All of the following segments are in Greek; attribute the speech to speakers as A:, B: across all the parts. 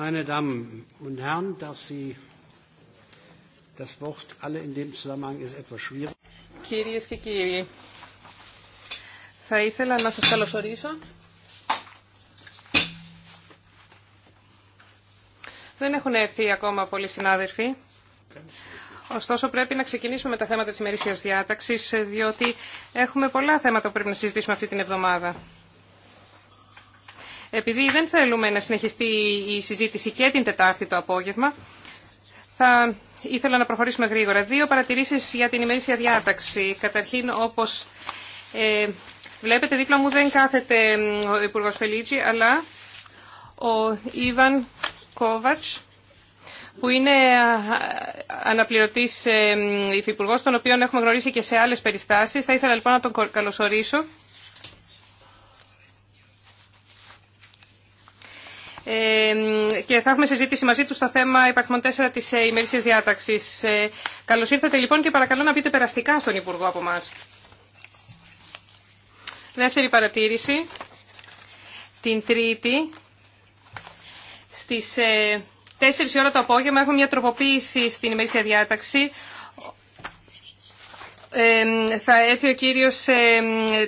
A: Meine Κυρίες και κύριοι, θα ήθελα να σας καλωσορίσω. Δεν έχουν έρθει ακόμα πολλοί συνάδελφοι. Ωστόσο πρέπει να ξεκινήσουμε με τα θέματα της ημερήσιας διάταξης, διότι έχουμε πολλά θέματα που πρέπει να συζητήσουμε αυτή την εβδομάδα. Επειδή δεν θέλουμε να συνεχιστεί η συζήτηση και την Τετάρτη το απόγευμα, θα ήθελα να προχωρήσουμε γρήγορα. Δύο παρατηρήσεις για την ημερήσια διάταξη. Καταρχήν, όπως ε, βλέπετε δίπλα μου δεν κάθεται ο Υπουργός Φελίτζη, αλλά ο Ιβαν Κόβατς, που είναι αναπληρωτής ε, υφυπουργός, τον οποίο έχουμε γνωρίσει και σε άλλες περιστάσεις. Θα ήθελα λοιπόν να τον καλωσορίσω και θα έχουμε συζήτηση μαζί του στο θέμα υπαρθμών 4 της ε, διάταξη. διάταξης. Ε, καλώς ήρθατε λοιπόν και παρακαλώ να πείτε περαστικά στον Υπουργό από μας. Δεύτερη παρατήρηση. Την Τρίτη στις 4 ε, η ώρα το απόγευμα έχουμε μια τροποποίηση στην ημερήσια διάταξη θα έρθει ο κύριος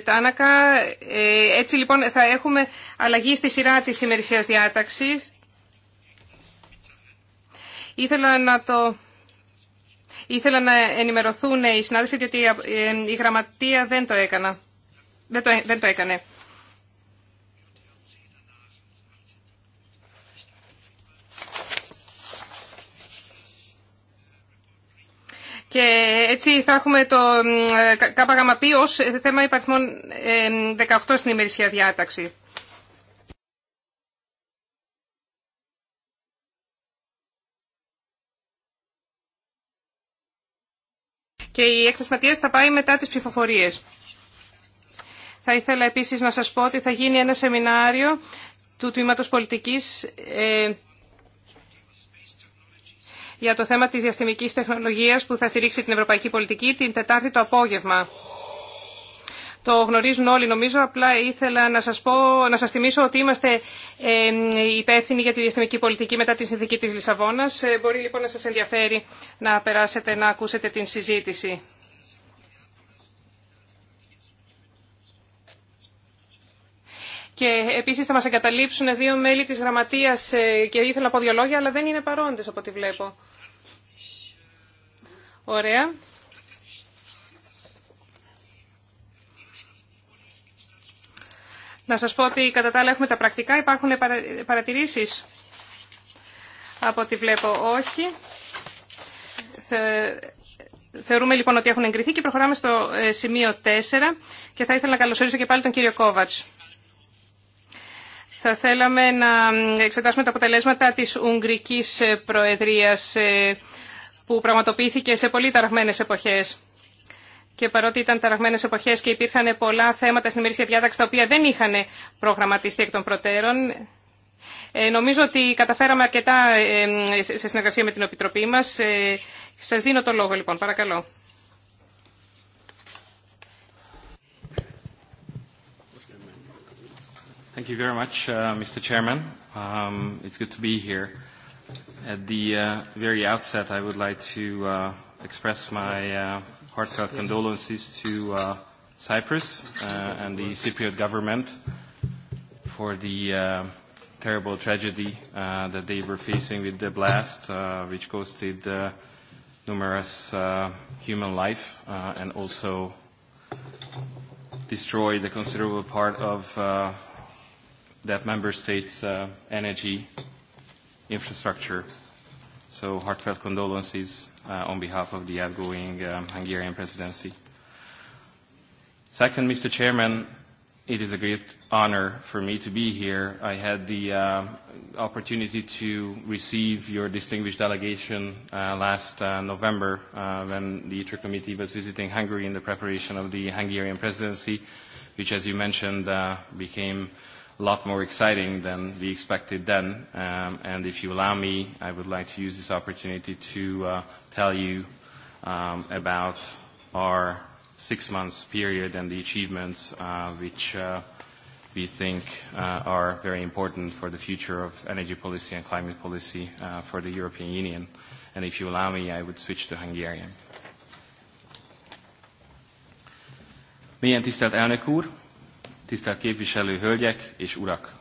A: Τάνακα. Ε, έτσι λοιπόν θα έχουμε αλλαγή στη σειρά της ημερησίας διάταξης. Ήθελα να το... Ήθελα να ενημερωθούν οι συνάδελφοι διότι ε, η γραμματεία δεν το, έκανα. Δεν, το, δεν το έκανε. Και έτσι θα έχουμε το ΚΚΠ ω θέμα υπαριθμών 18 στην ημερησία διάταξη. Και η έκθεση θα πάει μετά τις ψηφοφορίες. Θα ήθελα επίσης να σας πω ότι θα γίνει ένα σεμινάριο του Τμήματος Πολιτικής ε, για το θέμα της διαστημικής τεχνολογίας που θα στηρίξει την ευρωπαϊκή πολιτική την Τετάρτη το απόγευμα. Το γνωρίζουν όλοι νομίζω, απλά ήθελα να σας, πω, να σας θυμίσω ότι είμαστε υπεύθυνοι για τη διαστημική πολιτική μετά την συνθήκη της Λισαβόνας. Ε, μπορεί λοιπόν να σας ενδιαφέρει να περάσετε να ακούσετε την συζήτηση. Και επίσης θα μας εγκαταλείψουν δύο μέλη της γραμματείας ε, και ήθελα να πω δύο λόγια, αλλά δεν είναι παρόντες από ό,τι βλέπω. Ωραία. Να σας πω ότι κατά τα άλλα έχουμε τα πρακτικά. Υπάρχουν παρατηρήσεις. Από ό,τι βλέπω όχι. Θεωρούμε λοιπόν ότι έχουν εγκριθεί και προχωράμε στο ε, σημείο 4 και θα ήθελα να καλωσορίσω και πάλι τον κύριο Κόβατς. Θα θέλαμε να εξετάσουμε τα αποτελέσματα της Ουγγρικής ε, Προεδρίας ε, που πραγματοποιήθηκε σε πολύ ταραγμένες εποχές. Και παρότι ήταν ταραγμένε εποχέ και υπήρχαν πολλά θέματα στην ημερήσια διάταξη τα οποία δεν είχαν προγραμματιστεί εκ των προτέρων, ε, νομίζω ότι καταφέραμε αρκετά ε, σε συνεργασία με την Επιτροπή μα. Ε, Σα δίνω το λόγο λοιπόν, παρακαλώ.
B: Thank you very much, uh, Mr. Chairman. Um, it's good to be here. At the very outset, I would like to express my heartfelt condolences to Cyprus and the Cypriot government for the terrible tragedy that they were facing with the blast, which costed numerous human life and also destroyed a considerable part of that member state's energy infrastructure. So heartfelt condolences on behalf of the outgoing Hungarian presidency. Second, Mr. Chairman, it is a great honor for me to be here. I had the opportunity to receive your distinguished delegation last November when the ITRE committee was visiting Hungary in the preparation of the Hungarian presidency, which, as you mentioned, became lot more exciting than we expected then. And if you allow me, I would like to use this opportunity to tell you about our six months period and the achievements which we think are very important for the future of energy policy and climate policy for the European Union. And if you allow me, I would switch to Hungarian. Milyen tisztelt elnök tisztelt képviselő hölgyek és urak!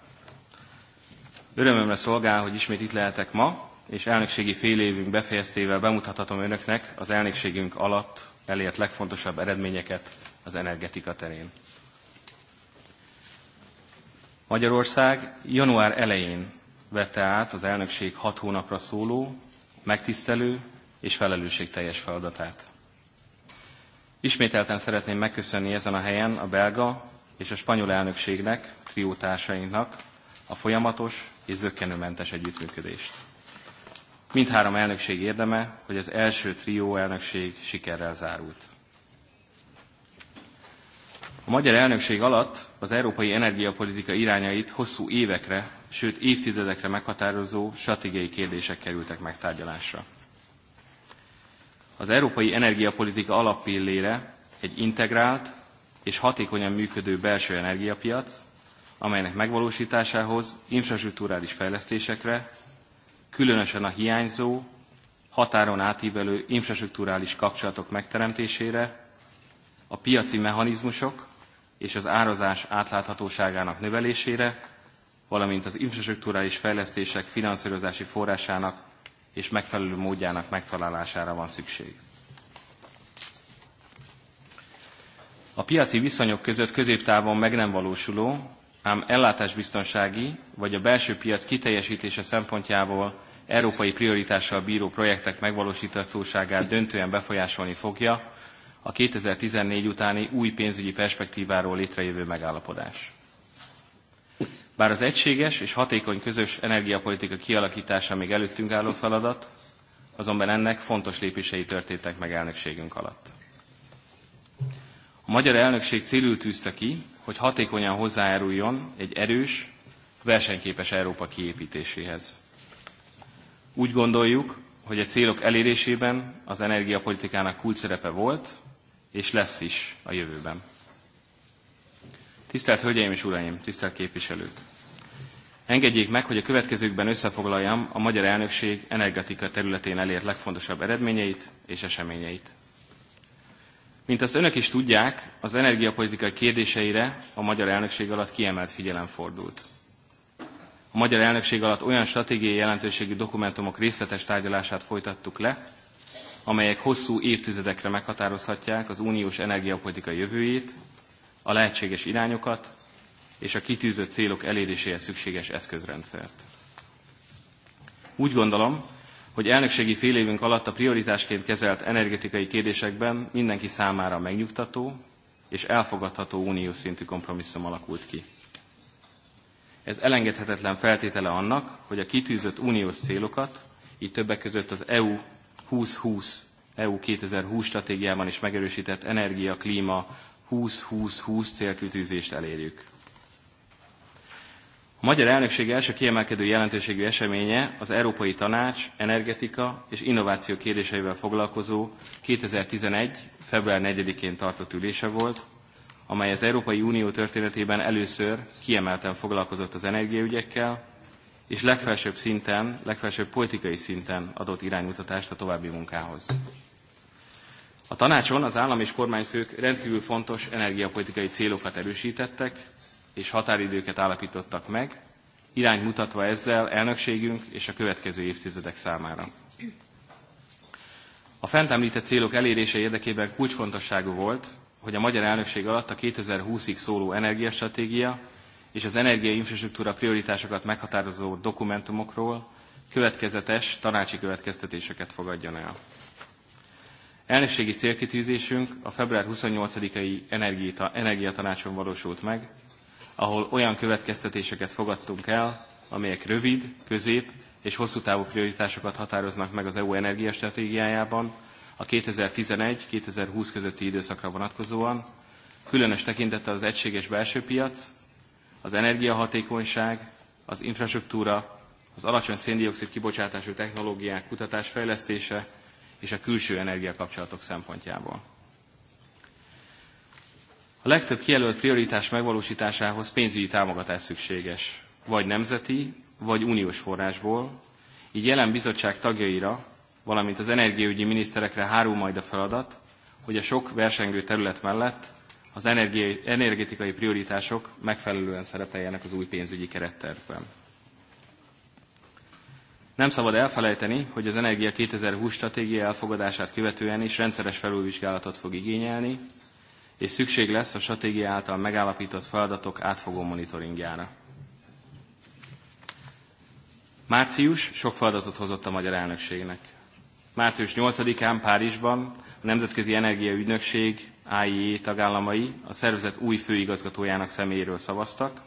B: Örömömre szolgál, hogy ismét itt lehetek ma, és elnökségi fél évünk befejeztével bemutathatom önöknek az elnökségünk alatt elért legfontosabb eredményeket az energetika terén. Magyarország január elején vette át az elnökség hat hónapra szóló, megtisztelő és felelősségteljes feladatát. Ismételten szeretném megköszönni ezen a helyen a belga, és a spanyol elnökségnek, triótársainknak a folyamatos és zöggenőmentes együttműködést. Mindhárom elnökség érdeme, hogy az első trió elnökség sikerrel zárult. A magyar elnökség alatt az európai energiapolitika irányait hosszú évekre, sőt évtizedekre meghatározó stratégiai kérdések kerültek megtárgyalásra. Az európai energiapolitika alappillére egy integrált, és hatékonyan működő belső energiapiac, amelynek megvalósításához infrastruktúrális fejlesztésekre, különösen a hiányzó, határon átívelő infrastruktúrális kapcsolatok megteremtésére, a piaci mechanizmusok és az árazás átláthatóságának növelésére, valamint az infrastruktúrális fejlesztések finanszírozási forrásának és megfelelő módjának megtalálására van szükség. A piaci viszonyok között középtávon meg nem valósuló, ám ellátásbiztonsági vagy a belső piac kiteljesítése szempontjából európai prioritással bíró projektek megvalósíthatóságát döntően befolyásolni fogja a 2014 utáni új pénzügyi perspektíváról létrejövő megállapodás. Bár az egységes és hatékony közös energiapolitika kialakítása még előttünk álló feladat, azonban ennek fontos lépései történtek meg elnökségünk alatt. A magyar elnökség célül tűzte ki, hogy hatékonyan hozzájáruljon egy erős, versenyképes Európa kiépítéséhez. Úgy gondoljuk, hogy a célok elérésében az energiapolitikának kulcserepe volt, és lesz is a jövőben. Tisztelt Hölgyeim és Uraim, tisztelt képviselők! Engedjék meg, hogy a következőkben összefoglaljam a magyar elnökség energetika területén elért legfontosabb eredményeit és eseményeit. Mint azt önök is tudják, az energiapolitikai kérdéseire a magyar elnökség alatt kiemelt figyelem fordult. A magyar elnökség alatt olyan stratégiai jelentőségű dokumentumok részletes tárgyalását folytattuk le, amelyek hosszú évtizedekre meghatározhatják az uniós energiapolitikai jövőjét, a lehetséges irányokat és a kitűzött célok eléréséhez szükséges eszközrendszert. Úgy gondolom, hogy elnökségi fél évünk alatt a prioritásként kezelt energetikai kérdésekben mindenki számára megnyugtató és elfogadható uniós szintű kompromisszum alakult ki. Ez elengedhetetlen feltétele annak, hogy a kitűzött uniós célokat, így többek között az EU 2020, EU 2020 stratégiában is megerősített energia, klíma 20-20-20 célkütűzést elérjük. A magyar elnökség első kiemelkedő jelentőségű eseménye az Európai Tanács energetika és innováció kérdéseivel foglalkozó 2011. február 4-én tartott ülése volt, amely az Európai Unió történetében először kiemelten foglalkozott az energiaügyekkel, és legfelsőbb szinten, legfelsőbb politikai szinten adott iránymutatást a további munkához. A tanácson az állam és kormányfők rendkívül fontos energiapolitikai célokat erősítettek, és határidőket állapítottak meg, irány mutatva ezzel elnökségünk és a következő évtizedek számára. A fent említett célok elérése érdekében kulcsfontosságú volt, hogy a magyar elnökség alatt a 2020-ig szóló energiastratégia és az energiainfrastruktúra prioritásokat meghatározó dokumentumokról következetes tanácsi következtetéseket fogadjon el. Elnökségi célkitűzésünk a február 28-ai energiatanácson valósult meg, ahol olyan következtetéseket fogadtunk el, amelyek rövid, közép és hosszú távú prioritásokat határoznak meg az EU energiastratégiájában a 2011-2020 közötti időszakra vonatkozóan, különös tekintettel az egységes belső piac, az energiahatékonyság, az infrastruktúra, az alacsony széndiokszid kibocsátású technológiák kutatásfejlesztése és a külső energiakapcsolatok szempontjából. A legtöbb kijelölt prioritás megvalósításához pénzügyi támogatás szükséges, vagy nemzeti, vagy uniós forrásból, így jelen bizottság tagjaira, valamint az energiaügyi miniszterekre hárul majd a feladat, hogy a sok versengő terület mellett az energetikai prioritások megfelelően szerepeljenek az új pénzügyi kerettervben. Nem szabad elfelejteni, hogy az Energia 2020 stratégia elfogadását követően is rendszeres felülvizsgálatot fog igényelni, és szükség lesz a stratégia által megállapított feladatok átfogó monitoringjára. Március sok feladatot hozott a magyar elnökségnek. Március 8-án Párizsban a Nemzetközi Energiaügynökség IEA tagállamai a szervezet új főigazgatójának személyéről szavaztak,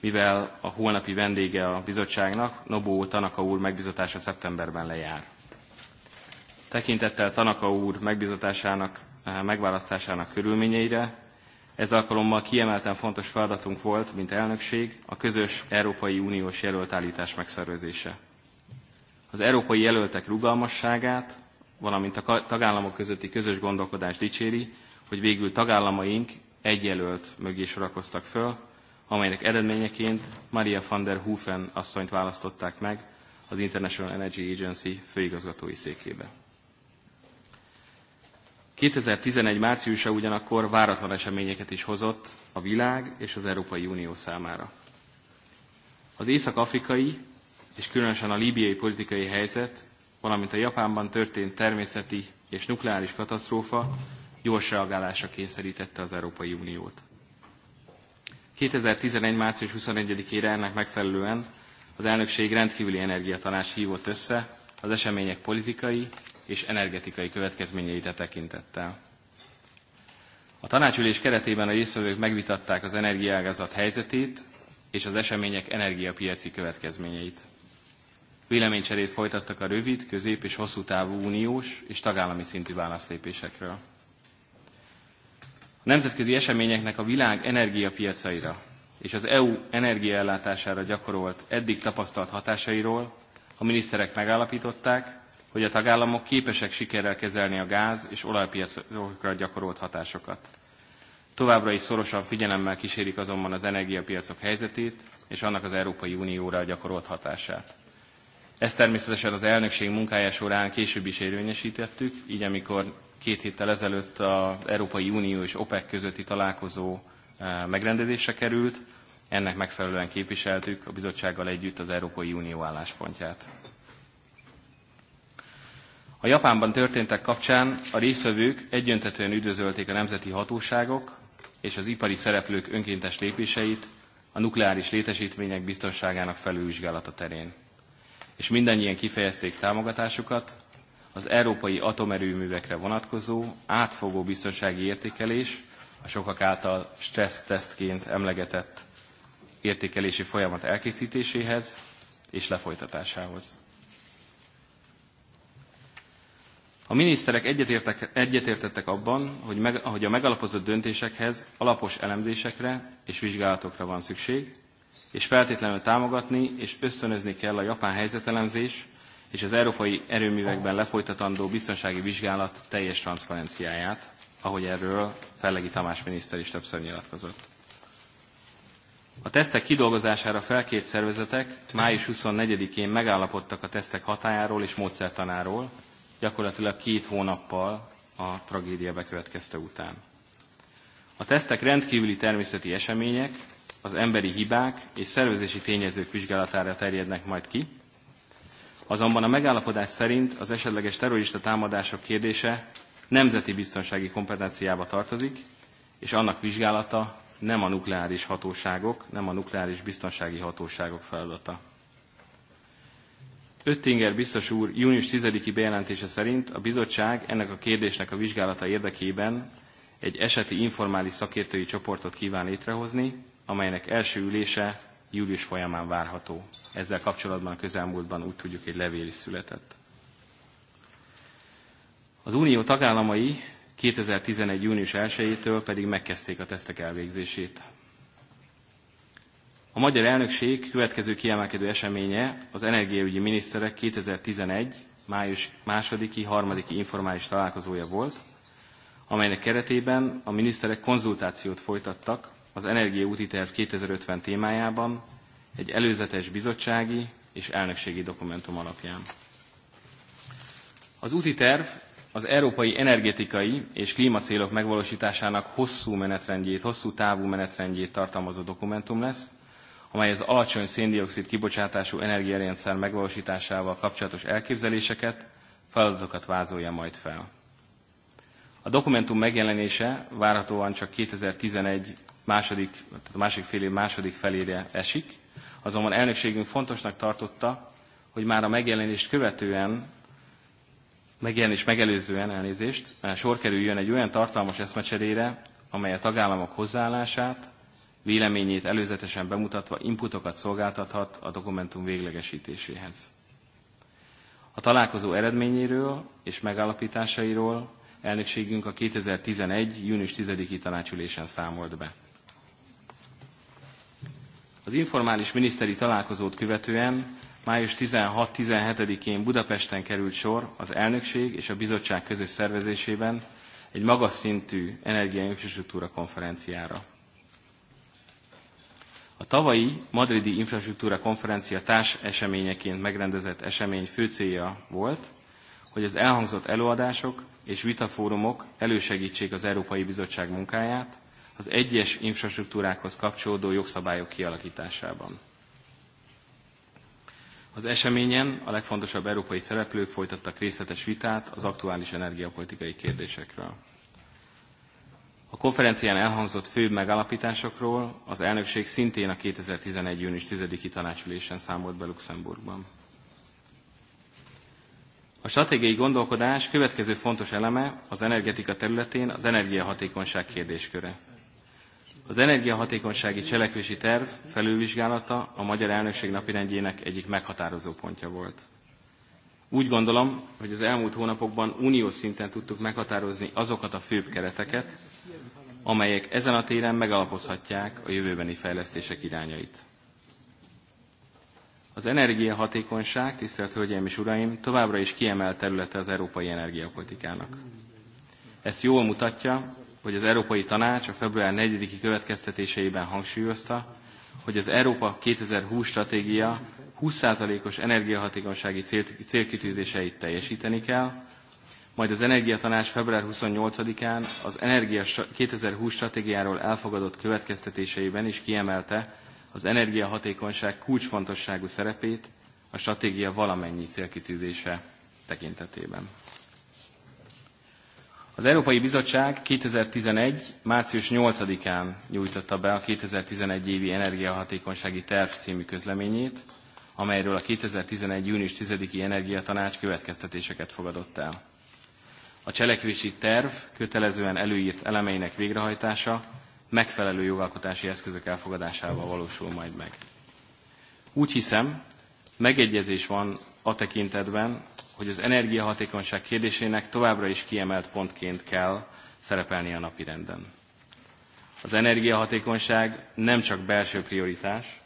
B: mivel a holnapi vendége a bizottságnak, Nobó Tanaka úr megbizatása szeptemberben lejár. Tekintettel Tanaka úr megbizatásának megválasztásának körülményeire. Ez alkalommal kiemelten fontos feladatunk volt, mint elnökség, a közös Európai Uniós jelöltállítás megszervezése. Az európai jelöltek rugalmasságát, valamint a tagállamok közötti közös gondolkodás dicséri, hogy végül tagállamaink egy jelölt mögé sorakoztak föl, amelynek eredményeként Maria van der Hufen asszonyt választották meg az International Energy Agency főigazgatói székébe. 2011 márciusa ugyanakkor váratlan eseményeket is hozott a világ és az Európai Unió számára. Az észak-afrikai és különösen a líbiai politikai helyzet, valamint a Japánban történt természeti és nukleáris katasztrófa gyors reagálása kényszerítette az Európai Uniót. 2011. március 21-ére ennek megfelelően az elnökség rendkívüli energiatanács hívott össze az események politikai és energetikai következményeire tekintettel. A tanácsülés keretében a részvevők megvitatták az energiágazat helyzetét és az események energiapiaci következményeit. Véleménycserét folytattak a rövid, közép és hosszú távú uniós és tagállami szintű válaszlépésekről. A nemzetközi eseményeknek a világ energiapiacaira és az EU energiaellátására gyakorolt eddig tapasztalt hatásairól a miniszterek megállapították, hogy a tagállamok képesek sikerrel kezelni a gáz és olajpiacokra gyakorolt hatásokat. Továbbra is szorosan figyelemmel kísérik azonban az energiapiacok helyzetét és annak az Európai Unióra gyakorolt hatását. Ezt természetesen az elnökség munkája során később is érvényesítettük, így amikor két héttel ezelőtt az Európai Unió és OPEC közötti találkozó megrendezésre került, ennek megfelelően képviseltük a bizottsággal együtt az Európai Unió álláspontját. A Japánban történtek kapcsán a résztvevők egyöntetően üdvözölték a nemzeti hatóságok és az ipari szereplők önkéntes lépéseit a nukleáris létesítmények biztonságának felülvizsgálata terén. És mindannyian kifejezték támogatásukat az európai atomerőművekre vonatkozó átfogó biztonsági értékelés, a sokak által stress stressztesztként emlegetett értékelési folyamat elkészítéséhez és lefolytatásához. A miniszterek egyetértettek abban, hogy a megalapozott döntésekhez alapos elemzésekre és vizsgálatokra van szükség, és feltétlenül támogatni és ösztönözni kell a japán helyzetelemzés és az európai erőművekben lefolytatandó biztonsági vizsgálat teljes transzparenciáját, ahogy erről Fellegi Tamás miniszter is többször nyilatkozott. A tesztek kidolgozására felkért szervezetek május 24-én megállapodtak a tesztek hatájáról és módszertanáról, gyakorlatilag két hónappal a tragédia bekövetkezte után. A tesztek rendkívüli természeti események, az emberi hibák és szervezési tényezők vizsgálatára terjednek majd ki, azonban a megállapodás szerint az esetleges terrorista támadások kérdése nemzeti biztonsági kompetenciába tartozik, és annak vizsgálata nem a nukleáris hatóságok, nem a nukleáris biztonsági hatóságok feladata. Öttinger biztos úr június 10-i bejelentése szerint a bizottság ennek a kérdésnek a vizsgálata érdekében egy eseti informális szakértői csoportot kíván létrehozni, amelynek első ülése július folyamán várható. Ezzel kapcsolatban a közelmúltban úgy tudjuk, egy levél is született. Az unió tagállamai 2011. június pedig megkezdték a tesztek elvégzését. A magyar elnökség következő kiemelkedő eseménye az energiaügyi miniszterek 2011. május 2-i, 3 informális találkozója volt, amelynek keretében a miniszterek konzultációt folytattak az Energia terv 2050 témájában egy előzetes bizottsági és elnökségi dokumentum alapján. Az úti terv az európai energetikai és klímacélok megvalósításának hosszú menetrendjét, hosszú távú menetrendjét tartalmazó dokumentum lesz, amely az alacsony széndiokszid kibocsátású energiarendszer megvalósításával kapcsolatos elképzeléseket, feladatokat vázolja majd fel. A dokumentum megjelenése várhatóan csak 2011 második, tehát a másik fél év második felére esik, azonban elnökségünk fontosnak tartotta, hogy már a megjelenést követően, megjelenés megelőzően elnézést, sor kerüljön egy olyan tartalmas eszmecserére, amely a tagállamok hozzáállását, véleményét előzetesen bemutatva inputokat szolgáltathat a dokumentum véglegesítéséhez. A találkozó eredményéről és megállapításairól elnökségünk a 2011. június 10-i tanácsülésen számolt be. Az informális miniszteri találkozót követően május 16-17-én Budapesten került sor az elnökség és a bizottság közös szervezésében egy magas szintű energiainfrastruktúra konferenciára. A tavalyi madridi infrastruktúra konferencia társ eseményeként megrendezett esemény fő célja volt, hogy az elhangzott előadások és vitafórumok elősegítsék az Európai Bizottság munkáját az egyes infrastruktúrákhoz kapcsolódó jogszabályok kialakításában. Az eseményen a legfontosabb európai szereplők folytattak részletes vitát az aktuális energiapolitikai kérdésekről. A konferencián elhangzott főbb megállapításokról az elnökség szintén a 2011. június 10-i tanácsülésen számolt be Luxemburgban. A stratégiai gondolkodás következő fontos eleme az energetika területén az energiahatékonyság kérdésköre. Az energiahatékonysági cselekvési terv felülvizsgálata a magyar elnökség napirendjének egyik meghatározó pontja volt. Úgy gondolom, hogy az elmúlt hónapokban uniós szinten tudtuk meghatározni azokat a főbb kereteket, amelyek ezen a téren megalapozhatják a jövőbeni fejlesztések irányait. Az energiahatékonyság, tisztelt Hölgyeim és Uraim, továbbra is kiemelt területe az európai energiapolitikának. Ezt jól mutatja, hogy az Európai Tanács a február 4-i következtetéseiben hangsúlyozta, hogy az Európa 2020 stratégia 20%-os energiahatékonysági célkitűzéseit teljesíteni kell, majd az Energiatanács február 28-án az Energia 2020 stratégiáról elfogadott következtetéseiben is kiemelte az energiahatékonyság kulcsfontosságú szerepét a stratégia valamennyi célkitűzése tekintetében. Az Európai Bizottság 2011. március 8-án nyújtotta be a 2011 évi energiahatékonysági terv című közleményét, amelyről a 2011. június 10-i energiatanács következtetéseket fogadott el a cselekvési terv kötelezően előírt elemeinek végrehajtása megfelelő jogalkotási eszközök elfogadásával valósul majd meg. Úgy hiszem, megegyezés van a tekintetben, hogy az energiahatékonyság kérdésének továbbra is kiemelt pontként kell szerepelni a napirenden. Az energiahatékonyság nem csak belső prioritás,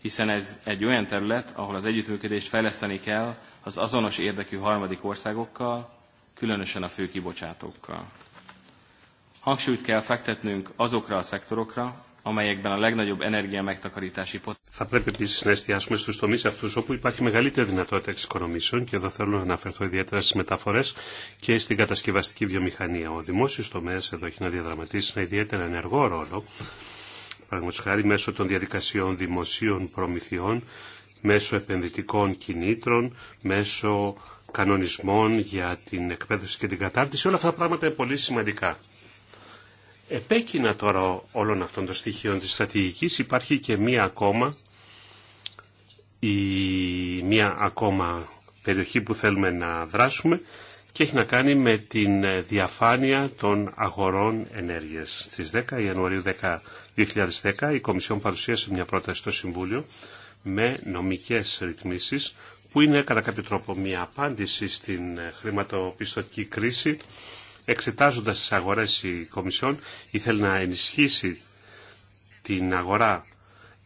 B: hiszen ez egy olyan terület, ahol az együttműködést fejleszteni kell az azonos érdekű harmadik országokkal, különösen a fő Hangsúlyt kell fektetnünk azokra a szektorokra, amelyekben a legnagyobb energia megtakarítási pot.
C: Θα πρέπει επίση να εστιάσουμε στου τομεί αυτού όπου υπάρχει μεγαλύτερη δυνατότητα εξοικονομήσεων και εδώ θέλω να αναφερθώ ιδιαίτερα στι μεταφορέ και στην κατασκευαστική βιομηχανία. Ο δημόσιο τομέα εδώ έχει να διαδραματίσει ένα ιδιαίτερα ενεργό ρόλο, παραδείγματο χάρη μέσω των διαδικασιών δημοσίων προμηθειών, μέσω επενδυτικών κινήτρων, μέσω κανονισμών για την εκπαίδευση και την κατάρτιση. Όλα αυτά τα πράγματα είναι πολύ σημαντικά. Επέκεινα τώρα όλων αυτών των στοιχείων της στρατηγικής υπάρχει και μία ακόμα, η, μία ακόμα περιοχή που θέλουμε να δράσουμε και έχει να κάνει με την διαφάνεια των αγορών ενέργειας. Στις 10 Ιανουαρίου 2010 η Κομισιόν παρουσίασε μια πρόταση στο Συμβούλιο με νομικές ρυθμίσεις που είναι κατά κάποιο τρόπο μια απάντηση στην χρηματοπιστωτική κρίση. Εξετάζοντας τις αγορές η Κομισιόν ήθελε να ενισχύσει την αγορά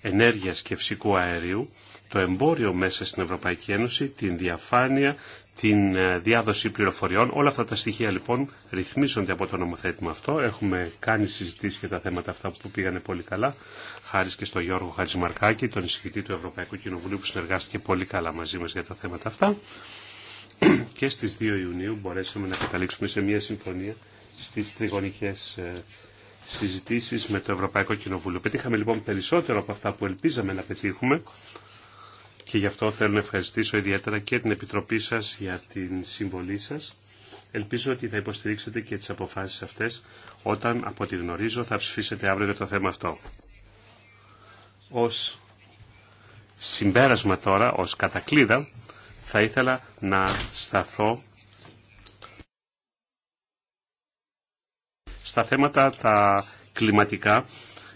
C: ενέργειας και φυσικού αερίου, το εμπόριο μέσα στην Ευρωπαϊκή Ένωση, την διαφάνεια, την ε, διάδοση πληροφοριών. Όλα αυτά τα στοιχεία λοιπόν ρυθμίζονται από το νομοθέτημα αυτό. Έχουμε κάνει συζητήσει για τα θέματα αυτά που πήγανε πολύ καλά. Χάρη και στον Γιώργο Χατζημαρκάκη, τον εισηγητή του Ευρωπαϊκού Κοινοβουλίου που συνεργάστηκε πολύ καλά μαζί μα για τα θέματα αυτά. Και στι 2 Ιουνίου μπορέσαμε να καταλήξουμε σε μια συμφωνία στι τριγωνικέ ε, συζητήσει με το Ευρωπαϊκό Κοινοβούλιο. Πετύχαμε λοιπόν περισσότερο από αυτά που ελπίζαμε να πετύχουμε και γι' αυτό θέλω να ευχαριστήσω ιδιαίτερα και την Επιτροπή σας για την συμβολή σας. Ελπίζω ότι θα υποστηρίξετε και τις αποφάσεις αυτές όταν, από ό,τι γνωρίζω, θα ψηφίσετε αύριο για το θέμα αυτό. Ως συμπέρασμα τώρα, ως κατακλείδα, θα ήθελα να σταθώ στα θέματα τα κλιματικά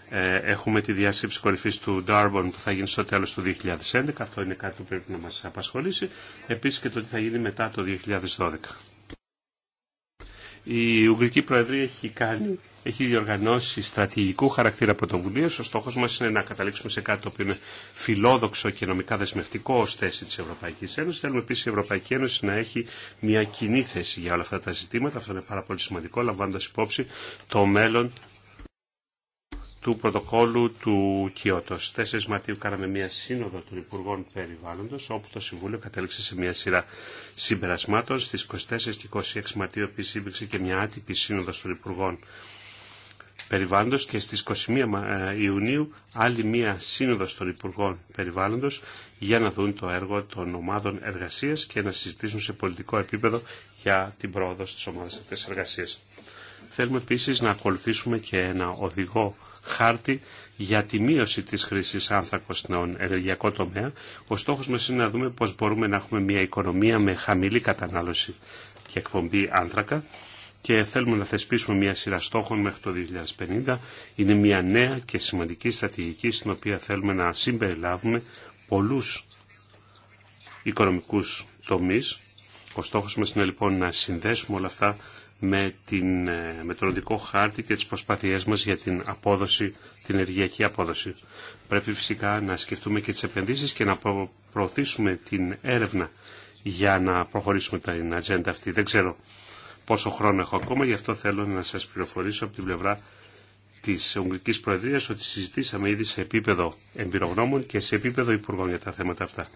C: ε, έχουμε τη διασυψη κορυφή του Ντάρμπον που θα γίνει στο τέλο του 2011. Αυτό είναι κάτι που πρέπει να μα απασχολήσει. Επίση και το τι θα γίνει μετά το 2012. Η Ουγγρική Προεδρία έχει κάνει έχει διοργανώσει στρατηγικού χαρακτήρα πρωτοβουλίε. Ο στόχο μα είναι να καταλήξουμε σε κάτι το οποίο είναι φιλόδοξο και νομικά δεσμευτικό ω θέση τη Ευρωπαϊκή Ένωση. Θέλουμε επίση η Ευρωπαϊκή Ένωση να έχει μια κοινή θέση για όλα αυτά τα ζητήματα. Αυτό είναι πάρα πολύ σημαντικό, λαμβάνοντα υπόψη το μέλλον του πρωτοκόλου του Κιώτο. 4 Μαρτίου κάναμε μια σύνοδο των Υπουργών Περιβάλλοντος, όπου το Συμβούλιο κατέληξε σε μια σειρά συμπερασμάτων. στι 24 και 26 Μαρτίου επίση υπήρξε και μια άτυπη σύνοδο των Υπουργών Περιβάλλοντος και στι 21 ε, Ιουνίου άλλη μία σύνοδο των Υπουργών περιβάλλοντο για να δουν το έργο των ομάδων εργασία και να συζητήσουν σε πολιτικό επίπεδο για την πρόοδο τη ομάδα τη εργασία. Θέλουμε επίσης να ακολουθήσουμε και ένα οδηγό χάρτη για τη μείωση της χρήσης άνθρακος στον ενεργειακό τομέα. Ο στόχος μας είναι να δούμε πώς μπορούμε να έχουμε μια οικονομία με χαμηλή κατανάλωση και εκπομπή άνθρακα και θέλουμε να θεσπίσουμε μια σειρά στόχων μέχρι το 2050. Είναι μια νέα και σημαντική στρατηγική στην οποία θέλουμε να συμπεριλάβουμε πολλούς οικονομικούς τομείς. Ο στόχος μας είναι λοιπόν να συνδέσουμε όλα αυτά με, την, ε, με τον οδικό χάρτη και τις προσπάθειές μας για την απόδοση, την ενεργειακή απόδοση. Πρέπει φυσικά να σκεφτούμε και τις επενδύσεις και να προωθήσουμε την έρευνα για να προχωρήσουμε την ατζέντα αυτή. Δεν ξέρω πόσο χρόνο έχω ακόμα, γι' αυτό θέλω να σας πληροφορήσω από την πλευρά της Ουγγρικής Προεδρίας ότι συζητήσαμε ήδη σε επίπεδο εμπειρογνώμων και σε επίπεδο υπουργών για τα θέματα αυτά.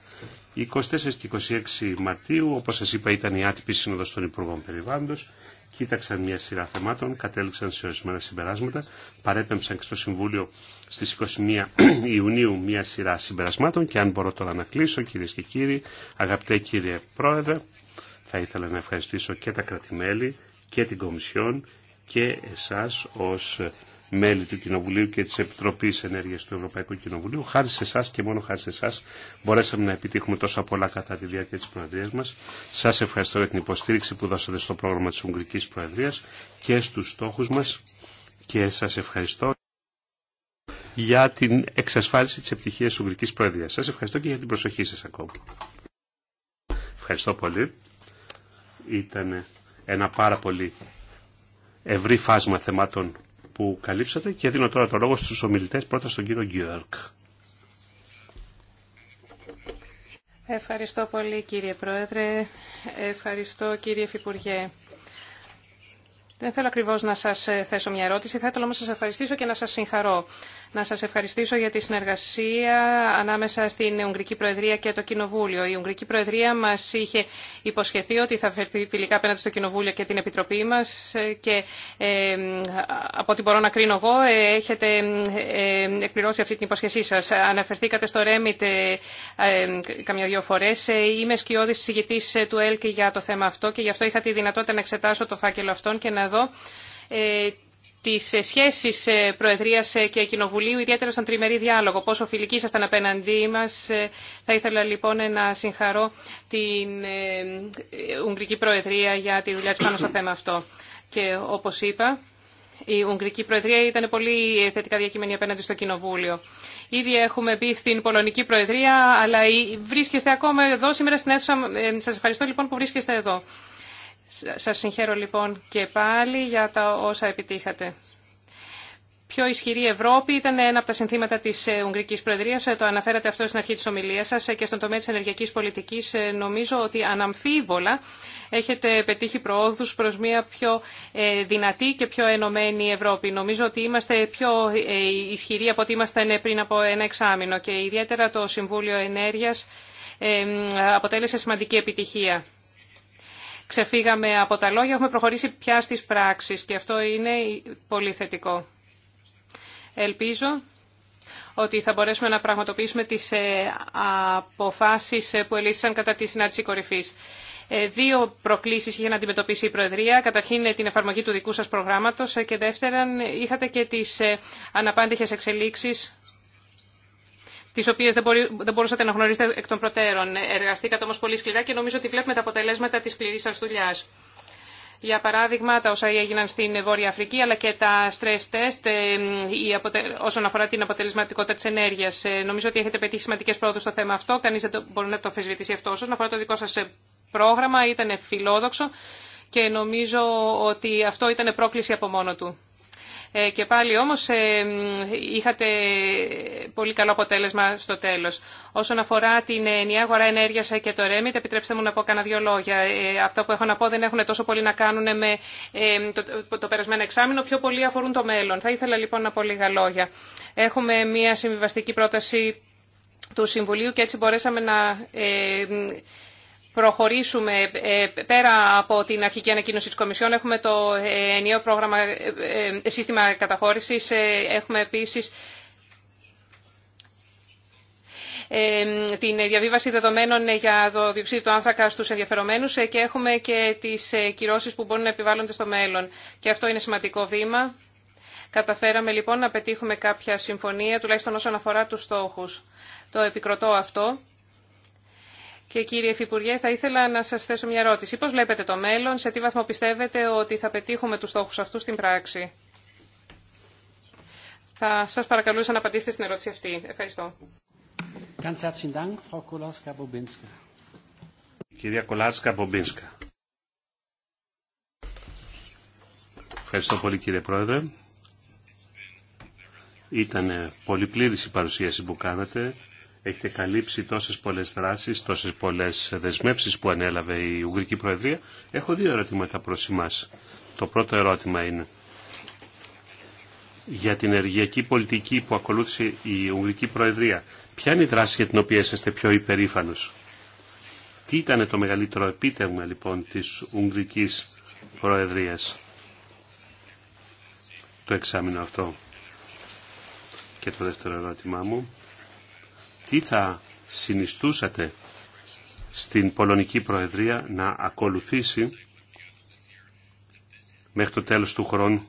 C: 24 και 26 Μαρτίου, όπως σας είπα, ήταν η άτυπη σύνοδος των Υπουργών Περιβάντος κοίταξαν μια σειρά θεμάτων, κατέληξαν σε ορισμένα συμπεράσματα, παρέπεμψαν και στο Συμβούλιο στις 21 Ιουνίου μια σειρά συμπερασμάτων και αν μπορώ τώρα να κλείσω κυρίε και κύριοι, αγαπητέ κύριε Πρόεδρε, θα ήθελα να ευχαριστήσω και τα κρατημέλη και την Κομισιόν και εσάς ως μέλη του Κοινοβουλίου και τη Επιτροπή ενέργεια του Ευρωπαϊκού Κοινοβουλίου. Χάρη σε εσά και μόνο χάρη σε εσά μπορέσαμε να επιτύχουμε τόσα πολλά κατά τη διάρκεια τη Προεδρίας μα. Σα ευχαριστώ για την υποστήριξη που δώσατε στο πρόγραμμα τη Ουγγρικής Προεδρία και στου στόχου μα και σα ευχαριστώ για την εξασφάλιση τη επιτυχία της Ουγγρικής Προεδρίας. Σας ευχαριστώ και για την προσοχή σα ακόμα. Ευχαριστώ πολύ. Ήταν ένα πάρα πολύ ευρύ φάσμα θεμάτων που καλύψατε και δίνω τώρα το λόγο στους ομιλητές, πρώτα στον κύριο Γκιόρκ.
A: Ευχαριστώ πολύ κύριε Πρόεδρε, ευχαριστώ κύριε Φυπουργέ. Δεν θέλω ακριβώ να σα ε, θέσω μια ερώτηση. Θα ήθελα όμω να σα ευχαριστήσω και να σα συγχαρώ. Να σα ευχαριστήσω για τη συνεργασία ανάμεσα στην Ουγγρική Προεδρία και το Κοινοβούλιο. Η Ουγγρική Προεδρία μα είχε υποσχεθεί ότι θα φερθεί φιλικά απέναντι στο Κοινοβούλιο και την Επιτροπή μα ε, και ε, από ό,τι μπορώ να κρίνω εγώ, ε, έχετε εκπληρώσει αυτή την υποσχεσή σα. Αναφερθήκατε στο Ρέμιτ ε, καμιά δύο φορέ. Είμαι σκιώδη συζητή του ΕΛΚ για το θέμα αυτό και γι' αυτό είχα τη δυνατότητα να εξετάσω το φάκελο αυτόν και να εδώ ε, τι σχέσει ε, Προεδρίας ε, και Κοινοβουλίου, ιδιαίτερα στον τριμερή διάλογο. Πόσο φιλικοί ήσασταν απέναντί μας. Θα ήθελα λοιπόν να συγχαρώ την Ουγγρική Προεδρία για τη δουλειά της πάνω στο θέμα αυτό. Και όπως είπα, η Ουγγρική Προεδρία ήταν πολύ θετικά διακείμενη απέναντι στο Κοινοβούλιο. Ήδη έχουμε μπει στην Πολωνική Προεδρία, αλλά βρίσκεστε ακόμα εδώ σήμερα στην αίθουσα. σα ευχαριστώ λοιπόν που βρίσκεστε εδώ. Σας συγχαίρω λοιπόν και πάλι για τα όσα επιτύχατε. Πιο ισχυρή Ευρώπη ήταν ένα από τα συνθήματα τη ε, Ουγγρική Προεδρία. Ε, το αναφέρατε αυτό στην αρχή τη ομιλία σα ε, και στον τομέα τη ενεργειακή πολιτική. Νομίζω ότι αναμφίβολα έχετε πετύχει προόδου προ μια πιο δυνατή και πιο ενωμένη Ευρώπη. Νομίζω ότι είμαστε πιο ισχυροί από ότι ήμασταν πριν από ένα εξάμεινο και ιδιαίτερα το Συμβούλιο Ενέργεια αποτέλεσε σημαντική επιτυχία ξεφύγαμε από τα λόγια, έχουμε προχωρήσει πια στις πράξεις και αυτό είναι πολύ θετικό. Ελπίζω ότι θα μπορέσουμε να πραγματοποιήσουμε τις ε, αποφάσεις ε, που ελήφθησαν κατά τη συνάντηση κορυφής. Ε, δύο προκλήσεις είχε να αντιμετωπίσει η Προεδρία. Καταρχήν την εφαρμογή του δικού σας προγράμματος και δεύτερον είχατε και τις αναπάντηχες εξελίξεις τις οποίες δεν, μπορούσατε να γνωρίσετε εκ των προτέρων. Εργαστήκατε όμως πολύ σκληρά και νομίζω ότι βλέπουμε τα αποτελέσματα της σκληρής σας δουλειά. Για παράδειγμα, τα όσα έγιναν στην Βόρεια Αφρική, αλλά και τα stress test ε, όσον αφορά την αποτελεσματικότητα τη ενέργεια. Ε, νομίζω ότι έχετε πετύχει σημαντικέ πρόοδου στο θέμα αυτό. Κανεί δεν το, μπορεί να το αφισβητήσει αυτό. Όσον αφορά το δικό σα ε, πρόγραμμα, ήταν φιλόδοξο και νομίζω ότι αυτό ήταν πρόκληση από μόνο του. Ε, και πάλι όμως ε, είχατε πολύ καλό αποτέλεσμα στο τέλος. Όσον αφορά την ενιαία αγορά ενέργειας και το REMIT, επιτρέψτε μου να πω κανένα δύο λόγια. Ε, αυτά που έχω να πω δεν έχουν τόσο πολύ να κάνουν με το, το περασμένο εξάμεινο, πιο πολύ αφορούν το μέλλον. Θα ήθελα λοιπόν να πω λίγα λόγια. Έχουμε μια συμβιβαστική πρόταση του Συμβουλίου και έτσι μπορέσαμε να προχωρήσουμε ε, ε, πέρα από την αρχική ανακοίνωση της Κομισιόν. Έχουμε το ε, ενιαίο πρόγραμμα, σύστημα καταχώρησης. Έχουμε επίσης την διαβίβαση δεδομένων για το διοξείδιο του άνθρακα στους ενδιαφερομένους και έχουμε και τις κυρώσεις που μπορούν να επιβάλλονται στο μέλλον. Και αυτό είναι σημαντικό βήμα. Καταφέραμε λοιπόν να πετύχουμε κάποια συμφωνία, τουλάχιστον όσον αφορά τους στόχους. Το επικροτώ αυτό. Και κύριε Υφυπουργέ, θα ήθελα να σας θέσω μια ερώτηση. Πώς βλέπετε το μέλλον, σε τι βαθμό πιστεύετε ότι θα πετύχουμε τους στόχους αυτού στην πράξη. Θα σας παρακαλούσα να απαντήσετε στην ερώτηση αυτή. Ευχαριστώ.
C: Κυρία Μπομπίνσκα. Ευχαριστώ πολύ κύριε Πρόεδρε. Ήταν πολύ πλήρης η παρουσίαση που κάνατε έχετε καλύψει τόσες πολλές δράσεις, τόσες πολλές δεσμεύσεις που ανέλαβε η Ουγγρική Προεδρία. Έχω δύο ερωτήματα προς εμάς. Το πρώτο ερώτημα είναι για την ενεργειακή πολιτική που ακολούθησε η Ουγγρική Προεδρία. Ποια είναι η δράση για την οποία είσαστε πιο υπερήφανος. Τι ήταν το μεγαλύτερο επίτευγμα λοιπόν της Ουγγρικής Προεδρίας το εξάμεινο αυτό. Και το δεύτερο ερώτημά μου τι θα συνιστούσατε στην Πολωνική Προεδρία να ακολουθήσει μέχρι το τέλος του χρόνου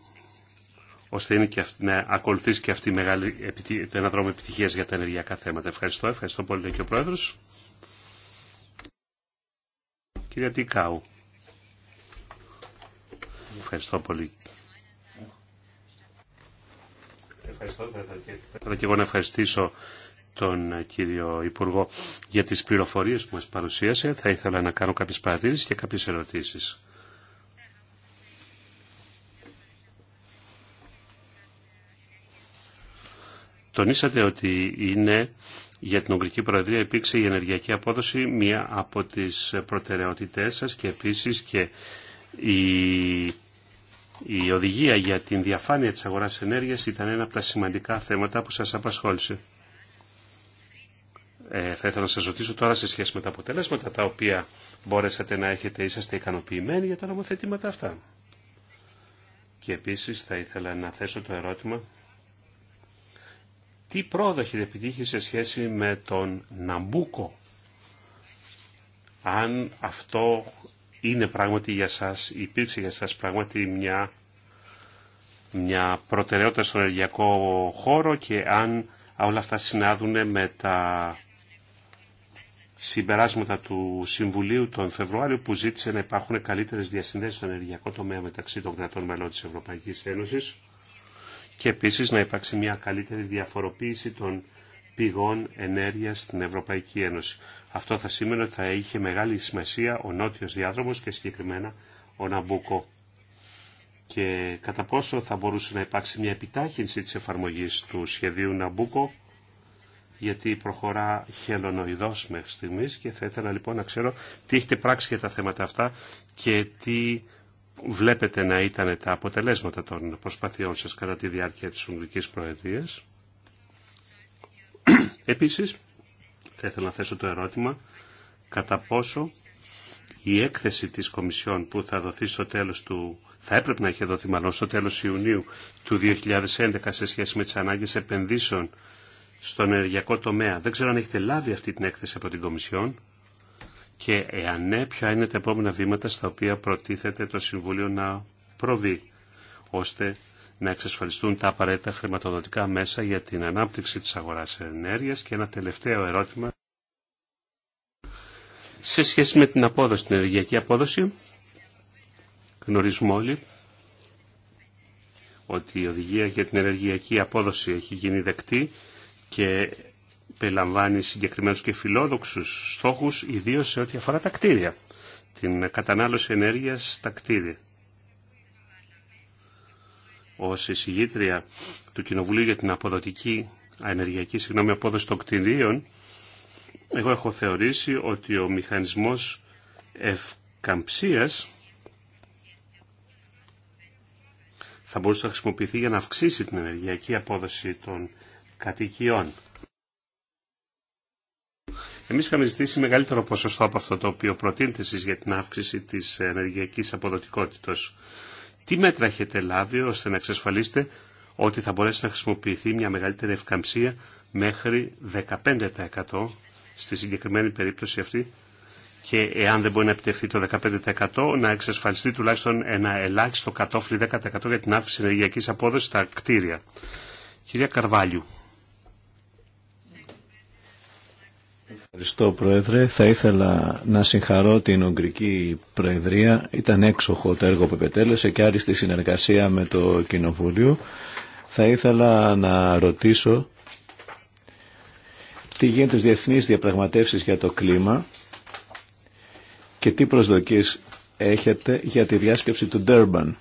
C: ώστε να ακολουθήσει και αυτή η μεγάλη το ένα δρόμο επιτυχίας για τα ενεργειακά θέματα. Ευχαριστώ. Ευχαριστώ πολύ και ο Πρόεδρος. Κυρία Τικάου. Ευχαριστώ πολύ. Ευχαριστώ. Θα ήθελα και εγώ να ευχαριστήσω τον κύριο Υπουργό για τις πληροφορίες που μας παρουσίασε. Θα ήθελα να κάνω κάποιες παρατήρησεις και κάποιες ερωτήσεις. Τονίσατε ότι είναι για την Ουγγρική Προεδρία υπήρξε η ενεργειακή απόδοση μία από τις προτεραιότητές σας και επίσης και η, η οδηγία για την διαφάνεια της αγοράς ενέργειας ήταν ένα από τα σημαντικά θέματα που σας απασχόλησε. Ε, θα ήθελα να σας ρωτήσω τώρα σε σχέση με τα αποτελέσματα τα οποία μπόρεσατε να έχετε, είσαστε ικανοποιημένοι για τα νομοθετήματα αυτά. Και επίσης θα ήθελα να θέσω το ερώτημα τι πρόοδο έχετε επιτύχει σε σχέση με τον Ναμπούκο. Αν αυτό είναι πράγματι για σας, υπήρξε για σας πράγματι μια, μια προτεραιότητα στον ενεργειακό χώρο και αν όλα αυτά συνάδουν με τα συμπεράσματα του Συμβουλίου τον Φεβρουάριο που ζήτησε να υπάρχουν καλύτερες διασυνδέσεις στον ενεργειακό τομέα μεταξύ των κρατών μελών της Ευρωπαϊκής Ένωσης και επίσης να υπάρξει μια καλύτερη διαφοροποίηση των πηγών ενέργειας στην Ευρωπαϊκή Ένωση. Αυτό θα σήμαινε ότι θα είχε μεγάλη σημασία ο νότιος διάδρομος και συγκεκριμένα ο Ναμπούκο. Και κατά πόσο θα μπορούσε να υπάρξει μια επιτάχυνση της εφαρμογής του σχεδίου Ναμπούκο γιατί προχωρά χελονοειδώς μέχρι στιγμής και θα ήθελα λοιπόν να ξέρω τι έχετε πράξει για τα θέματα αυτά και τι βλέπετε να ήταν τα αποτελέσματα των προσπαθειών σας κατά τη διάρκεια της Ουγγρικής Προεδρίας. Επίσης, θα ήθελα να θέσω το ερώτημα κατά πόσο η έκθεση της Κομισιόν που θα δοθεί στο τέλος του θα έπρεπε να είχε δοθεί μάλλον στο τέλος Ιουνίου του 2011 σε σχέση με τις ανάγκες επενδύσεων στον ενεργειακό τομέα. Δεν ξέρω αν έχετε λάβει αυτή την έκθεση από την Κομισιόν και εάν ναι, ποια είναι τα επόμενα βήματα στα οποία προτίθεται το Συμβούλιο να προβεί, ώστε να εξασφαλιστούν τα απαραίτητα χρηματοδοτικά μέσα για την ανάπτυξη της αγοράς ενέργειας. Και ένα τελευταίο ερώτημα σε σχέση με την απόδοση, την ενεργειακή απόδοση. Γνωρίζουμε όλοι ότι η οδηγία για την ενεργειακή απόδοση έχει γίνει δεκτή και περιλαμβάνει συγκεκριμένου και φιλόδοξου στόχου ιδίω σε ό,τι αφορά τα κτίρια, την κατανάλωση ενέργεια στα κτίρια. Ω εισηγήτρια του Κοινοβουλίου για την αποδοτική, ενεργειακή συγγνώμη, απόδοση των κτιρίων, εγώ έχω θεωρήσει ότι ο μηχανισμός ευκαμψίας θα μπορούσε να χρησιμοποιηθεί για να αυξήσει την ενεργειακή απόδοση των κατοικιών. Εμείς είχαμε ζητήσει μεγαλύτερο ποσοστό από αυτό το οποίο προτείνετε εσείς για την αύξηση της ενεργειακής αποδοτικότητας. Τι μέτρα έχετε λάβει ώστε να εξασφαλίσετε ότι θα μπορέσει να χρησιμοποιηθεί μια μεγαλύτερη ευκαμψία μέχρι 15% στη συγκεκριμένη περίπτωση αυτή και εάν δεν μπορεί να επιτευχθεί το 15% να εξασφαλιστεί τουλάχιστον ένα ελάχιστο κατόφλι 10% για την αύξηση ενεργειακής απόδοσης στα κτίρια. Κυρία Καρβάλιου.
D: Ευχαριστώ Πρόεδρε. Θα ήθελα να συγχαρώ την Ουγγρική Προεδρία. Ήταν έξοχο το έργο που επετέλεσε και άριστη συνεργασία με το Κοινοβούλιο. Θα ήθελα να ρωτήσω τι γίνεται στις διεθνείς διαπραγματεύσεις για το κλίμα και τι προσδοκίες έχετε για τη διάσκεψη του Ντέρμπαν.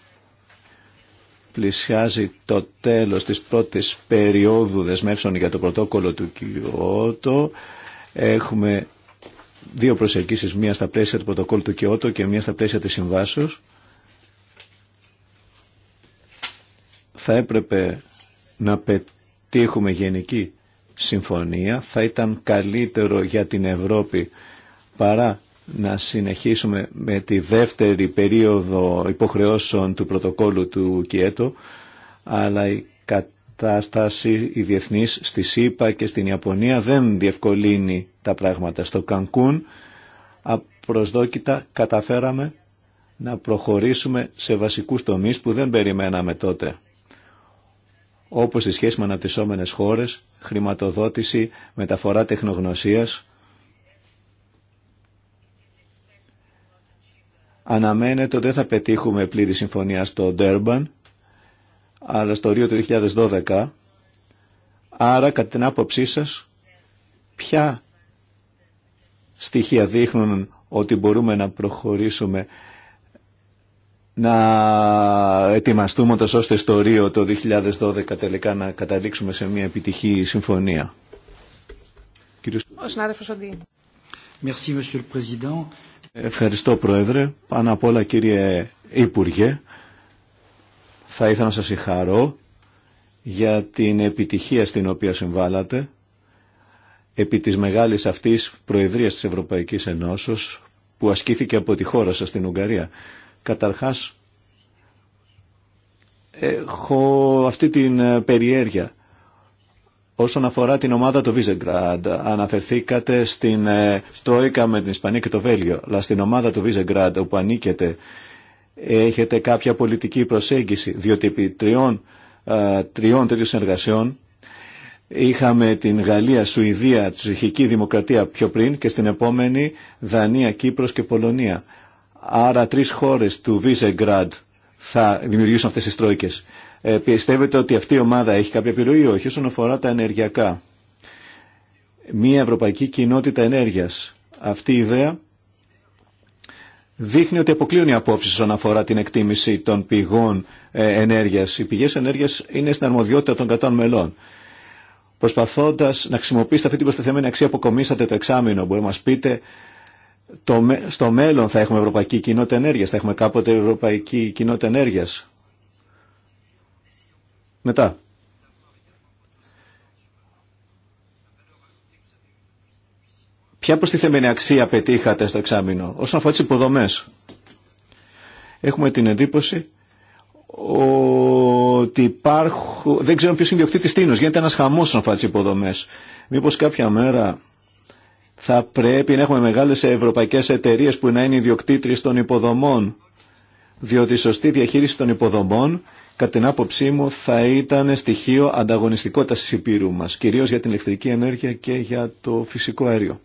D: Πλησιάζει το τέλος της πρώτης περίοδου δεσμεύσεων για το πρωτόκολλο του Κιώτο Έχουμε δύο προσελκύσεις, μία στα πλαίσια του πρωτοκόλλου του Κιώτο και μία στα πλαίσια της συμβάσεως. Θα έπρεπε να πετύχουμε γενική συμφωνία, θα ήταν καλύτερο για την Ευρώπη παρά να συνεχίσουμε με τη δεύτερη περίοδο υποχρεώσεων του πρωτοκόλλου του Κιέτο, αλλά η κατάσταση κατάσταση η διεθνής στη ΣΥΠΑ και στην Ιαπωνία δεν διευκολύνει τα πράγματα. Στο Κανκούν απροσδόκητα καταφέραμε να προχωρήσουμε σε βασικούς τομείς που δεν περιμέναμε τότε. Όπως τη σχέση με αναπτυσσόμενες χώρες, χρηματοδότηση, μεταφορά τεχνογνωσίας, Αναμένεται ότι δεν θα πετύχουμε πλήρη συμφωνία στο Ντέρμπαν, αλλά στο Ρίο το 2012. Άρα, κατά την άποψή σας, ποια στοιχεία δείχνουν ότι μπορούμε να προχωρήσουμε να ετοιμαστούμε το ώστε στο Ρίο το 2012 τελικά να καταλήξουμε σε μια επιτυχή συμφωνία. Ευχαριστώ Πρόεδρε. Πάνω απ' όλα κύριε Υπουργέ. Θα ήθελα να σας συγχαρώ για την επιτυχία στην οποία συμβάλατε επί της μεγάλης αυτής προεδρίας της Ευρωπαϊκής Ενώσεως που ασκήθηκε από τη χώρα σας στην Ουγγαρία. Καταρχάς, έχω αυτή την ε, περιέργεια όσον αφορά την ομάδα του Βίζεγκραντ. Αναφερθήκατε στην ε, Στρόικα με την Ισπανία και το Βέλγιο, αλλά στην ομάδα του Βίζεγκραντ όπου ανήκετε έχετε κάποια πολιτική προσέγγιση, διότι επί τριών, τριών τέτοιων συνεργασιών είχαμε την Γαλλία, Σουηδία, Τσεχική Δημοκρατία πιο πριν και στην επόμενη Δανία, Κύπρος και Πολωνία. Άρα τρεις χώρες του Βίζεγκραντ θα δημιουργήσουν αυτές τις τρόικες. Ε, πιστεύετε ότι αυτή η ομάδα έχει κάποια επιρροή ή όχι όσον αφορά τα ενεργειακά. Μία Ευρωπαϊκή Κοινότητα Ενέργειας. Αυτή η ιδέα δείχνει ότι αποκλείουν οι απόψεις όσον αφορά την εκτίμηση των πηγών ε, ενέργειας. Οι πηγές ενέργειας είναι στην αρμοδιότητα των κατών μελών. Προσπαθώντας να χρησιμοποιήσετε αυτή την προσταθεμένη αξία που κομίσατε το εξάμεινο, μπορεί να μα πείτε στο μέλλον θα έχουμε Ευρωπαϊκή Κοινότητα ενέργεια, θα έχουμε κάποτε Ευρωπαϊκή Κοινότητα ενέργεια. Μετά, Ποια προστιθέμενη αξία πετύχατε στο εξάμεινο όσον αφορά τις υποδομές. Έχουμε την εντύπωση ότι υπάρχουν, δεν ξέρω ποιος είναι διοκτήτης τίνος, γίνεται ένας χαμός όσον αφορά τις υποδομές. Μήπως κάποια μέρα θα πρέπει να έχουμε μεγάλες ευρωπαϊκές εταιρείες που να είναι ιδιοκτήτρες των υποδομών, διότι η σωστή διαχείριση των υποδομών, κατά την άποψή μου, θα ήταν στοιχείο ανταγωνιστικότητας της υπήρου μας, κυρίως για την ηλεκτρική ενέργεια και για το φυσικό
B: αέριο.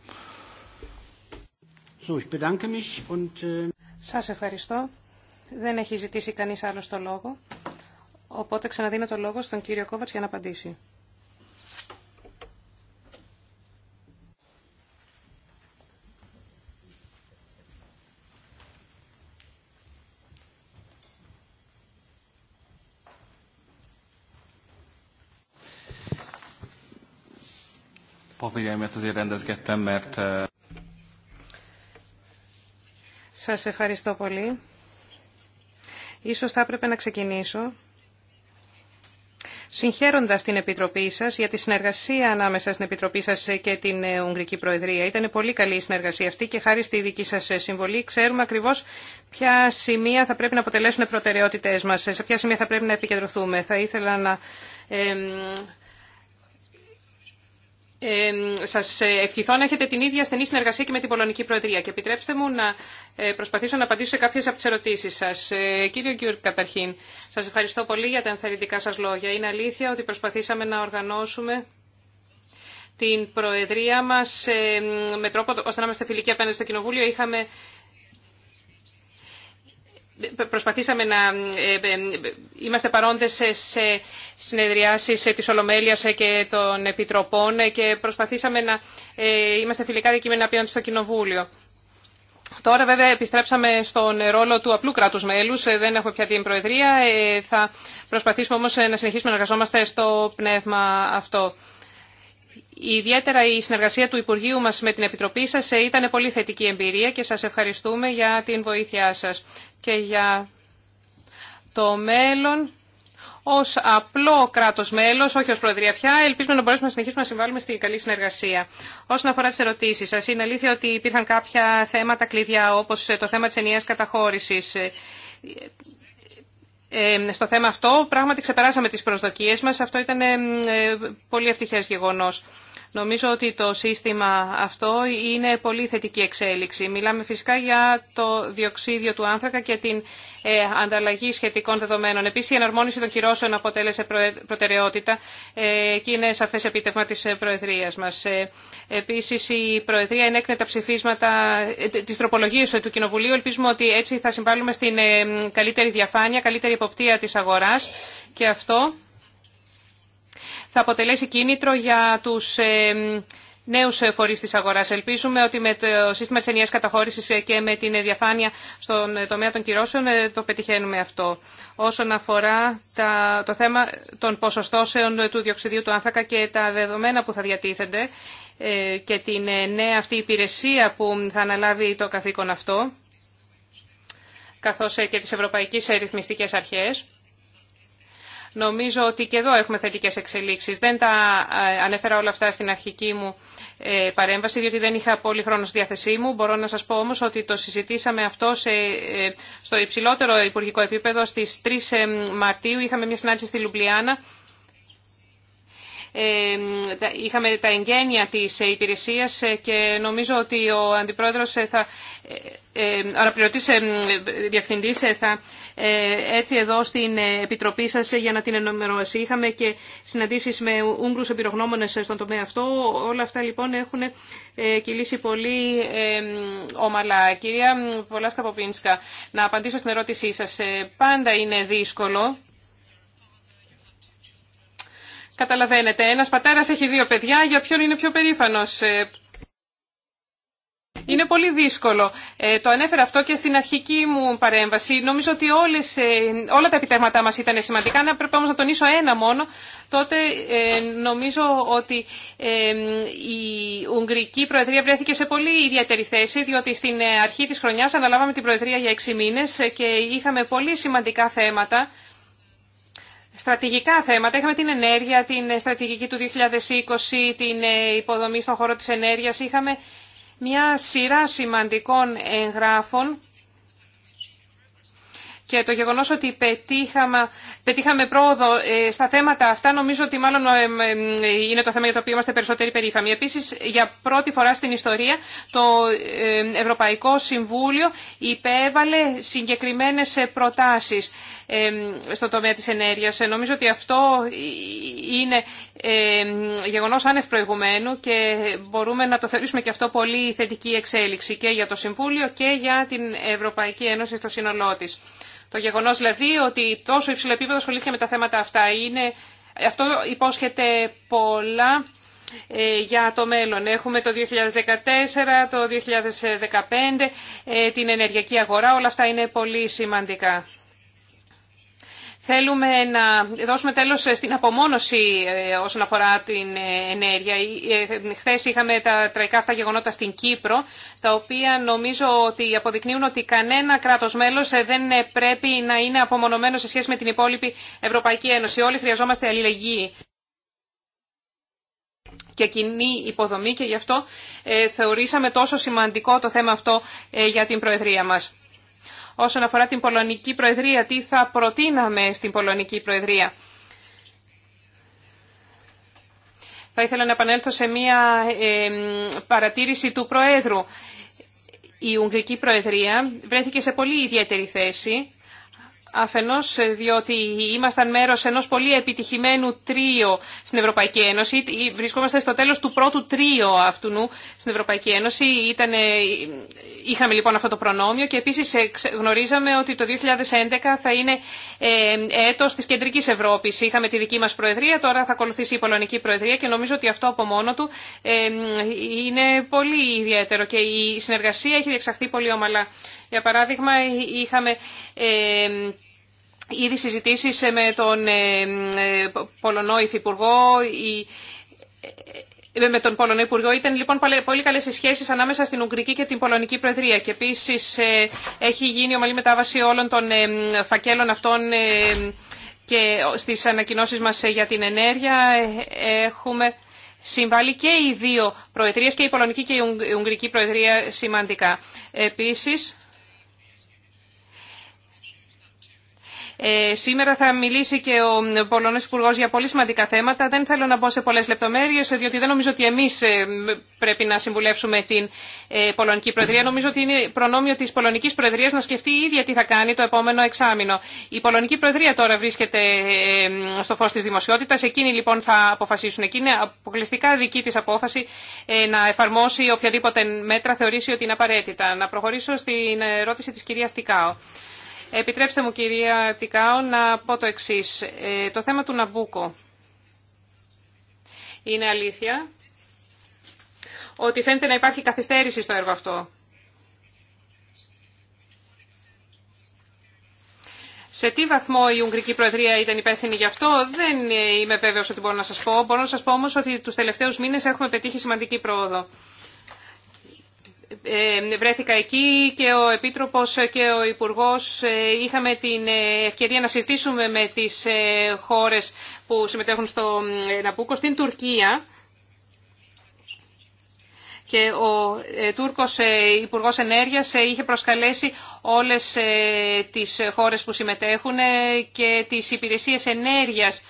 A: Σα äh, Σας ευχαριστώ. Δεν έχει ζητήσει κανείς άλλο το λόγο. Οπότε ξαναδίνω το λόγο στον κύριο Κόβατς για να απαντήσει.
B: papírjaimat azért
A: σας ευχαριστώ πολύ. Ίσως θα έπρεπε να ξεκινήσω συγχαίροντας την Επιτροπή σας για τη συνεργασία ανάμεσα στην Επιτροπή σας και την ε, Ουγγρική Προεδρία. Ήταν πολύ καλή η συνεργασία αυτή και χάρη στη δική σας ε, συμβολή ξέρουμε ακριβώς ποια σημεία θα πρέπει να αποτελέσουν προτεραιότητές μας, ε, σε ποια σημεία θα πρέπει να επικεντρωθούμε. Θα ήθελα να ε, σας ευχηθώ να έχετε την ίδια στενή συνεργασία και με την Πολωνική Προεδρία και επιτρέψτε μου να ε, προσπαθήσω να απαντήσω σε κάποιες από τις ερωτήσεις σας. Ε, Κύριο Γκιούρκ, καταρχήν, σας ευχαριστώ πολύ για τα ενθαρρυντικά σας λόγια. Είναι αλήθεια ότι προσπαθήσαμε να οργανώσουμε την Προεδρία μας με τρόπο ώστε να είμαστε φιλικοί απέναντι στο Κοινοβούλιο. Είχαμε προσπαθήσαμε να ε, ε, είμαστε παρόντες σε συνεδριάσεις ε, της Ολομέλειας και των Επιτροπών και προσπαθήσαμε να είμαστε φιλικά να απέναντι στο Κοινοβούλιο. Τώρα βέβαια επιστρέψαμε στον ρόλο του απλού κράτους μέλους, δεν έχουμε πια την Προεδρία, θα προσπαθήσουμε όμως να συνεχίσουμε να εργαζόμαστε στο πνεύμα αυτό. Ιδιαίτερα η συνεργασία του Υπουργείου μας με την Επιτροπή σας ε, ήταν πολύ θετική εμπειρία και σας ευχαριστούμε για την βοήθειά σας και για το μέλλον ως απλό κράτος μέλος, όχι ως Προεδρία πια, ελπίζουμε να μπορέσουμε να συνεχίσουμε να συμβάλλουμε στη καλή συνεργασία. Όσον αφορά τις ερωτήσεις σας, είναι αλήθεια ότι υπήρχαν κάποια θέματα κλειδιά, όπως ε, το θέμα της ενιαίας καταχώρησης. Ε, στο θέμα αυτό πράγματι ξεπεράσαμε τις προσδοκίες μας, αυτό ήταν πολύ ευτυχές γεγονός. Νομίζω ότι το σύστημα αυτό είναι πολύ θετική εξέλιξη. Μιλάμε φυσικά για το διοξίδιο του άνθρακα και την ε, ανταλλαγή σχετικών δεδομένων. Επίση, η εναρμόνιση των κυρώσεων αποτέλεσε προτεραιότητα ε, και είναι σαφέ επίτευγμα της ε, Προεδρίας μας. Επίση, η Προεδρία ενέκνε τα ψηφίσματα τη τροπολογία του Κοινοβουλίου. Ελπίζουμε ότι έτσι θα συμβάλλουμε στην καλύτερη διαφάνεια, καλύτερη υποπτία τη αγορά και αυτό θα αποτελέσει κίνητρο για τους ε, νέου φορεί τη αγορά. Ελπίζουμε ότι με το σύστημα τη ενιαία καταχώρηση και με την διαφάνεια στον τομέα των κυρώσεων ε, το πετυχαίνουμε αυτό. Όσον αφορά το θέμα των ποσοστώσεων του διοξιδίου του άνθρακα και τα δεδομένα που θα διατίθενται ε, και την νέα αυτή υπηρεσία που θα αναλάβει το καθήκον αυτό, καθώς και τις ευρωπαϊκές ρυθμιστικές αρχές, Νομίζω ότι και εδώ έχουμε θετικές εξελίξεις. Δεν τα ε, ανέφερα όλα αυτά στην αρχική μου ε, παρέμβαση, διότι δεν είχα πολύ χρόνο στη διάθεσή μου. Μπορώ να σας πω όμως ότι το συζητήσαμε αυτό σε, ε, στο υψηλότερο υπουργικό επίπεδο. Στις 3 Μαρτίου είχαμε μια συνάντηση στη Λουμπλιάνα είχαμε τα εγγένεια της υπηρεσίας ε, και νομίζω ότι ο Αντιπρόεδρος ε, θα, ε, ο αναπληρωτής διευθυντής θα έρθει εδώ στην Επιτροπή σας για να την ενημερώσει. Είχαμε και συναντήσεις με Ούγγρους εμπειρογνώμονες στον τομέα αυτό. Όλα αυτά λοιπόν έχουν κυλήσει πολύ ομαλά. Κυρία Πολάσκα Ποπίνσκα, να απαντήσω στην ερώτησή σας. Πάντα είναι δύσκολο Καταλαβαίνετε, ένας πατέρας έχει δύο παιδιά, για ποιον είναι πιο περήφανος. Ε, είναι πολύ δύσκολο. Ε, το ανέφερα αυτό και στην αρχική μου παρέμβαση. Νομίζω ότι όλες, ε, όλα τα επιτέγματά μας ήταν σημαντικά. Να πρέπει όμως να τονίσω ένα μόνο, τότε νομίζω ότι η Ουγγρική Προεδρία βρέθηκε σε πολύ ιδιαίτερη θέση, διότι στην αρχή της χρονιάς αναλάβαμε την Προεδρία για έξι μήνες και είχαμε πολύ σημαντικά θέματα στρατηγικά θέματα. Είχαμε την ενέργεια, την στρατηγική του 2020, την ε, υποδομή στον χώρο της ενέργειας. Είχαμε μια σειρά σημαντικών εγγράφων και το γεγονός ότι πετύχαμε, πετύχαμε πρόοδο ε, στα θέματα αυτά νομίζω ότι μάλλον ε, ε, είναι το θέμα για το οποίο είμαστε περισσότεροι περήφανοι. Επίσης για πρώτη φορά στην ιστορία το Ευρωπαϊκό Συμβούλιο υπέβαλε συγκεκριμένες προτάσεις στο τομέα της ενέργειας. Νομίζω ότι αυτό είναι γεγονός άνευ προηγουμένου και μπορούμε να το θεωρήσουμε και αυτό πολύ θετική εξέλιξη και για το Συμβούλιο και για την Ευρωπαϊκή Ένωση στο σύνολό της. Το γεγονός δηλαδή ότι τόσο υψηλό επίπεδο ασχολήθηκε με τα θέματα αυτά. Είναι, αυτό υπόσχεται πολλά ε, για το μέλλον. Έχουμε το 2014, το 2015, ε, την ενεργειακή αγορά. Όλα αυτά είναι πολύ σημαντικά. Θέλουμε να δώσουμε τέλος στην απομόνωση ε, όσον αφορά την ε, ενέργεια. Ε, Χθε είχαμε τα τραϊκά αυτά γεγονότα στην Κύπρο, τα οποία νομίζω ότι αποδεικνύουν ότι κανένα κράτος μέλος δεν πρέπει να είναι απομονωμένο σε σχέση με την υπόλοιπη Ευρωπαϊκή Ένωση. Όλοι χρειαζόμαστε αλληλεγγύη και κοινή υποδομή και γι' αυτό θεωρήσαμε τόσο σημαντικό το θέμα αυτό για την Προεδρία μας. Όσον αφορά την Πολωνική Προεδρία, τι θα προτείναμε στην Πολωνική Προεδρία. Θα ήθελα να επανέλθω σε μία παρατήρηση του Προέδρου. Η Ουγγρική Προεδρία βρέθηκε σε πολύ ιδιαίτερη θέση Αφενός διότι ήμασταν μέρος ενός πολύ επιτυχημένου τρίο στην Ευρωπαϊκή Ένωση. Βρισκόμαστε στο τέλος του πρώτου τρίο αυτού στην Ευρωπαϊκή Ένωση. ήτανε είχαμε λοιπόν αυτό το προνόμιο και επίσης ε, γνωρίζαμε ότι το 2011 θα είναι ε, έτος της Κεντρικής Ευρώπης. Είχαμε τη δική μας Προεδρία, τώρα θα ακολουθήσει η Πολωνική Προεδρία και νομίζω ότι αυτό από μόνο του ε, είναι πολύ ιδιαίτερο και η συνεργασία έχει διεξαχθεί πολύ ομαλά. Για παράδειγμα, είχαμε Ήδη συζητήσει ε, με τον ε, ε, Πολωνό Υφυπουργό, η με τον Πολωνό Υπουργό. Ήταν λοιπόν πολύ καλέ οι σχέσει ανάμεσα στην Ουγγρική και την Πολωνική Προεδρία. Και επίση έχει γίνει ομαλή μετάβαση όλων των φακέλων αυτών και στι ανακοινώσει μα για την ενέργεια. Έχουμε συμβάλει και οι δύο Προεδρίες, και η Πολωνική και η Ουγγρική Προεδρία σημαντικά. Επίσης, Ε, σήμερα θα μιλήσει και ο Πολωνός Υπουργό για πολύ σημαντικά θέματα. Δεν θέλω να μπω σε πολλές λεπτομέρειες, διότι δεν νομίζω ότι εμείς ε, πρέπει να συμβουλεύσουμε την ε, Πολωνική Προεδρία. Νομίζω ότι είναι προνόμιο τη Πολωνική Προεδρία να σκεφτεί η ίδια τι θα κάνει το επόμενο εξάμεινο. Η Πολωνική Προεδρία τώρα βρίσκεται στο φω τη Δημοσιότητα. Εκείνοι λοιπόν θα αποφασίσουν. Εκείνη αποκλειστικά δική τη απόφαση να εφαρμόσει οποιαδήποτε μέτρα θεωρήσει ότι είναι απαραίτητα. Να προχωρήσω στην ερώτηση τη κυρία Επιτρέψτε μου κυρία Τικάο να πω το εξής. Ε, το θέμα του Ναμπούκο είναι αλήθεια ότι φαίνεται να υπάρχει καθυστέρηση στο έργο αυτό. Σε τι βαθμό η Ουγγρική Προεδρία ήταν υπεύθυνη γι' αυτό, δεν είμαι βέβαιος ότι μπορώ να σας πω. Μπορώ να σας πω όμως ότι τους τελευταίους μήνες έχουμε πετύχει σημαντική πρόοδο. Ε, βρέθηκα εκεί και ο Επίτροπος και ο Υπουργός ε, είχαμε την ε, ευκαιρία να συζητήσουμε με τις χώρες που συμμετέχουν στο Ναπούκο στην Τουρκία και ο Τούρκος Υπουργός Ενέργειας είχε προσκαλέσει όλες τις χώρες που συμμετέχουν και τις υπηρεσίες ενέργειας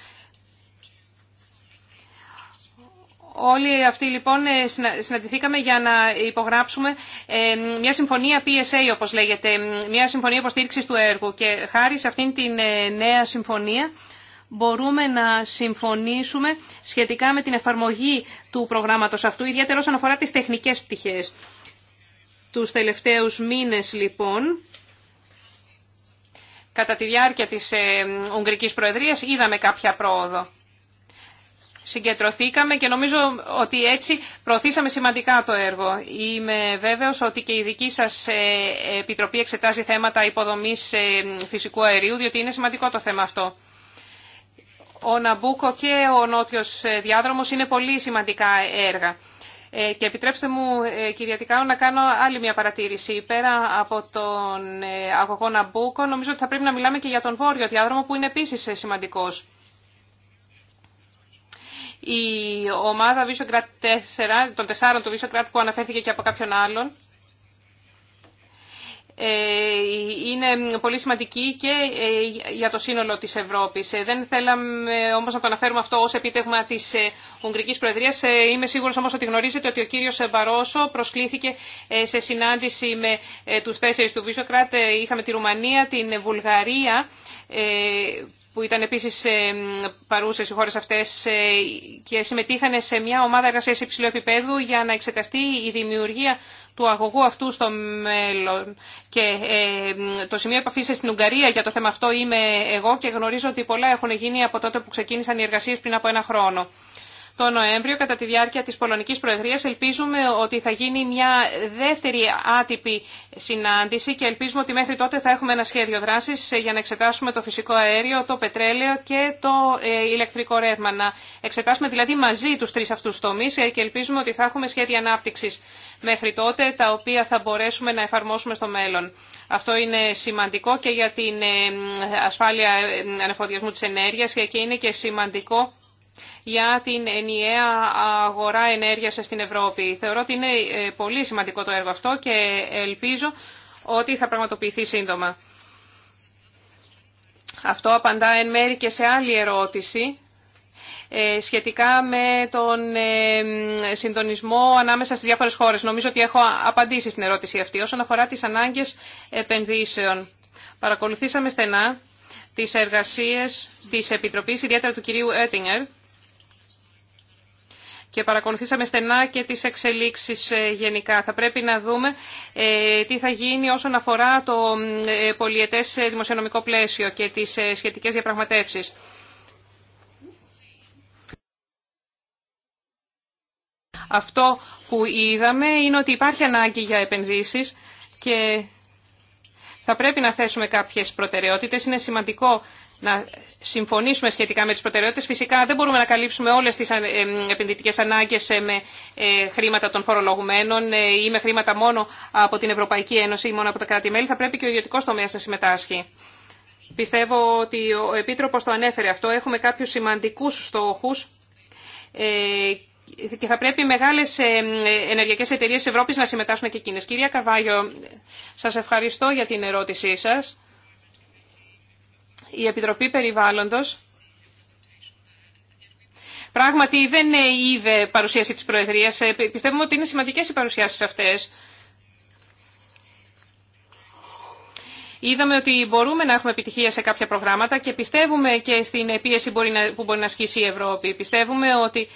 A: Όλοι αυτοί λοιπόν ε, συναντηθήκαμε για να υπογράψουμε ε, μια συμφωνία PSA όπως λέγεται, μια συμφωνία υποστήριξη του έργου και χάρη σε αυτήν την ε, νέα συμφωνία μπορούμε να συμφωνήσουμε σχετικά με την εφαρμογή του προγράμματος αυτού, ιδιαίτερα όσον αφορά τις τεχνικές πτυχές. Τους τελευταίους μήνες λοιπόν, κατά τη διάρκεια της Ουγγρικής Προεδρίας, είδαμε κάποια πρόοδο συγκεντρωθήκαμε και νομίζω ότι έτσι προωθήσαμε σημαντικά το έργο. Είμαι βέβαιος ότι και η δική σας ε, Επιτροπή εξετάζει θέματα υποδομής ε, φυσικού αερίου, διότι είναι σημαντικό το θέμα αυτό. Ο Ναμπούκο και ο Νότιος ε, Διάδρομος είναι πολύ σημαντικά έργα. Και επιτρέψτε μου, κυρία να κάνω άλλη μια παρατήρηση. Πέρα από τον αγωγό Ναμπούκο, νομίζω ότι θα πρέπει να μιλάμε και για τον Βόρειο Διάδρομο, που είναι επίσης σημαντικός. Η ομάδα Visegrad 4, των τεσσάρων του Visegrad που αναφέρθηκε και από κάποιον άλλον, ε, είναι πολύ σημαντική και ε, για το σύνολο της Ευρώπης. Ε, δεν θέλαμε όμως να το αναφέρουμε αυτό ως επίτευγμα της Ουγγρικής Προεδρίας. Είμαι σίγουρος όμως ότι γνωρίζετε ότι ο κύριος Μπαρόσο προσκλήθηκε σε συνάντηση με τους τέσσερις του Βίσοκρατ. Είχαμε τη Ρουμανία, την Βουλγαρία που ήταν επίσης ε, παρούσες οι χώρες αυτές ε, και συμμετείχαν σε μια ομάδα εργασία υψηλού επίπεδου για να εξεταστεί η δημιουργία του αγωγού αυτού στο μέλλον. Και ε, το σημείο επαφή στην Ουγγαρία για το θέμα αυτό είμαι εγώ και γνωρίζω ότι πολλά έχουν γίνει από τότε που ξεκίνησαν οι εργασίες πριν από ένα χρόνο το Νοέμβριο κατά τη διάρκεια της Πολωνικής Προεδρίας. Ελπίζουμε ότι θα γίνει μια δεύτερη άτυπη συνάντηση και ελπίζουμε ότι μέχρι τότε θα έχουμε ένα σχέδιο δράσης για να εξετάσουμε το φυσικό αέριο, το πετρέλαιο και το ε, ηλεκτρικό ρεύμα. Να εξετάσουμε δηλαδή μαζί τους τρεις αυτούς τομείς ε, και ελπίζουμε ότι θα έχουμε σχέδια ανάπτυξης μέχρι τότε, τα οποία θα μπορέσουμε να εφαρμόσουμε στο μέλλον. Αυτό είναι σημαντικό και για την ε, ασφάλεια ανεφοδιασμού της ενέργειας και είναι και σημαντικό για την ενιαία αγορά ενέργειας στην Ευρώπη. Θεωρώ ότι είναι ε, πολύ σημαντικό το έργο αυτό και ελπίζω ότι θα πραγματοποιηθεί σύντομα. Αυτό απαντά εν μέρη και σε άλλη ερώτηση ε, σχετικά με τον ε, συντονισμό ανάμεσα στις διάφορες χώρες. Νομίζω ότι έχω απαντήσει στην ερώτηση αυτή όσον αφορά τις ανάγκες επενδύσεων. Παρακολουθήσαμε στενά τις εργασίες της Επιτροπής, ιδιαίτερα του κυρίου Έτινγκερ, και παρακολουθήσαμε στενά και τις εξελίξεις ε, γενικά. Θα πρέπει να δούμε ε, τι θα γίνει όσον αφορά το ε, πολιετές δημοσιονομικό πλαίσιο και τις σχετικές διαπραγματεύσεις. Αυτό που είδαμε είναι ότι υπάρχει ανάγκη για επενδύσεις και θα πρέπει να θέσουμε κάποιες προτεραιότητες. Είναι σημαντικό να συμφωνήσουμε σχετικά με τις προτεραιότητες. Φυσικά δεν μπορούμε να καλύψουμε όλες τις ε, ε, επενδυτικές ανάγκες ε, με χρήματα των φορολογουμένων ή με χρήματα μόνο από την Ευρωπαϊκή Ένωση ή μόνο από τα κράτη-μέλη. Θα πρέπει και ο ιδιωτικός τομέας να συμμετάσχει. Πιστεύω ότι ο Επίτροπος το ανέφερε αυτό. Έχουμε κάποιους σημαντικούς στόχους και θα πρέπει μεγάλες ενεργειακές εταιρείες Ευρώπης να συμμετάσχουν και εκείνες. Κυρία Καρβάγιο, σας ευχαριστώ για την ερώτησή σας η Επιτροπή Περιβάλλοντος πράγματι δεν είδε παρουσίαση της Προεδρίας. Ε, πιστεύουμε ότι είναι σημαντικές οι παρουσιάσεις αυτές. Είδαμε ότι μπορούμε να έχουμε επιτυχία σε κάποια προγράμματα και πιστεύουμε και στην πίεση που μπορεί να ασκήσει η Ευρώπη. Πιστεύουμε ότι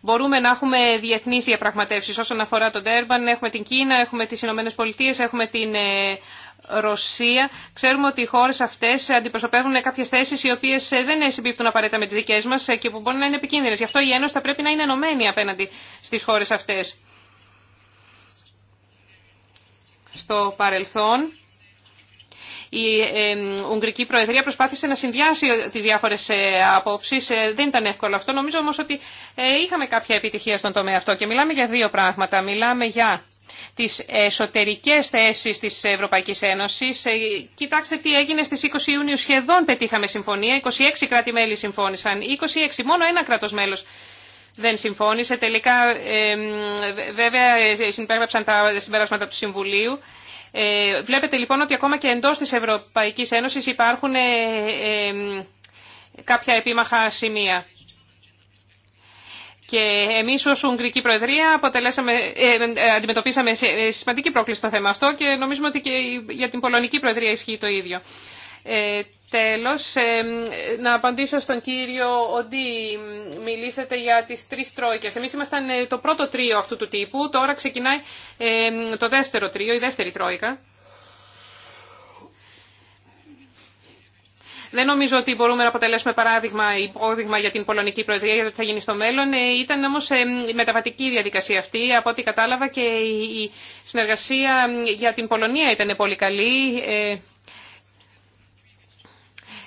A: μπορούμε να έχουμε διεθνεί διαπραγματεύσει όσον αφορά τον Τέρμπαν. Έχουμε την Κίνα, έχουμε τις Ηνωμένε Πολιτείε, έχουμε την ε, Ρωσία. Ξέρουμε ότι οι χώρε αυτέ αντιπροσωπεύουν κάποιε θέσει οι οποίε ε, δεν συμπίπτουν απαραίτητα με τι δικέ μα ε, και που μπορεί να είναι επικίνδυνε. Γι' αυτό η Ένωση θα πρέπει να είναι ενωμένη απέναντι στι χωρε αυτε Στο παρελθόν, η ε, Ουγγρική Προεδρία προσπάθησε να συνδυάσει τις διάφορες απόψεις. Δεν ήταν εύκολο αυτό. Νομίζω όμω ότι είχαμε κάποια επιτυχία στον τομέα αυτό και μιλάμε για δύο πράγματα. Μιλάμε για τις εσωτερικές θέσεις της Ευρωπαϊκής Ένωσης. Ε, κοιτάξτε τι έγινε στις 20 Ιουνίου. Σχεδόν πετύχαμε συμφωνία. 26 κράτη-μέλη συμφώνησαν. 26. Μόνο ένα κράτος μέλος δεν συμφώνησε. Τελικά βέβαια συμπέραψαν τα συμπεράσματα του Συμβουλίου. Ε, βλέπετε λοιπόν ότι ακόμα και εντός της Ευρωπαϊκής Ένωσης υπάρχουν ε, κάποια επίμαχα σημεία. Και εμεί ω Ουγγρική Προεδρία αποτελέσαμε, ε, ε, αντιμετωπίσαμε ε, σημαντική πρόκληση στο θέμα αυτό και νομίζουμε ότι και για την Πολωνική Προεδρία ισχύει το ίδιο. Ε, τέλος, να απαντήσω στον κύριο ότι μιλήσατε για τις τρεις τρόικες. Εμείς ήμασταν το πρώτο τρίο αυτού του τύπου, τώρα ξεκινάει το δεύτερο τρίο, η δεύτερη τρόικα. Δεν νομίζω ότι μπορούμε να αποτελέσουμε παράδειγμα ή υπόδειγμα για την Πολωνική Προεδρία για το τι θα γίνει στο μέλλον. Ε, ήταν όμω ε, μεταβατική διαδικασία αυτή, από ό,τι κατάλαβα και η συνεργασία για την Πολωνία ήταν πολύ καλή. Ε,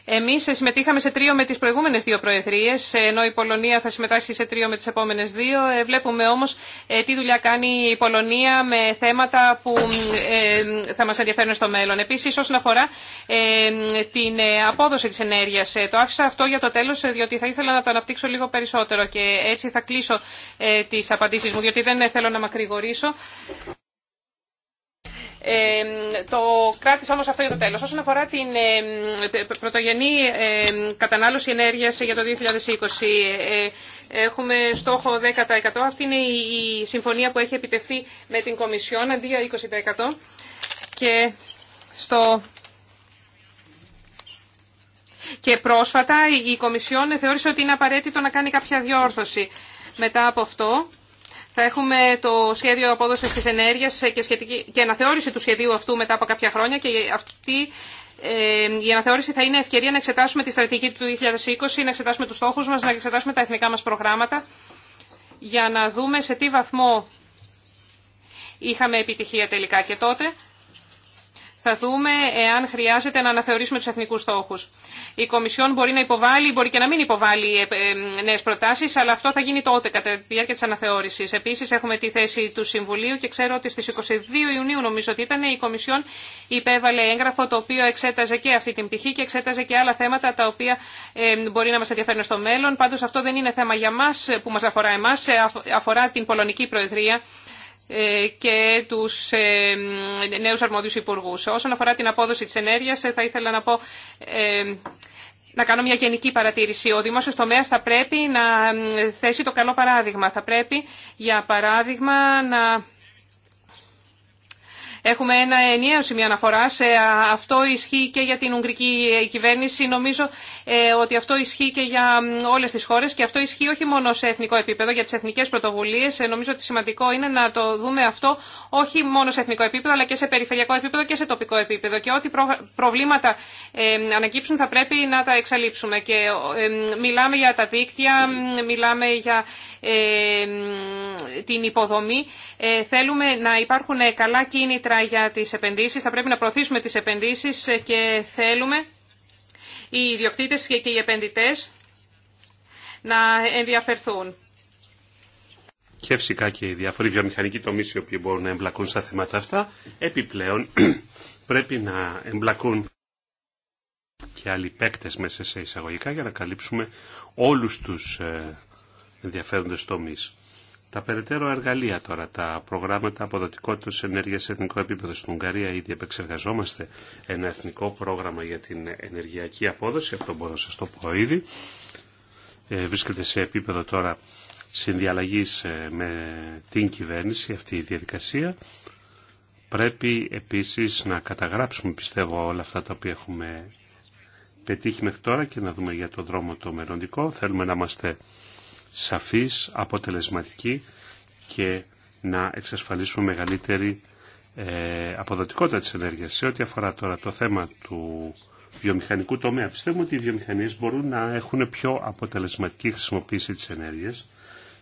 A: εμείς συμμετείχαμε σε τρίο με τις προηγούμενες δύο προεδρίες, ενώ η Πολωνία θα συμμετάσχει σε τρίο με τις επόμενες δύο. Ε, βλέπουμε όμως ε, τι δουλειά κάνει η Πολωνία με θέματα που ε, θα μας ενδιαφέρουν στο μέλλον. Επίσης, όσον αφορά την απόδοση της ενέργειας, το άφησα αυτό για το τέλος, διότι θα ήθελα να το αναπτύξω λίγο περισσότερο και έτσι θα κλείσω τι απαντήσει μου, διότι δεν θέλω να μακρηγορήσω το κράτησα όμως αυτό για το τέλος. Όσον αφορά την πρωτογενή κατανάλωση ενέργειας για το 2020, ε, Έχουμε στόχο 10%. Αυτή είναι η συμφωνία που έχει επιτευχθεί με την Κομισιόν, αντί για 20%. Και στο και πρόσφατα η Κομισιόν θεώρησε ότι είναι απαραίτητο να κάνει κάποια διόρθωση. Μετά από αυτό, θα έχουμε το σχέδιο απόδοσης της ενέργειας και, και αναθεώρηση του σχεδίου αυτού μετά από κάποια χρόνια και αυτή ε, η αναθεώρηση θα είναι ευκαιρία να εξετάσουμε τη στρατηγική του 2020, να εξετάσουμε τους στόχους μας, να εξετάσουμε τα εθνικά μας προγράμματα για να δούμε σε τι βαθμό είχαμε επιτυχία τελικά και τότε θα δούμε εάν χρειάζεται να αναθεωρήσουμε του εθνικού στόχου. Η Κομισιόν μπορεί να υποβάλει, μπορεί και να μην υποβάλει ε, ε, νέε προτάσει, αλλά αυτό θα γίνει τότε κατά τη διάρκεια τη αναθεώρησης. Επίση, έχουμε τη θέση του Συμβουλίου και ξέρω ότι στι 22 Ιουνίου νομίζω ότι ήταν η Κομισιόν υπέβαλε έγγραφο το οποίο εξέταζε και αυτή την πτυχή και εξέταζε και άλλα θέματα τα οποία ε, μπορεί να μα ενδιαφέρουν στο μέλλον. Πάντως αυτό δεν είναι θέμα για μας που μα αφορά εμά, αφορά την Πολωνική Προεδρία ε, και τους ε, νέους αρμόδιους υπουργούς. Όσον αφορά την απόδοση της ενέργειας, ε, θα ήθελα να πω... Να κάνω μια γενική παρατήρηση. Ο δημόσιο τομέα θα πρέπει να θέσει το καλό παράδειγμα. Θα πρέπει, για παράδειγμα, να Έχουμε ένα ενιαίο σημείο αναφορά. Ε, αυτό ισχύει και για την Ουγγρική κυβέρνηση. Νομίζω ε, ότι αυτό ισχύει και για όλε τι χώρε και αυτό ισχύει όχι μόνο σε εθνικό επίπεδο, για τι εθνικέ πρωτοβουλίε. Ε, νομίζω ότι σημαντικό είναι να το δούμε αυτό όχι μόνο σε εθνικό επίπεδο, αλλά και σε περιφερειακό επίπεδο και σε τοπικό επίπεδο. Και ό,τι προβλήματα ανακύψουν θα πρέπει να τα εξαλείψουμε. Και μιλάμε για τα δίκτυα, μιλάμε για την υποδομή. Θέλουμε να υπάρχουν καλά κίνητρα για τις επενδύσεις. Θα πρέπει να προωθήσουμε τις επενδύσεις και θέλουμε οι ιδιοκτήτες και οι επενδυτές να ενδιαφερθούν.
C: Και φυσικά και οι διάφοροι βιομηχανικοί τομείς οι οποίοι μπορούν να εμπλακούν στα θέματα αυτά. Επιπλέον πρέπει να εμπλακούν και άλλοι παίκτες μέσα σε εισαγωγικά για να καλύψουμε όλους τους ε, ενδιαφέροντες τομείς. Τα περαιτέρω εργαλεία τώρα, τα προγράμματα αποδοτικότητα ενέργεια σε εθνικό επίπεδο στην Ουγγαρία, ήδη επεξεργαζόμαστε ένα εθνικό πρόγραμμα για την ενεργειακή απόδοση, αυτό μπορώ να σα το πω ήδη. Ε, βρίσκεται σε επίπεδο τώρα συνδιαλλαγής ε, με την κυβέρνηση αυτή η διαδικασία. Πρέπει επίσης να καταγράψουμε πιστεύω όλα αυτά τα οποία έχουμε πετύχει μέχρι τώρα και να δούμε για το δρόμο το μελλοντικό. Θέλουμε να είμαστε σαφής, αποτελεσματική και να εξασφαλίσουμε μεγαλύτερη ε, αποδοτικότητα της ενέργειας. Σε ό,τι αφορά τώρα το θέμα του βιομηχανικού τομέα, πιστεύουμε ότι οι βιομηχανίες μπορούν να έχουν πιο αποτελεσματική χρησιμοποίηση της ενέργειας,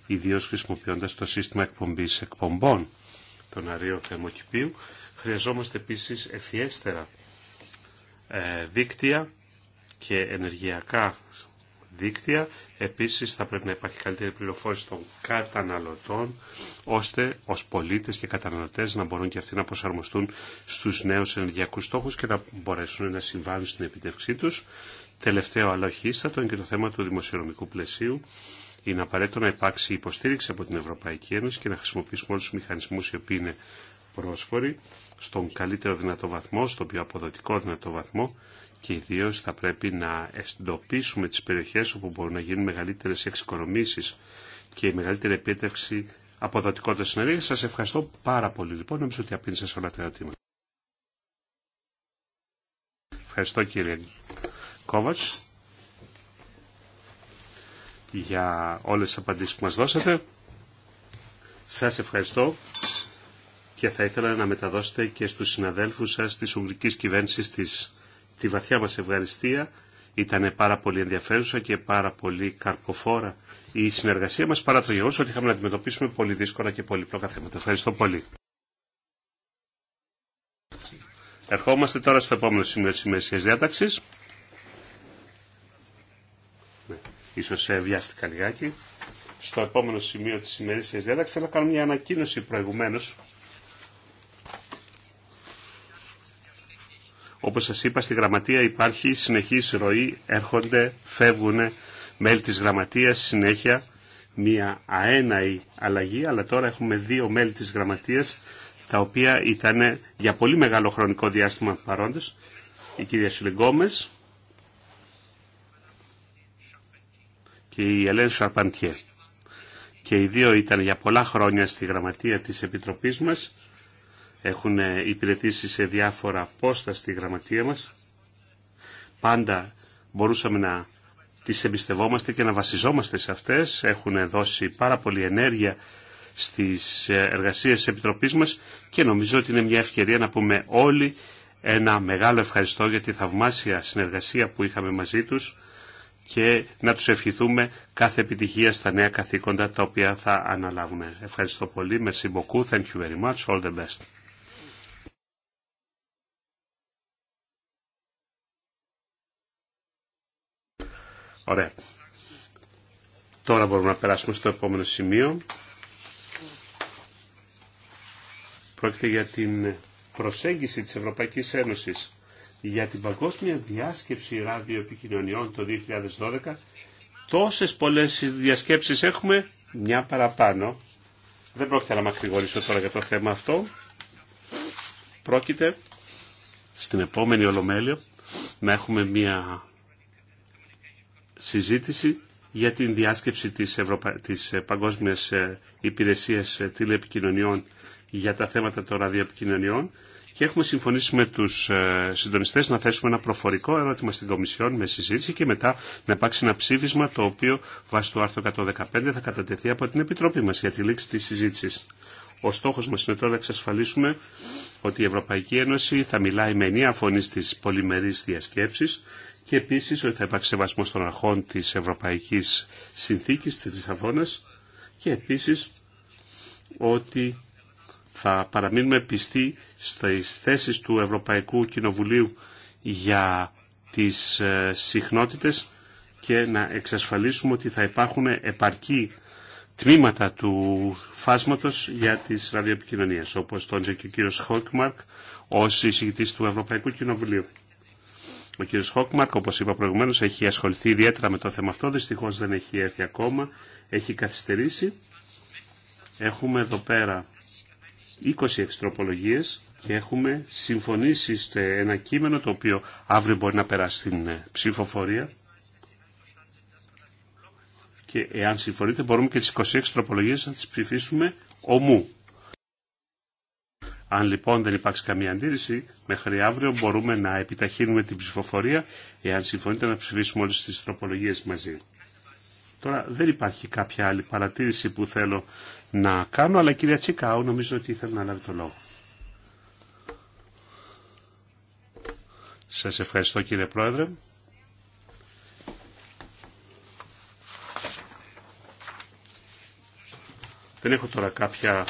C: ιδίω χρησιμοποιώντας το σύστημα εκπομπής εκπομπών των αρίων θερμοκηπίου. Χρειαζόμαστε επίσης ευφιέστερα ε, δίκτυα και ενεργειακά δίκτυα. Επίσης θα πρέπει να υπάρχει καλύτερη πληροφόρηση των καταναλωτών, ώστε ως πολίτες και καταναλωτές να μπορούν και αυτοί να προσαρμοστούν στους νέους ενεργειακούς στόχους και να μπορέσουν να συμβάλλουν στην επιτευξή τους. Τελευταίο αλλά όχι ίστατο είναι και το θέμα του δημοσιονομικού πλαισίου. Είναι απαραίτητο να υπάρξει υποστήριξη από την Ευρωπαϊκή Ένωση και να χρησιμοποιήσουμε όλους τους μηχανισμούς οι οποίοι είναι πρόσφοροι στον καλύτερο δυνατό βαθμό, στον πιο αποδοτικό δυνατό βαθμό και ιδίω θα πρέπει να εντοπίσουμε τις περιοχές όπου μπορούν να γίνουν μεγαλύτερες εξοικονομήσεις και μεγαλύτερη επίτευξη αποδοτικότητα συνεργασίας. Σας ευχαριστώ πάρα πολύ. Λοιπόν, νομίζω ότι απήντησα σε όλα τα ερωτήματα. Ευχαριστώ κύριε Κόβατς για όλες τις απαντήσεις που μας δώσατε. Σας ευχαριστώ και θα ήθελα να μεταδώσετε και στους συναδέλφους σας της Ουγγρικής Κυβέρνησης της τη βαθιά μας ευχαριστία. Ήταν πάρα πολύ ενδιαφέρουσα και πάρα πολύ καρποφόρα η συνεργασία μας παρά το γεγονός ότι είχαμε να αντιμετωπίσουμε πολύ δύσκολα και πολύπλοκα θέματα. Ευχαριστώ πολύ. Ερχόμαστε τώρα στο επόμενο σημείο της ημερησίας διάταξης. Ναι, ίσως βιάστηκα λιγάκι. Στο επόμενο σημείο της ημερησίας διάταξης θα κάνω μια ανακοίνωση προηγουμένως Όπως σας είπα, στη γραμματεία υπάρχει συνεχής ροή, έρχονται, φεύγουν μέλη της γραμματείας συνέχεια μία αέναη αλλαγή, αλλά τώρα έχουμε δύο μέλη της γραμματείας τα οποία ήταν για πολύ μεγάλο χρονικό διάστημα παρόντες. Η κυρία Σιλεγκόμες και η Ελένη Σαρπαντιέ. Και οι δύο ήταν για πολλά χρόνια στη γραμματεία της Επιτροπής μας έχουν υπηρετήσει σε διάφορα πόστα στη γραμματεία μας. Πάντα μπορούσαμε να τις εμπιστευόμαστε και να βασιζόμαστε σε αυτές. Έχουν δώσει πάρα πολλή ενέργεια στις εργασίες της Επιτροπής μας και νομίζω ότι είναι μια ευκαιρία να πούμε όλοι ένα μεγάλο ευχαριστώ για τη θαυμάσια συνεργασία που είχαμε μαζί τους και να τους ευχηθούμε κάθε επιτυχία στα νέα καθήκοντα τα οποία θα αναλάβουν. Ευχαριστώ πολύ. Merci beaucoup. Thank you very much. All the best. Ωραία. Τώρα μπορούμε να περάσουμε στο επόμενο σημείο. Πρόκειται για την προσέγγιση της Ευρωπαϊκής Ένωσης για την Παγκόσμια Διάσκεψη Ραδιοεπικοινωνιών το 2012. Τόσες πολλές διασκέψεις έχουμε, μια παραπάνω. Δεν πρόκειται να μακρηγορήσω τώρα για το θέμα αυτό. Πρόκειται στην επόμενη Ολομέλεια να έχουμε μια συζήτηση για την διάσκεψη της, Ευρωπα... της ε, Παγκόσμιας ε, Υπηρεσίας ε, Τηλεπικοινωνιών για τα θέματα των ραδιοεπικοινωνιών και έχουμε συμφωνήσει με τους συντονιστές να θέσουμε ένα προφορικό ερώτημα στην Κομισιόν με συζήτηση και μετά να υπάρξει ένα ψήφισμα το οποίο βάσει του άρθρου 115 θα κατατεθεί από την Επιτροπή μας για τη λήξη της συζήτησης. Ο στόχος μας είναι τώρα να εξασφαλίσουμε ότι η Ευρωπαϊκή Ένωση θα μιλάει με ενία φωνή στις πολυμερείς διασκέψεις και επίσης ότι θα υπάρξει σεβασμός των αρχών της Ευρωπαϊκής Συνθήκης της Λισαβόνας και επίσης ότι θα παραμείνουμε πιστοί στις θέσεις του Ευρωπαϊκού Κοινοβουλίου για τις ε, συχνότητες και να εξασφαλίσουμε ότι θα υπάρχουν επαρκή τμήματα του φάσματος για τις ραδιοεπικοινωνίες, όπως τόντζε και ο κύριος Χόκμαρκ ως εισηγητής του Ευρωπαϊκού Κοινοβουλίου. Ο κ. Χόκμαρκ, όπω είπα προηγουμένως, έχει ασχοληθεί ιδιαίτερα με το θέμα αυτό. Δυστυχώ δεν έχει έρθει ακόμα. Έχει καθυστερήσει. Έχουμε εδώ πέρα 26 τροπολογίε και έχουμε συμφωνήσει σε ένα κείμενο το οποίο αύριο μπορεί να περάσει στην ε, ψηφοφορία. Και εάν συμφωνείτε μπορούμε και τις 26 τροπολογίε να τι ψηφίσουμε ομού. Αν λοιπόν δεν υπάρξει καμία αντίρρηση, μέχρι αύριο μπορούμε να επιταχύνουμε την ψηφοφορία, εάν συμφωνείτε να ψηφίσουμε όλες τις τροπολογίες μαζί. Τώρα δεν υπάρχει κάποια άλλη παρατήρηση που θέλω να κάνω, αλλά κυρία Τσικάου νομίζω ότι ήθελα να λάβει το λόγο. Σας ευχαριστώ κύριε Πρόεδρε. Δεν έχω τώρα κάποια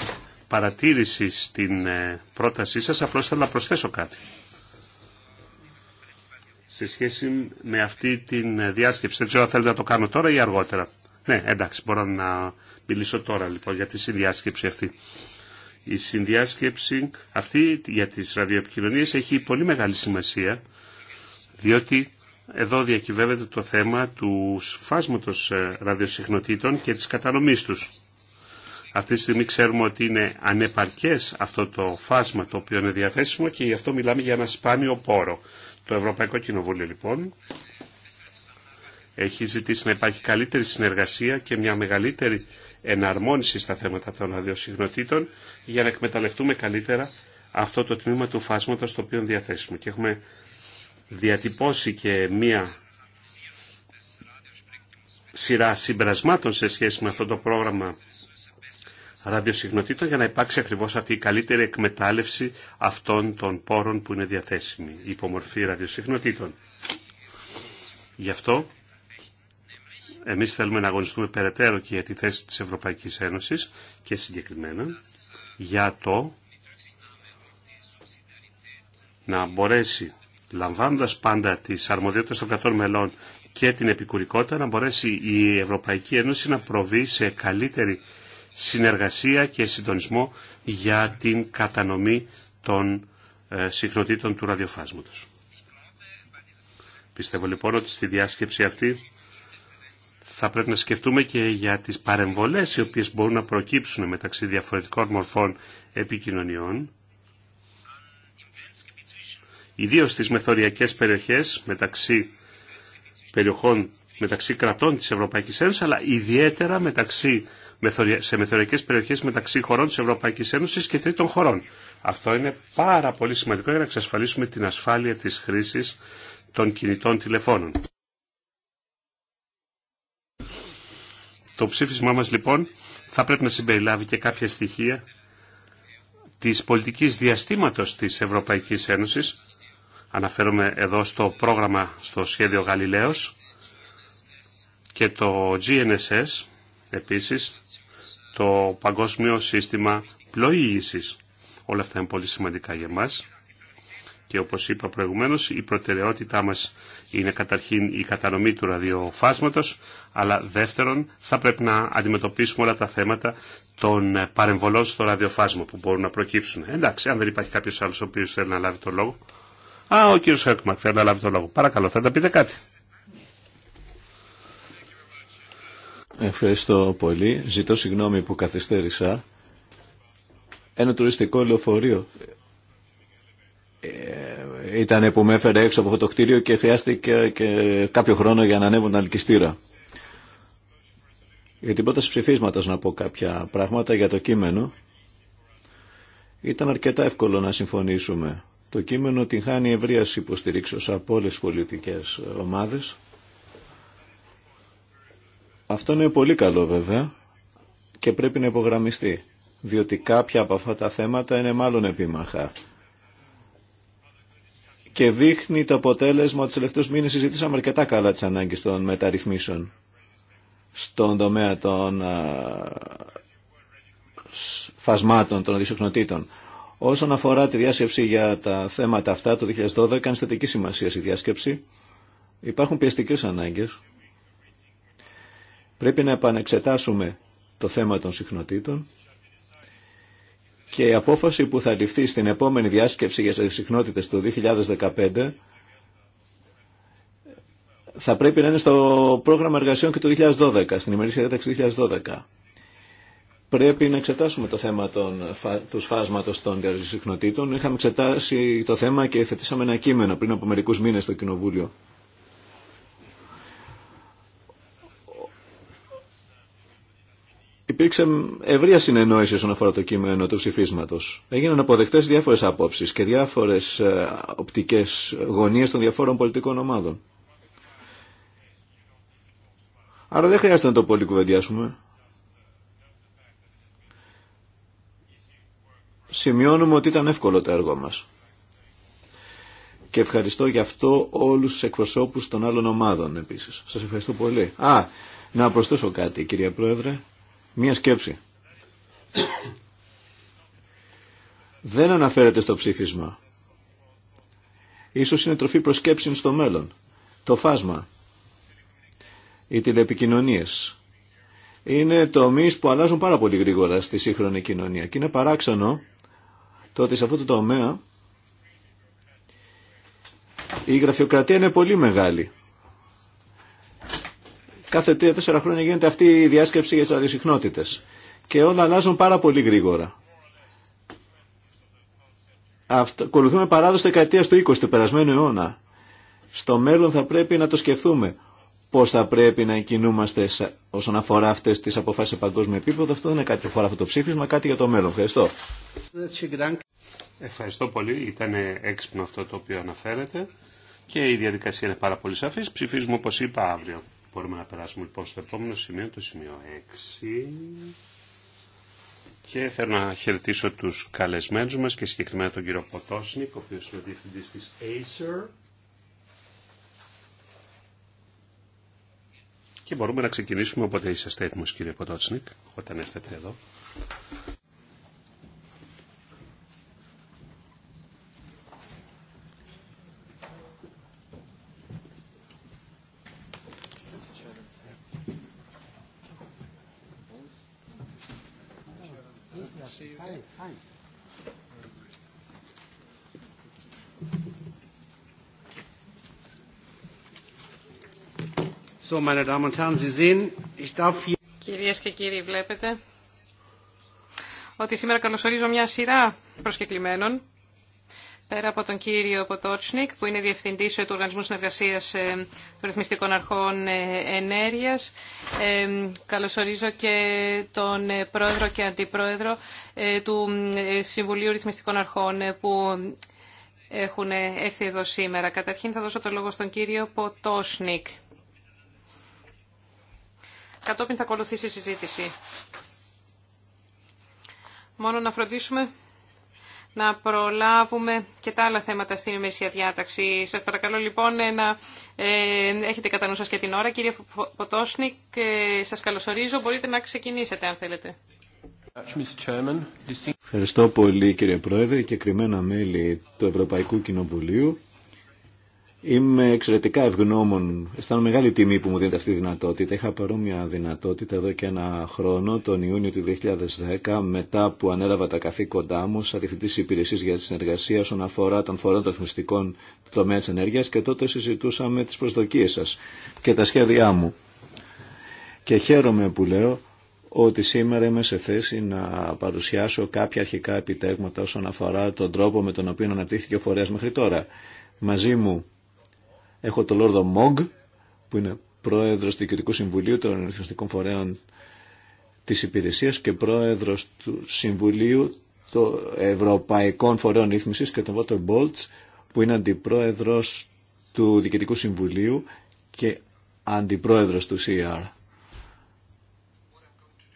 C: παρατήρηση στην ε, πρότασή σας, απλώς θέλω να προσθέσω κάτι. Σε σχέση με αυτή την ε, διάσκεψη, δεν ξέρω αν θέλετε να το κάνω τώρα ή αργότερα. Ναι, εντάξει, μπορώ να μιλήσω τώρα λοιπόν για τη συνδιάσκεψη αυτή. Η συνδιάσκεψη αυτή για τις ραδιοεπικοινωνίες έχει πολύ μεγάλη σημασία, διότι εδώ διακυβεύεται το θέμα του φάσματος ε, ραδιοσυχνοτήτων και της κατανομής τους. Αυτή τη στιγμή ξέρουμε ότι είναι ανεπαρκές αυτό το φάσμα το οποίο είναι διαθέσιμο και γι' αυτό μιλάμε για ένα σπάνιο πόρο. Το Ευρωπαϊκό Κοινοβούλιο λοιπόν έχει ζητήσει να υπάρχει καλύτερη συνεργασία και μια μεγαλύτερη εναρμόνιση στα θέματα των αδειοσυγνωτήτων για να εκμεταλλευτούμε καλύτερα αυτό το τμήμα του φάσματος το οποίο διαθέσουμε. Και έχουμε διατυπώσει και μία σειρά συμπερασμάτων σε σχέση με αυτό το πρόγραμμα ραδιοσυγνωτήτων για να υπάρξει ακριβώς αυτή η καλύτερη εκμετάλλευση αυτών των πόρων που είναι διαθέσιμοι, υπομορφή ραδιοσυγνωτήτων. Γι' αυτό εμείς θέλουμε να αγωνιστούμε περαιτέρω και για τη θέση της Ευρωπαϊκής Ένωσης και συγκεκριμένα για το να μπορέσει, λαμβάνοντας πάντα τις αρμοδιότητες των καθών μελών και την επικουρικότητα, να μπορέσει η Ευρωπαϊκή Ένωση να προβεί σε καλύτερη συνεργασία και συντονισμό για την κατανομή των ε, συχνοτήτων του ραδιοφάσματος. Πιστεύω λοιπόν ότι στη διάσκεψη αυτή θα πρέπει να σκεφτούμε και για τις παρεμβολές οι οποίες μπορούν να προκύψουν μεταξύ διαφορετικών μορφών επικοινωνιών, ιδίως στις μεθοριακές περιοχές μεταξύ περιοχών μεταξύ κρατών της Ευρωπαϊκής Ένωσης, αλλά ιδιαίτερα μεταξύ σε μεθοριακέ περιοχές μεταξύ χωρών της Ευρωπαϊκής Ένωσης και τρίτων χωρών. Αυτό είναι πάρα πολύ σημαντικό για να εξασφαλίσουμε την ασφάλεια της χρήσης των κινητών τηλεφώνων. Το ψήφισμά μας λοιπόν θα πρέπει να συμπεριλάβει και κάποια στοιχεία της πολιτικής διαστήματος της Ευρωπαϊκής Ένωσης. Αναφέρομαι εδώ στο πρόγραμμα, στο σχέδιο Γαλιλαίος και το GNSS επίσης το παγκόσμιο σύστημα πλοήγησης. Όλα αυτά είναι πολύ σημαντικά για μας και όπως είπα προηγουμένως η προτεραιότητά μας είναι καταρχήν η κατανομή του ραδιοφάσματος αλλά δεύτερον θα πρέπει να αντιμετωπίσουμε όλα τα θέματα των παρεμβολών στο ραδιοφάσμα που μπορούν να προκύψουν. Εντάξει, αν δεν υπάρχει κάποιος άλλος ο οποίος θέλει να λάβει το λόγο. Α, ο κύριος Χαρκμακ θέλει να λάβει το λόγο. Παρακαλώ, θα τα πείτε κάτι.
D: Ευχαριστώ πολύ. Ζητώ συγγνώμη που καθυστέρησα. Ένα τουριστικό λεωφορείο ε, ήταν που με έφερε έξω από αυτό το κτίριο και χρειάστηκε και κάποιο χρόνο για να ανέβω τα αλκυστήρα. Για την πρόταση ψηφίσματο να πω κάποια πράγματα για το κείμενο. Ήταν αρκετά εύκολο να συμφωνήσουμε. Το κείμενο την χάνει ευρεία υποστηρίξεω από όλε τις πολιτικές ομάδες. Αυτό είναι πολύ καλό βέβαια και πρέπει να υπογραμμιστεί, διότι κάποια από αυτά τα θέματα είναι μάλλον επίμαχα. Και δείχνει το αποτέλεσμα ότι τελευταίου μήνες συζητήσαμε αρκετά καλά τι ανάγκε των μεταρρυθμίσεων στον τομέα των φασμάτων, των δυσοκνοτήτων. Όσον αφορά τη διάσκεψη για τα θέματα αυτά, το 2012 έκανε θετική σημασία στη διάσκεψη. Υπάρχουν πιεστικέ ανάγκε. Πρέπει να επανεξετάσουμε το θέμα των συχνοτήτων και η απόφαση που θα ληφθεί στην επόμενη διάσκεψη για τις συχνότητες του 2015 θα πρέπει να είναι στο πρόγραμμα εργασιών και το 2012, στην ημερήσια διάταξη του 2012. Πρέπει να εξετάσουμε το θέμα των, του σφάσματος των συχνοτήτων. Είχαμε εξετάσει το θέμα και θετήσαμε ένα κείμενο πριν από μερικούς μήνες στο Κοινοβούλιο. υπήρξε ευρεία συνεννόηση όσον αφορά το κείμενο του ψηφίσματο. Έγιναν αποδεκτέ διάφορε απόψει και διάφορε οπτικέ γωνίε των διαφόρων πολιτικών ομάδων. Άρα δεν χρειάζεται να το πολύ κουβεντιάσουμε. Σημειώνουμε ότι ήταν εύκολο το έργο μας. Και ευχαριστώ γι' αυτό όλους τους εκπροσώπους των άλλων ομάδων επίσης. Σας ευχαριστώ πολύ. Α, να προσθέσω κάτι κυρία Πρόεδρε. Μία σκέψη. Δεν αναφέρεται στο ψήφισμα. Ίσως είναι τροφή προσκέψη στο μέλλον. Το φάσμα. Οι τηλεπικοινωνίες. Είναι τομεί που αλλάζουν πάρα πολύ γρήγορα στη σύγχρονη κοινωνία. Και είναι παράξενο το ότι σε αυτό το τομέα η γραφειοκρατία είναι πολύ μεγάλη Κάθε τρία-τέσσερα χρόνια γίνεται αυτή η διάσκεψη για τι ραδιοσυχνότητε. Και όλα αλλάζουν πάρα πολύ γρήγορα. Ακολουθούμε παράδοση δεκαετία του 20 του περασμένου αιώνα. Στο μέλλον θα πρέπει να το σκεφτούμε πώ θα πρέπει να κινούμαστε όσον αφορά αυτέ τι αποφάσει σε παγκόσμιο επίπεδο. Αυτό δεν είναι κάτι που αφορά αυτό το ψήφισμα, κάτι για το μέλλον. Ευχαριστώ.
C: Ευχαριστώ πολύ. Ήταν έξυπνο αυτό το οποίο αναφέρετε και η διαδικασία είναι πάρα πολύ σαφή. Ψηφίζουμε όπω είπα αύριο. Μπορούμε να περάσουμε λοιπόν στο επόμενο σημείο, το σημείο 6. Και θέλω να χαιρετήσω τους καλεσμένους μας και συγκεκριμένα τον κύριο Ποτόσνικ, ο οποίος είναι ο διευθυντής της Acer. Και μπορούμε να ξεκινήσουμε όποτε είσαστε έτοιμος κύριε Ποτόσνικ, όταν έρθετε εδώ.
A: Κυρίες και κύριοι, βλέπετε ότι σήμερα καλωσορίζω μια σειρά προσκεκλημένων πέρα από τον κύριο Ποτότσνικ, που είναι Διευθυντής του Οργανισμού Συνεργασίας ε, των Ρυθμιστικών Αρχών ε, Ενέργεια. Ε, καλωσορίζω και τον πρόεδρο και αντιπρόεδρο του Συμβουλίου Ρυθμιστικών Αρχών, που έχουν έρθει εδώ σήμερα. Καταρχήν θα δώσω το λόγο στον κύριο Ποτότσνικ. Κατόπιν θα ακολουθήσει η συζήτηση. Μόνο να φροντίσουμε να προλάβουμε και τα άλλα θέματα στην ημερήσια διάταξη. Σας παρακαλώ λοιπόν ε, να ε, έχετε κατά νου σας και την ώρα. Κύριε Ποτόσνικ, ε, σας καλωσορίζω. Μπορείτε να ξεκινήσετε αν θέλετε.
C: Ευχαριστώ
D: πολύ κύριε Πρόεδρε και κρυμμένα μέλη του Ευρωπαϊκού Κοινοβουλίου. Είμαι εξαιρετικά ευγνώμων. Αισθάνομαι μεγάλη τιμή που μου δίνετε αυτή τη δυνατότητα. Είχα παρόμοια δυνατότητα εδώ και ένα χρόνο, τον Ιούνιο του 2010, μετά που ανέλαβα τα καθήκοντά μου σαν διευθυντή υπηρεσία για τη συνεργασία όσον αφορά τον φορέα των εθνιστικών τομέα τη ενέργεια και τότε συζητούσαμε τι προσδοκίε σα και τα σχέδιά μου. Και χαίρομαι που λέω ότι σήμερα είμαι σε θέση να παρουσιάσω κάποια αρχικά επιτέγματα όσον αφορά τον τρόπο με τον οποίο αναπτύχθηκε ο φορέα μέχρι τώρα. Μαζί μου Έχω τον Λόρδο Μόγ, που είναι πρόεδρος του Διοικητικού Συμβουλίου των Ρυθμιστικών Φορέων της Υπηρεσίας και πρόεδρος του Συμβουλίου των Ευρωπαϊκών Φορέων Ρύθμισης και τον Βότερ Μπόλτς, που είναι αντιπρόεδρος του Διοικητικού Συμβουλίου και αντιπρόεδρος του CR. E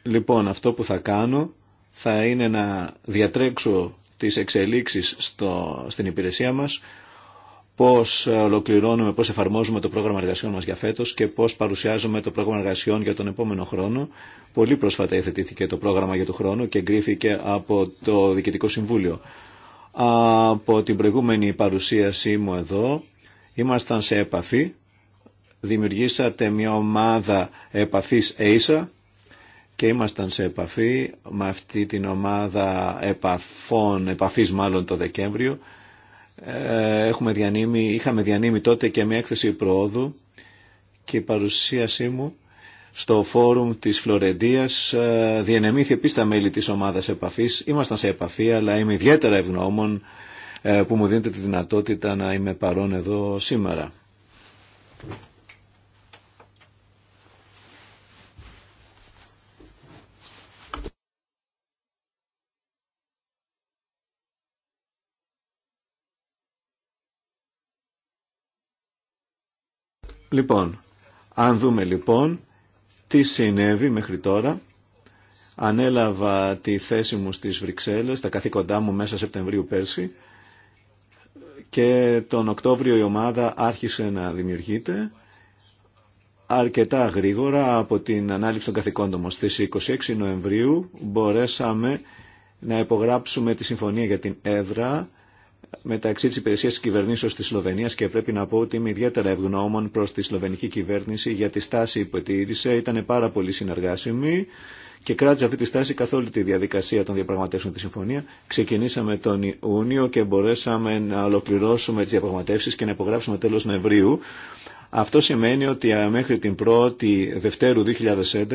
D: λοιπόν, αυτό που θα κάνω θα είναι να διατρέξω τις εξελίξεις στο, στην υπηρεσία μας πώς ε, ολοκληρώνουμε, πώς εφαρμόζουμε το πρόγραμμα εργασιών μας για φέτος και πώς παρουσιάζουμε το πρόγραμμα εργασιών για τον επόμενο χρόνο. Πολύ πρόσφατα υιοθετήθηκε το πρόγραμμα για τον χρόνο και εγκρίθηκε από το Διοικητικό Συμβούλιο. Από την προηγούμενη παρουσίασή μου εδώ ήμασταν σε επαφή. Δημιουργήσατε μια ομάδα επαφής ASA και ήμασταν σε επαφή με αυτή την ομάδα επαφών, επαφής μάλλον το Δεκέμβριο ε, έχουμε διανύμει, είχαμε διανύμει τότε και μια έκθεση προόδου και η παρουσίασή μου στο φόρουμ της Φλωρεντίας ε, διενεμήθη επίσης τα μέλη της ομάδας επαφής. Ήμασταν σε επαφή αλλά είμαι ιδιαίτερα ευγνώμων ε, που μου δίνετε τη δυνατότητα να είμαι παρόν εδώ σήμερα. Λοιπόν, αν δούμε λοιπόν τι συνέβη μέχρι τώρα, ανέλαβα τη θέση μου στις Βρυξέλλες, τα καθήκοντά μου μέσα Σεπτεμβρίου πέρσι και τον Οκτώβριο η ομάδα άρχισε να δημιουργείται αρκετά γρήγορα από την ανάληψη των καθηκόντων μας. Στις 26 Νοεμβρίου μπορέσαμε να υπογράψουμε τη συμφωνία για την έδρα μεταξύ τη υπηρεσία τη κυβερνήσεω της Σλοβενίας και πρέπει να πω ότι είμαι ιδιαίτερα ευγνώμων προ τη σλοβενική κυβέρνηση για τη στάση που ετήρησε. Ήταν πάρα πολύ συνεργάσιμη και κράτησε αυτή τη στάση καθ' όλη τη διαδικασία των διαπραγματεύσεων τη συμφωνία. Ξεκινήσαμε τον Ιούνιο και μπορέσαμε να ολοκληρώσουμε τι διαπραγματεύσει και να υπογράψουμε τέλο Νευρίου. Αυτό σημαίνει ότι ε, μέχρι την 1η Δευτέρου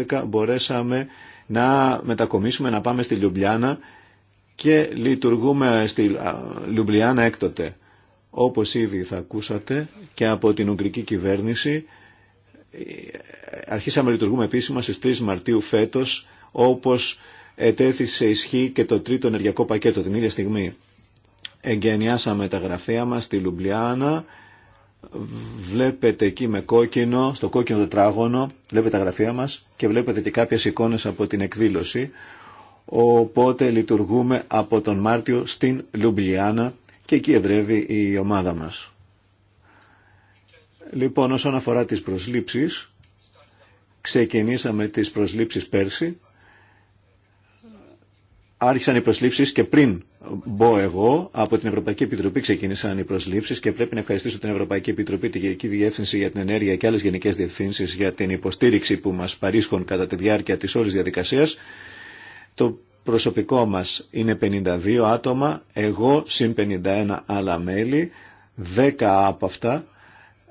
D: 2011 μπορέσαμε να μετακομίσουμε, να πάμε στη Λιουμπλιάνα και λειτουργούμε στη Λουμπλιάνα έκτοτε. Όπως ήδη θα ακούσατε και από την Ουγγρική κυβέρνηση ε, αρχίσαμε να λειτουργούμε επίσημα στις 3 Μαρτίου φέτος όπως ετέθησε ισχύ και το τρίτο ενεργειακό πακέτο την ίδια στιγμή. Εγκαινιάσαμε τα γραφεία μας στη Λουμπλιάνα, βλέπετε εκεί με κόκκινο, στο κόκκινο τετράγωνο, βλέπετε τα γραφεία μας και βλέπετε και κάποιες εικόνες από την εκδήλωση οπότε λειτουργούμε από τον Μάρτιο στην Λουμπλιάνα και εκεί εδρεύει η ομάδα μας. Λοιπόν, όσον αφορά τις προσλήψεις, ξεκινήσαμε τις προσλήψεις πέρσι. Άρχισαν οι προσλήψεις και πριν μπω εγώ, από την Ευρωπαϊκή Επιτροπή ξεκίνησαν οι προσλήψεις και πρέπει να ευχαριστήσω την Ευρωπαϊκή Επιτροπή, τη Γενική Διεύθυνση για την Ενέργεια και άλλες γενικές διευθύνσεις για την υποστήριξη που μας παρίσχουν κατά τη διάρκεια της όλης διαδικασίας το προσωπικό μας είναι 52 άτομα, εγώ συν 51 άλλα μέλη, 10 από αυτά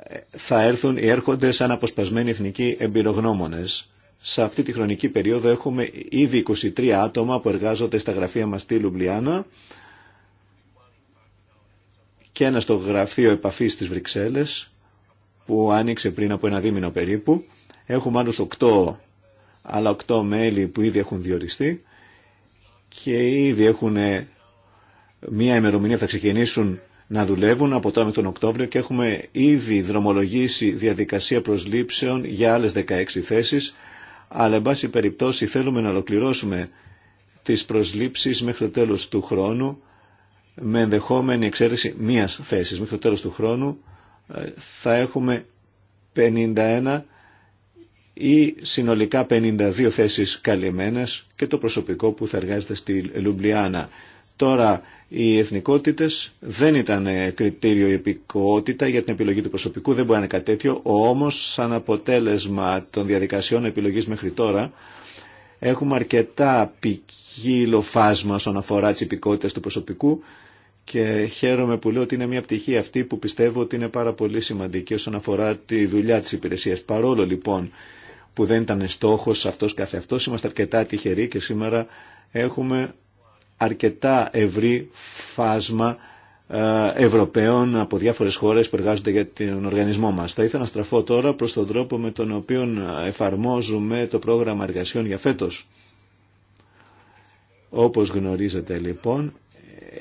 D: ε, θα έρθουν ή έρχονται σαν αποσπασμένοι εθνικοί εμπειρογνώμονες. Σε αυτή τη χρονική περίοδο έχουμε ήδη 23 άτομα που εργάζονται στα γραφεία μας στη Λουμπλιάνα και ένα στο γραφείο επαφής στις Βρυξέλλες που άνοιξε πριν από ένα δίμηνο περίπου. Έχουμε άλλους 8, άλλα 8 μέλη που ήδη έχουν διοριστεί και ήδη έχουν ε, μία ημερομηνία που θα ξεκινήσουν να δουλεύουν από τώρα με τον Οκτώβριο και έχουμε ήδη δρομολογήσει διαδικασία προσλήψεων για άλλες 16 θέσεις αλλά εν πάση περιπτώσει θέλουμε να ολοκληρώσουμε τις προσλήψεις μέχρι το τέλος του χρόνου με ενδεχόμενη εξαίρεση μίας θέσης. Μέχρι το τέλος του χρόνου ε, θα έχουμε 51 ή συνολικά 52 θέσεις καλυμμένες και το προσωπικό που θα εργάζεται στη Λουμπλιάνα. Τώρα, οι εθνικότητες δεν ήταν κριτήριο η επικότητα για την επιλογή του προσωπικού, δεν μπορεί να είναι κάτι τέτοιο, όμως σαν αποτέλεσμα των διαδικασιών επιλογής μέχρι τώρα, έχουμε αρκετά ποικίλο φάσμα όσον αφορά τις υπηκότητες του προσωπικού και χαίρομαι που λέω ότι είναι μια πτυχή αυτή που πιστεύω ότι είναι πάρα πολύ σημαντική όσον αφορά τη δουλειά της υπηρεσίας. Παρόλο λοιπόν που δεν ήταν στόχος αυτός καθεαυτός. Είμαστε αρκετά τυχεροί και σήμερα έχουμε αρκετά ευρύ φάσμα ε, Ευρωπαίων από διάφορες χώρες που εργάζονται για τον οργανισμό μας. Θα ήθελα να στραφώ τώρα προς τον τρόπο με τον οποίο εφαρμόζουμε το πρόγραμμα εργασιών για φέτος. Όπως γνωρίζετε λοιπόν,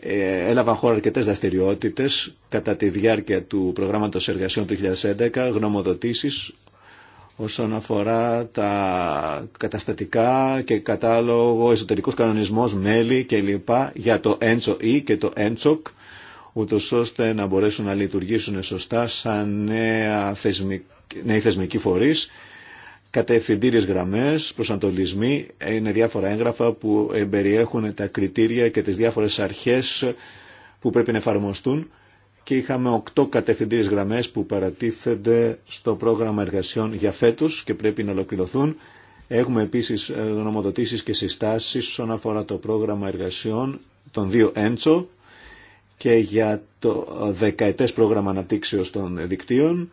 D: ε, έλαβαν χώρα αρκετές δραστηριότητες κατά τη διάρκεια του προγράμματος εργασιών του 2011, γνωμοδοτήσεις όσον αφορά τα καταστατικά και κατάλογο εσωτερικός κανονισμός, μέλη κλπ. για το enso e και το ΕΝΤΣΟΚ, ούτως ώστε να μπορέσουν να λειτουργήσουν σωστά σαν νέα θεσμικ... νέοι θεσμικοί φορείς, κατευθυντήριες γραμμές, προσανατολισμοί, είναι διάφορα έγγραφα που περιέχουν τα κριτήρια και τις διάφορες αρχές που πρέπει να εφαρμοστούν και είχαμε οκτώ κατευθυντήριες γραμμές που παρατίθενται στο πρόγραμμα εργασιών για φέτος και πρέπει να ολοκληρωθούν. Έχουμε επίσης ε, γνωμοδοτήσεις και συστάσεις όσον αφορά το πρόγραμμα εργασιών των δύο έντσο και για το δεκαετές πρόγραμμα αναπτύξεως των δικτύων.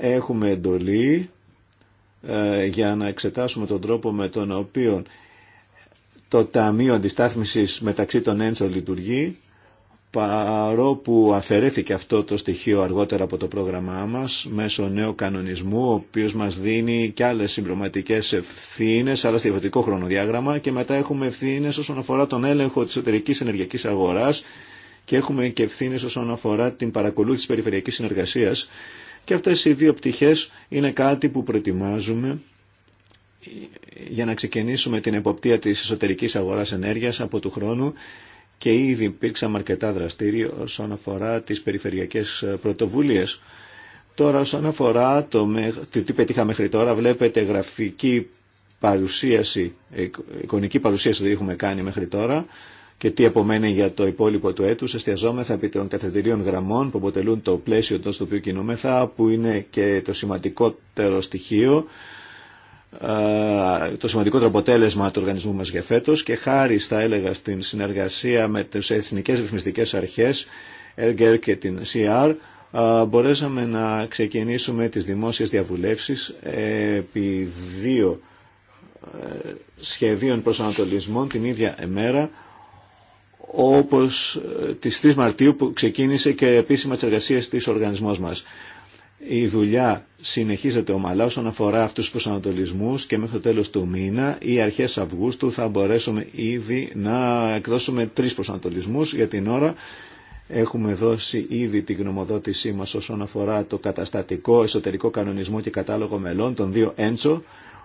D: Έχουμε εντολή ε, για να εξετάσουμε τον τρόπο με τον οποίο το Ταμείο Αντιστάθμισης μεταξύ των έντσο λειτουργεί παρόπου αφαιρέθηκε αυτό το στοιχείο αργότερα από το πρόγραμμά μας μέσω νέου κανονισμού, ο οποίος μας δίνει και άλλες συμπληρωματικέ ευθύνε, αλλά στη διαφορετικό χρονοδιάγραμμα και μετά έχουμε ευθύνε όσον αφορά τον έλεγχο της εσωτερικής ενεργειακής αγοράς και έχουμε και ευθύνε όσον αφορά την παρακολούθηση της περιφερειακής συνεργασίας και αυτές οι δύο πτυχές είναι κάτι που προετοιμάζουμε για να ξεκινήσουμε την εποπτεία της εσωτερικής αγοράς ενέργειας από του χρόνου και ήδη υπήρξαμε αρκετά δραστήριοι όσον αφορά τις περιφερειακές ε, πρωτοβουλίες. Τώρα όσον αφορά το τι πετύχαμε μέχρι τώρα βλέπετε γραφική παρουσίαση, ε, εικονική παρουσίαση που έχουμε κάνει μέχρι τώρα και τι απομένει για το υπόλοιπο του έτους. Εστιαζόμεθα επί των καθετηρίων γραμμών που αποτελούν το πλαίσιο στο οποίο κινούμεθα που είναι και το σημαντικότερο στοιχείο το σημαντικότερο αποτέλεσμα του οργανισμού μας για φέτος και χάρη θα έλεγα στην συνεργασία με τις εθνικές ρυθμιστικές αρχές ΕΡΓΕΡ και την CR μπορέσαμε να ξεκινήσουμε τις δημόσιες διαβουλεύσεις επί δύο ε, σχεδίων προσανατολισμών την ίδια ημέρα όπως ε, τις 3 Μαρτίου που ξεκίνησε και επίσημα τις εργασίες της οργανισμός μας. Η δουλειά συνεχίζεται ομαλά όσον αφορά αυτούς τους προσανατολισμούς και μέχρι το τέλος του μήνα ή αρχές Αυγούστου θα μπορέσουμε ήδη να εκδώσουμε τρεις προσανατολισμούς για την ώρα. Έχουμε δώσει ήδη την γνωμοδότησή μας όσον αφορά το καταστατικό, εσωτερικό κανονισμό και κατάλογο μελών των δύο έντσο,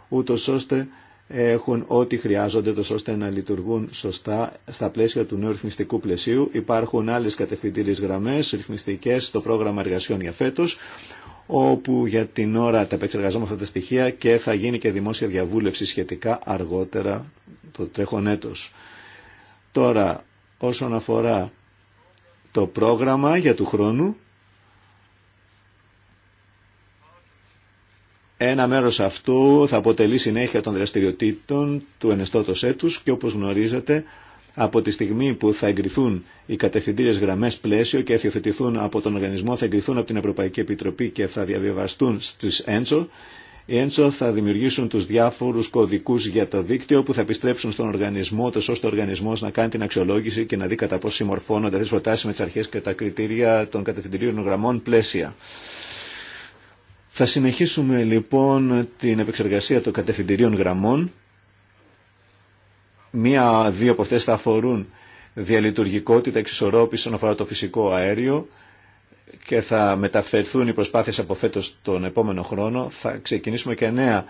D: ούτω ώστε έχουν ό,τι χρειάζονται τόσο ώστε να λειτουργούν σωστά στα πλαίσια του νέου ρυθμιστικού πλαισίου. Υπάρχουν άλλες κατευθυντήριες γραμμές ρυθμιστικές στο πρόγραμμα εργασιών για φέτος, όπου για την ώρα τα επεξεργαζόμαστε τα στοιχεία και θα γίνει και δημόσια διαβούλευση σχετικά αργότερα το τρέχον έτος. Τώρα, όσον αφορά το πρόγραμμα για του χρόνου, Ένα μέρος αυτού θα αποτελεί συνέχεια των δραστηριοτήτων του ενεστώτος έτους και όπως γνωρίζετε από τη στιγμή που θα εγκριθούν οι κατευθυντήριες γραμμές πλαίσιο και θα υιοθετηθούν από τον οργανισμό, θα εγκριθούν από την Ευρωπαϊκή Επιτροπή και θα διαβιβαστούν στις έντσο, οι έντσο θα δημιουργήσουν τους διάφορους κωδικούς για το δίκτυο που θα επιστρέψουν στον οργανισμό, τόσο ώστε ο οργανισμός να κάνει την αξιολόγηση και να δει κατά πόσο συμμορφώνονται αυτές τις προτάσεις με τις αρχές και τα κριτήρια των κατευθυντηρίων γραμμών πλαίσια. Θα συνεχίσουμε λοιπόν την επεξεργασία των κατευθυντηρίων γραμμών Μία-δύο από αυτές θα αφορούν διαλειτουργικότητα, εξισορρόπηση όσον αφορά το φυσικό αέριο και θα μεταφερθούν οι προσπάθειες από φέτος τον επόμενο χρόνο. Θα ξεκινήσουμε και νέα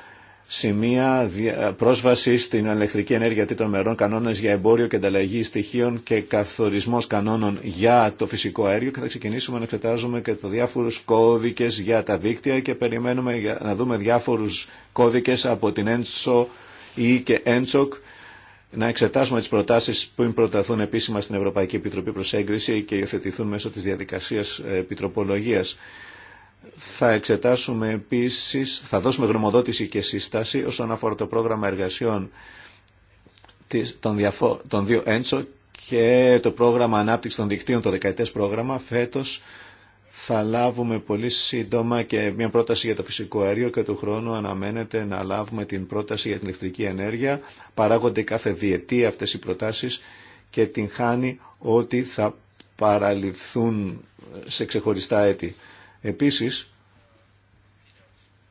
D: σημεία πρόσβαση στην ηλεκτρική ενέργεια τρίτων μερών, κανόνες για εμπόριο και ανταλλαγή στοιχείων και καθορισμός κανόνων για το φυσικό αέριο και θα ξεκινήσουμε να εξετάζουμε και το διάφορους κώδικες για τα δίκτυα και περιμένουμε να δούμε διάφορους κώδικες από την ENSO ή και ENSOC να εξετάσουμε τις προτάσεις που προταθούν επίσημα στην Ευρωπαϊκή Επιτροπή προς έγκριση και υιοθετηθούν μέσω της διαδικασίας ε, επιτροπολογίας. Θα εξετάσουμε επίσης, θα δώσουμε γνωμοδότηση και σύσταση όσον αφορά το πρόγραμμα εργασιών των δύο έντσο και το πρόγραμμα ανάπτυξης των δικτύων, το δεκαετές πρόγραμμα φέτος θα λάβουμε πολύ σύντομα και μια πρόταση για το φυσικό αέριο και του χρόνου αναμένεται να λάβουμε την πρόταση για την ηλεκτρική ενέργεια. Παράγονται κάθε διετία αυτές οι προτάσεις και την χάνει ότι θα παραληφθούν σε ξεχωριστά έτη. Επίσης,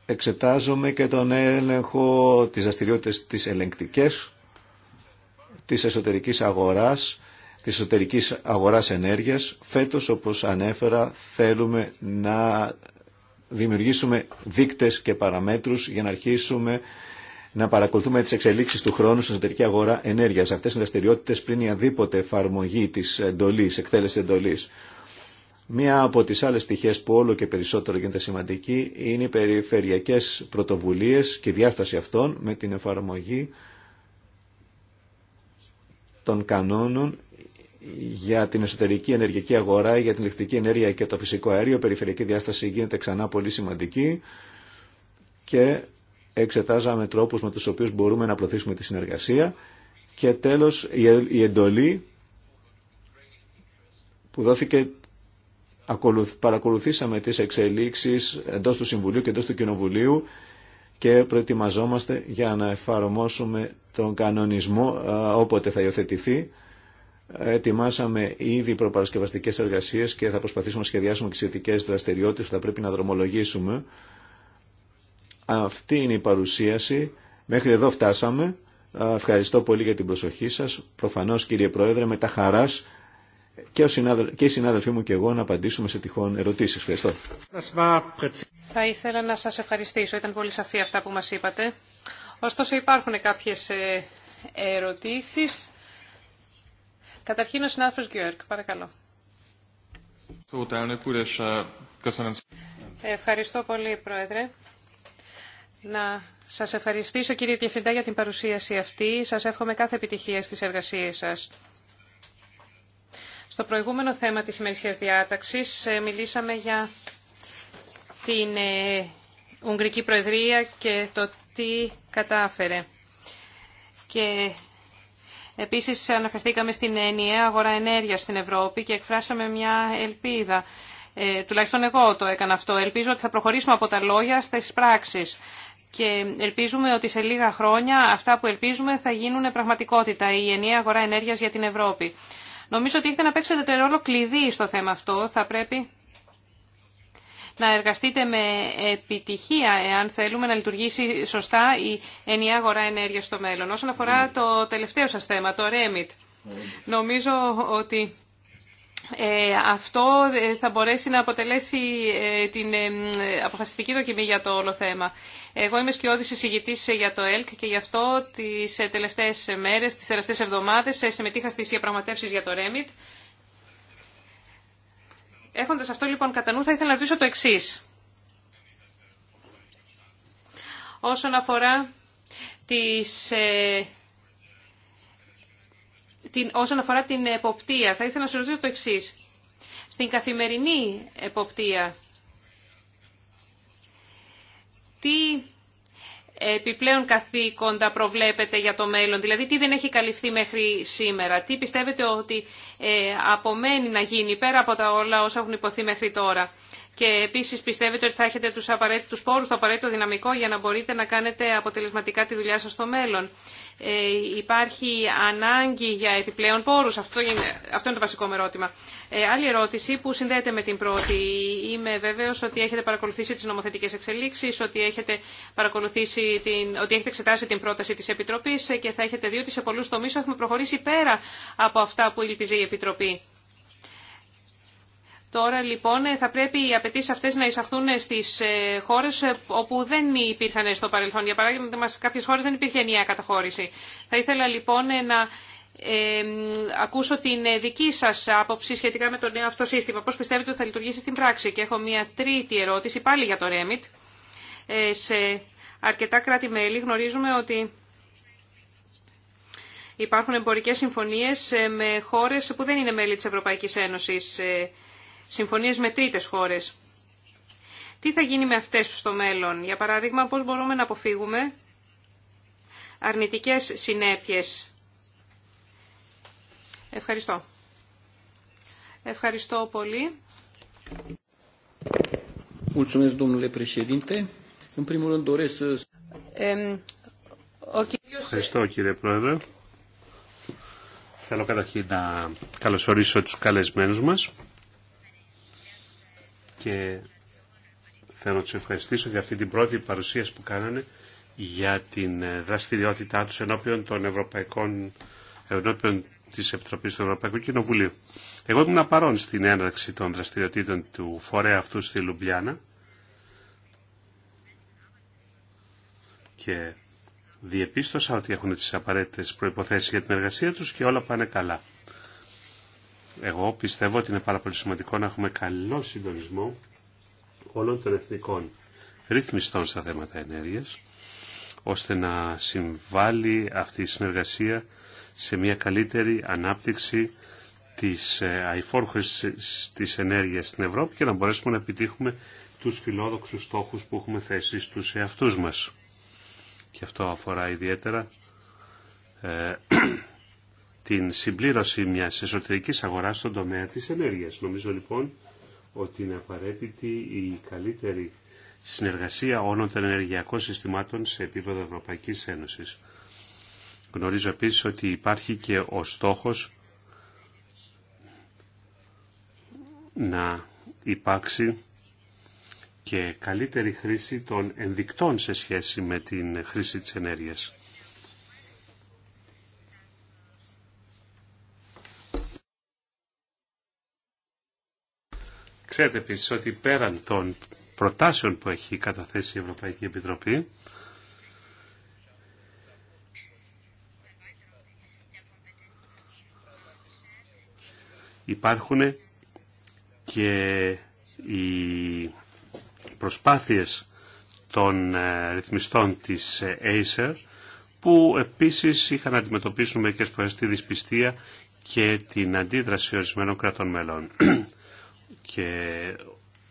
D: εξετάζουμε και τον έλεγχο της δραστηριότητε της ελεγκτικές, της εσωτερικής αγοράς, της εσωτερικής αγοράς ενέργειας. Φέτος, όπως ανέφερα, θέλουμε να δημιουργήσουμε δείκτες και παραμέτρους για να αρχίσουμε να παρακολουθούμε τις εξελίξεις του χρόνου στην εσωτερική αγορά ενέργειας. Αυτές είναι δραστηριότητε πριν η αδίποτε εφαρμογή της εντολής, εκτέλεση εντολής. Μία από τις άλλες στοιχείες που όλο και περισσότερο γίνεται σημαντική είναι οι περιφερειακές πρωτοβουλίες και η διάσταση αυτών με την εφαρμογή των κανόνων για την εσωτερική ενεργειακή αγορά, για την ηλεκτρική ενέργεια και το φυσικό αέριο. Η περιφερειακή διάσταση γίνεται ξανά πολύ σημαντική και εξετάζαμε τρόπους με τους οποίους μπορούμε να προωθήσουμε τη συνεργασία. Και τέλος η ε, εντολή που δόθηκε παρακολουθήσαμε τις εξελίξεις εντός του Συμβουλίου και εντός του Κοινοβουλίου και προετοιμαζόμαστε για να εφαρμόσουμε τον κανονισμό ε, όποτε θα υιοθετηθεί Ετοιμάσαμε ήδη προπαρασκευαστικές εργασίε και θα προσπαθήσουμε να σχεδιάσουμε και σχετικέ δραστηριότητες που θα πρέπει να δρομολογήσουμε. Αυτή είναι η παρουσίαση. Μέχρι εδώ φτάσαμε. Ευχαριστώ πολύ για την προσοχή σας. Προφανώς κύριε Πρόεδρε με τα χαράς και, συνάδελ... οι συνάδελφοί μου και εγώ να απαντήσουμε σε τυχόν ερωτήσει. Ευχαριστώ.
A: Θα ήθελα να σα ευχαριστήσω. Ήταν πολύ σαφή αυτά που μα είπατε. Ωστόσο υπάρχουν κάποιε ερωτήσει. Καταρχήν ο συνάδελφο Γκιόρκ, παρακαλώ. Ευχαριστώ πολύ, Πρόεδρε. Να σας ευχαριστήσω, κύριε Διευθυντά, για την παρουσίαση αυτή. Σας εύχομαι κάθε επιτυχία στις εργασίες σας. Στο προηγούμενο θέμα της ημερησίας διάταξης ε, μιλήσαμε για την ε, Ουγγρική Προεδρία και το τι κατάφερε. Και Επίσης αναφερθήκαμε στην ενιαία αγορά ενέργειας στην Ευρώπη και εκφράσαμε μια ελπίδα. Ε, τουλάχιστον εγώ το έκανα αυτό. Ελπίζω ότι θα προχωρήσουμε από τα λόγια στις πράξεις. Και ελπίζουμε ότι σε λίγα χρόνια αυτά που ελπίζουμε θα γίνουν πραγματικότητα, η ενιαία αγορά ενέργειας για την Ευρώπη. Νομίζω ότι έχετε να παίξετε ρόλο κλειδί στο θέμα αυτό. Θα πρέπει να εργαστείτε με επιτυχία εάν θέλουμε να λειτουργήσει σωστά η ενιαία αγορά ενέργειας στο μέλλον. Όσον αφορά ναι. το τελευταίο σας θέμα, το REMIT, ναι. νομίζω ότι ε, αυτό ε, θα μπορέσει να αποτελέσει ε, την αποφασιστική δοκιμή για το όλο θέμα. Εγώ είμαι σκιώδης εισηγητής για το ΕΛΚ και γι' αυτό τις τελευταίες μέρες, τις τελευταίες εβδομάδες συμμετείχα στις διαπραγματεύσεις για το REMIT Έχοντας αυτό λοιπόν κατά νου θα ήθελα να ρωτήσω το εξή. Όσον αφορά τις, ε, την, όσον αφορά την εποπτεία, θα ήθελα να σας ρωτήσω το εξή. Στην καθημερινή εποπτεία, τι επιπλέον καθήκοντα προβλέπετε για το μέλλον, δηλαδή τι δεν έχει καλυφθεί μέχρι σήμερα, τι πιστεύετε ότι ε, απομένει να γίνει πέρα από τα όλα όσα έχουν υποθεί μέχρι τώρα. Και επίσης πιστεύετε ότι θα έχετε τους απαραίτητους πόρους, το απαραίτητο δυναμικό για να μπορείτε να κάνετε αποτελεσματικά τη δουλειά σας στο μέλλον. Ε, υπάρχει ανάγκη για επιπλέον πόρους, αυτό είναι, αυτό είναι το βασικό μου ερώτημα. Ε, άλλη ερώτηση που συνδέεται με την πρώτη. Είμαι βέβαιος ότι έχετε παρακολουθήσει τις νομοθετικές εξελίξεις, ότι έχετε, ότι έχετε εξετάσει την πρόταση της Επιτροπής και θα έχετε δει ότι σε πολλούς τομείς έχουμε προχωρήσει πέρα από αυτά που ήλπιζε η Επιτροπή. Τώρα λοιπόν θα πρέπει οι απαιτήσει αυτέ να εισαχθούν στι ε, χώρε όπου δεν υπήρχαν στο παρελθόν. Για παράδειγμα, σε κάποιε χώρε δεν υπήρχε ενιαία καταχώρηση. Θα ήθελα λοιπόν να ε, ακούσω την ε, δική σα άποψη σχετικά με το νέο αυτό σύστημα. Πώ πιστεύετε ότι θα λειτουργήσει στην πράξη. Και έχω μια τρίτη ερώτηση πάλι για το REMIT. σε αρκετά κράτη-μέλη γνωρίζουμε ότι Υπάρχουν εμπορικές συμφωνίες ε, με χώρες που δεν είναι μέλη της Ευρωπαϊκής Ένωσης, ε, συμφωνίες με τρίτες χώρες. Τι θα γίνει με αυτές στο μέλλον, για παράδειγμα πώς μπορούμε να αποφύγουμε αρνητικές συνέπειες. Ευχαριστώ. Ευχαριστώ πολύ. Ευχαριστώ
C: κύριε Πρόεδρε. Θέλω καταρχήν να καλωσορίσω τους καλεσμένους μας και θέλω να τους ευχαριστήσω για αυτή την πρώτη παρουσίαση που κάνανε για την ε, δραστηριότητά τους ενώπιον των Ευρωπαϊκών ενώπιον της Επιτροπής του Ευρωπαϊκού Κοινοβουλίου. Εγώ ήμουν παρόν στην έναρξη των δραστηριοτήτων του φορέα αυτού στη Λουμπλιάνα και διεπίστωσα ότι έχουν τις απαραίτητες προϋποθέσεις για την εργασία τους και όλα πάνε καλά. Εγώ πιστεύω ότι είναι πάρα πολύ σημαντικό να έχουμε καλό συντονισμό όλων των εθνικών ρυθμιστών στα θέματα ενέργειας, ώστε να συμβάλλει αυτή η συνεργασία σε μια καλύτερη ανάπτυξη της ε, αηφόρχωσης της ενέργειας στην Ευρώπη και να μπορέσουμε να επιτύχουμε τους φιλόδοξους στόχους που έχουμε θέσει στους εαυτούς μας και αυτό αφορά ιδιαίτερα ε, την συμπλήρωση μιας εσωτερικής αγοράς στον τομέα της ενέργειας. Νομίζω λοιπόν ότι είναι απαραίτητη η καλύτερη συνεργασία όλων των ενεργειακών συστημάτων σε επίπεδο Ευρωπαϊκής Ένωσης. Γνωρίζω επίσης ότι υπάρχει και ο στόχος να υπάρξει και καλύτερη χρήση των ενδικτών σε σχέση με την χρήση της ενέργειας. Ξέρετε επίσης ότι πέραν των προτάσεων που έχει καταθέσει η Ευρωπαϊκή Επιτροπή, υπάρχουν και οι προσπάθειες των ε, ρυθμιστών της ε, Acer που επίσης είχαν να αντιμετωπίσουν μερικές φορές τη δυσπιστία και την αντίδραση ορισμένων κρατών μελών. και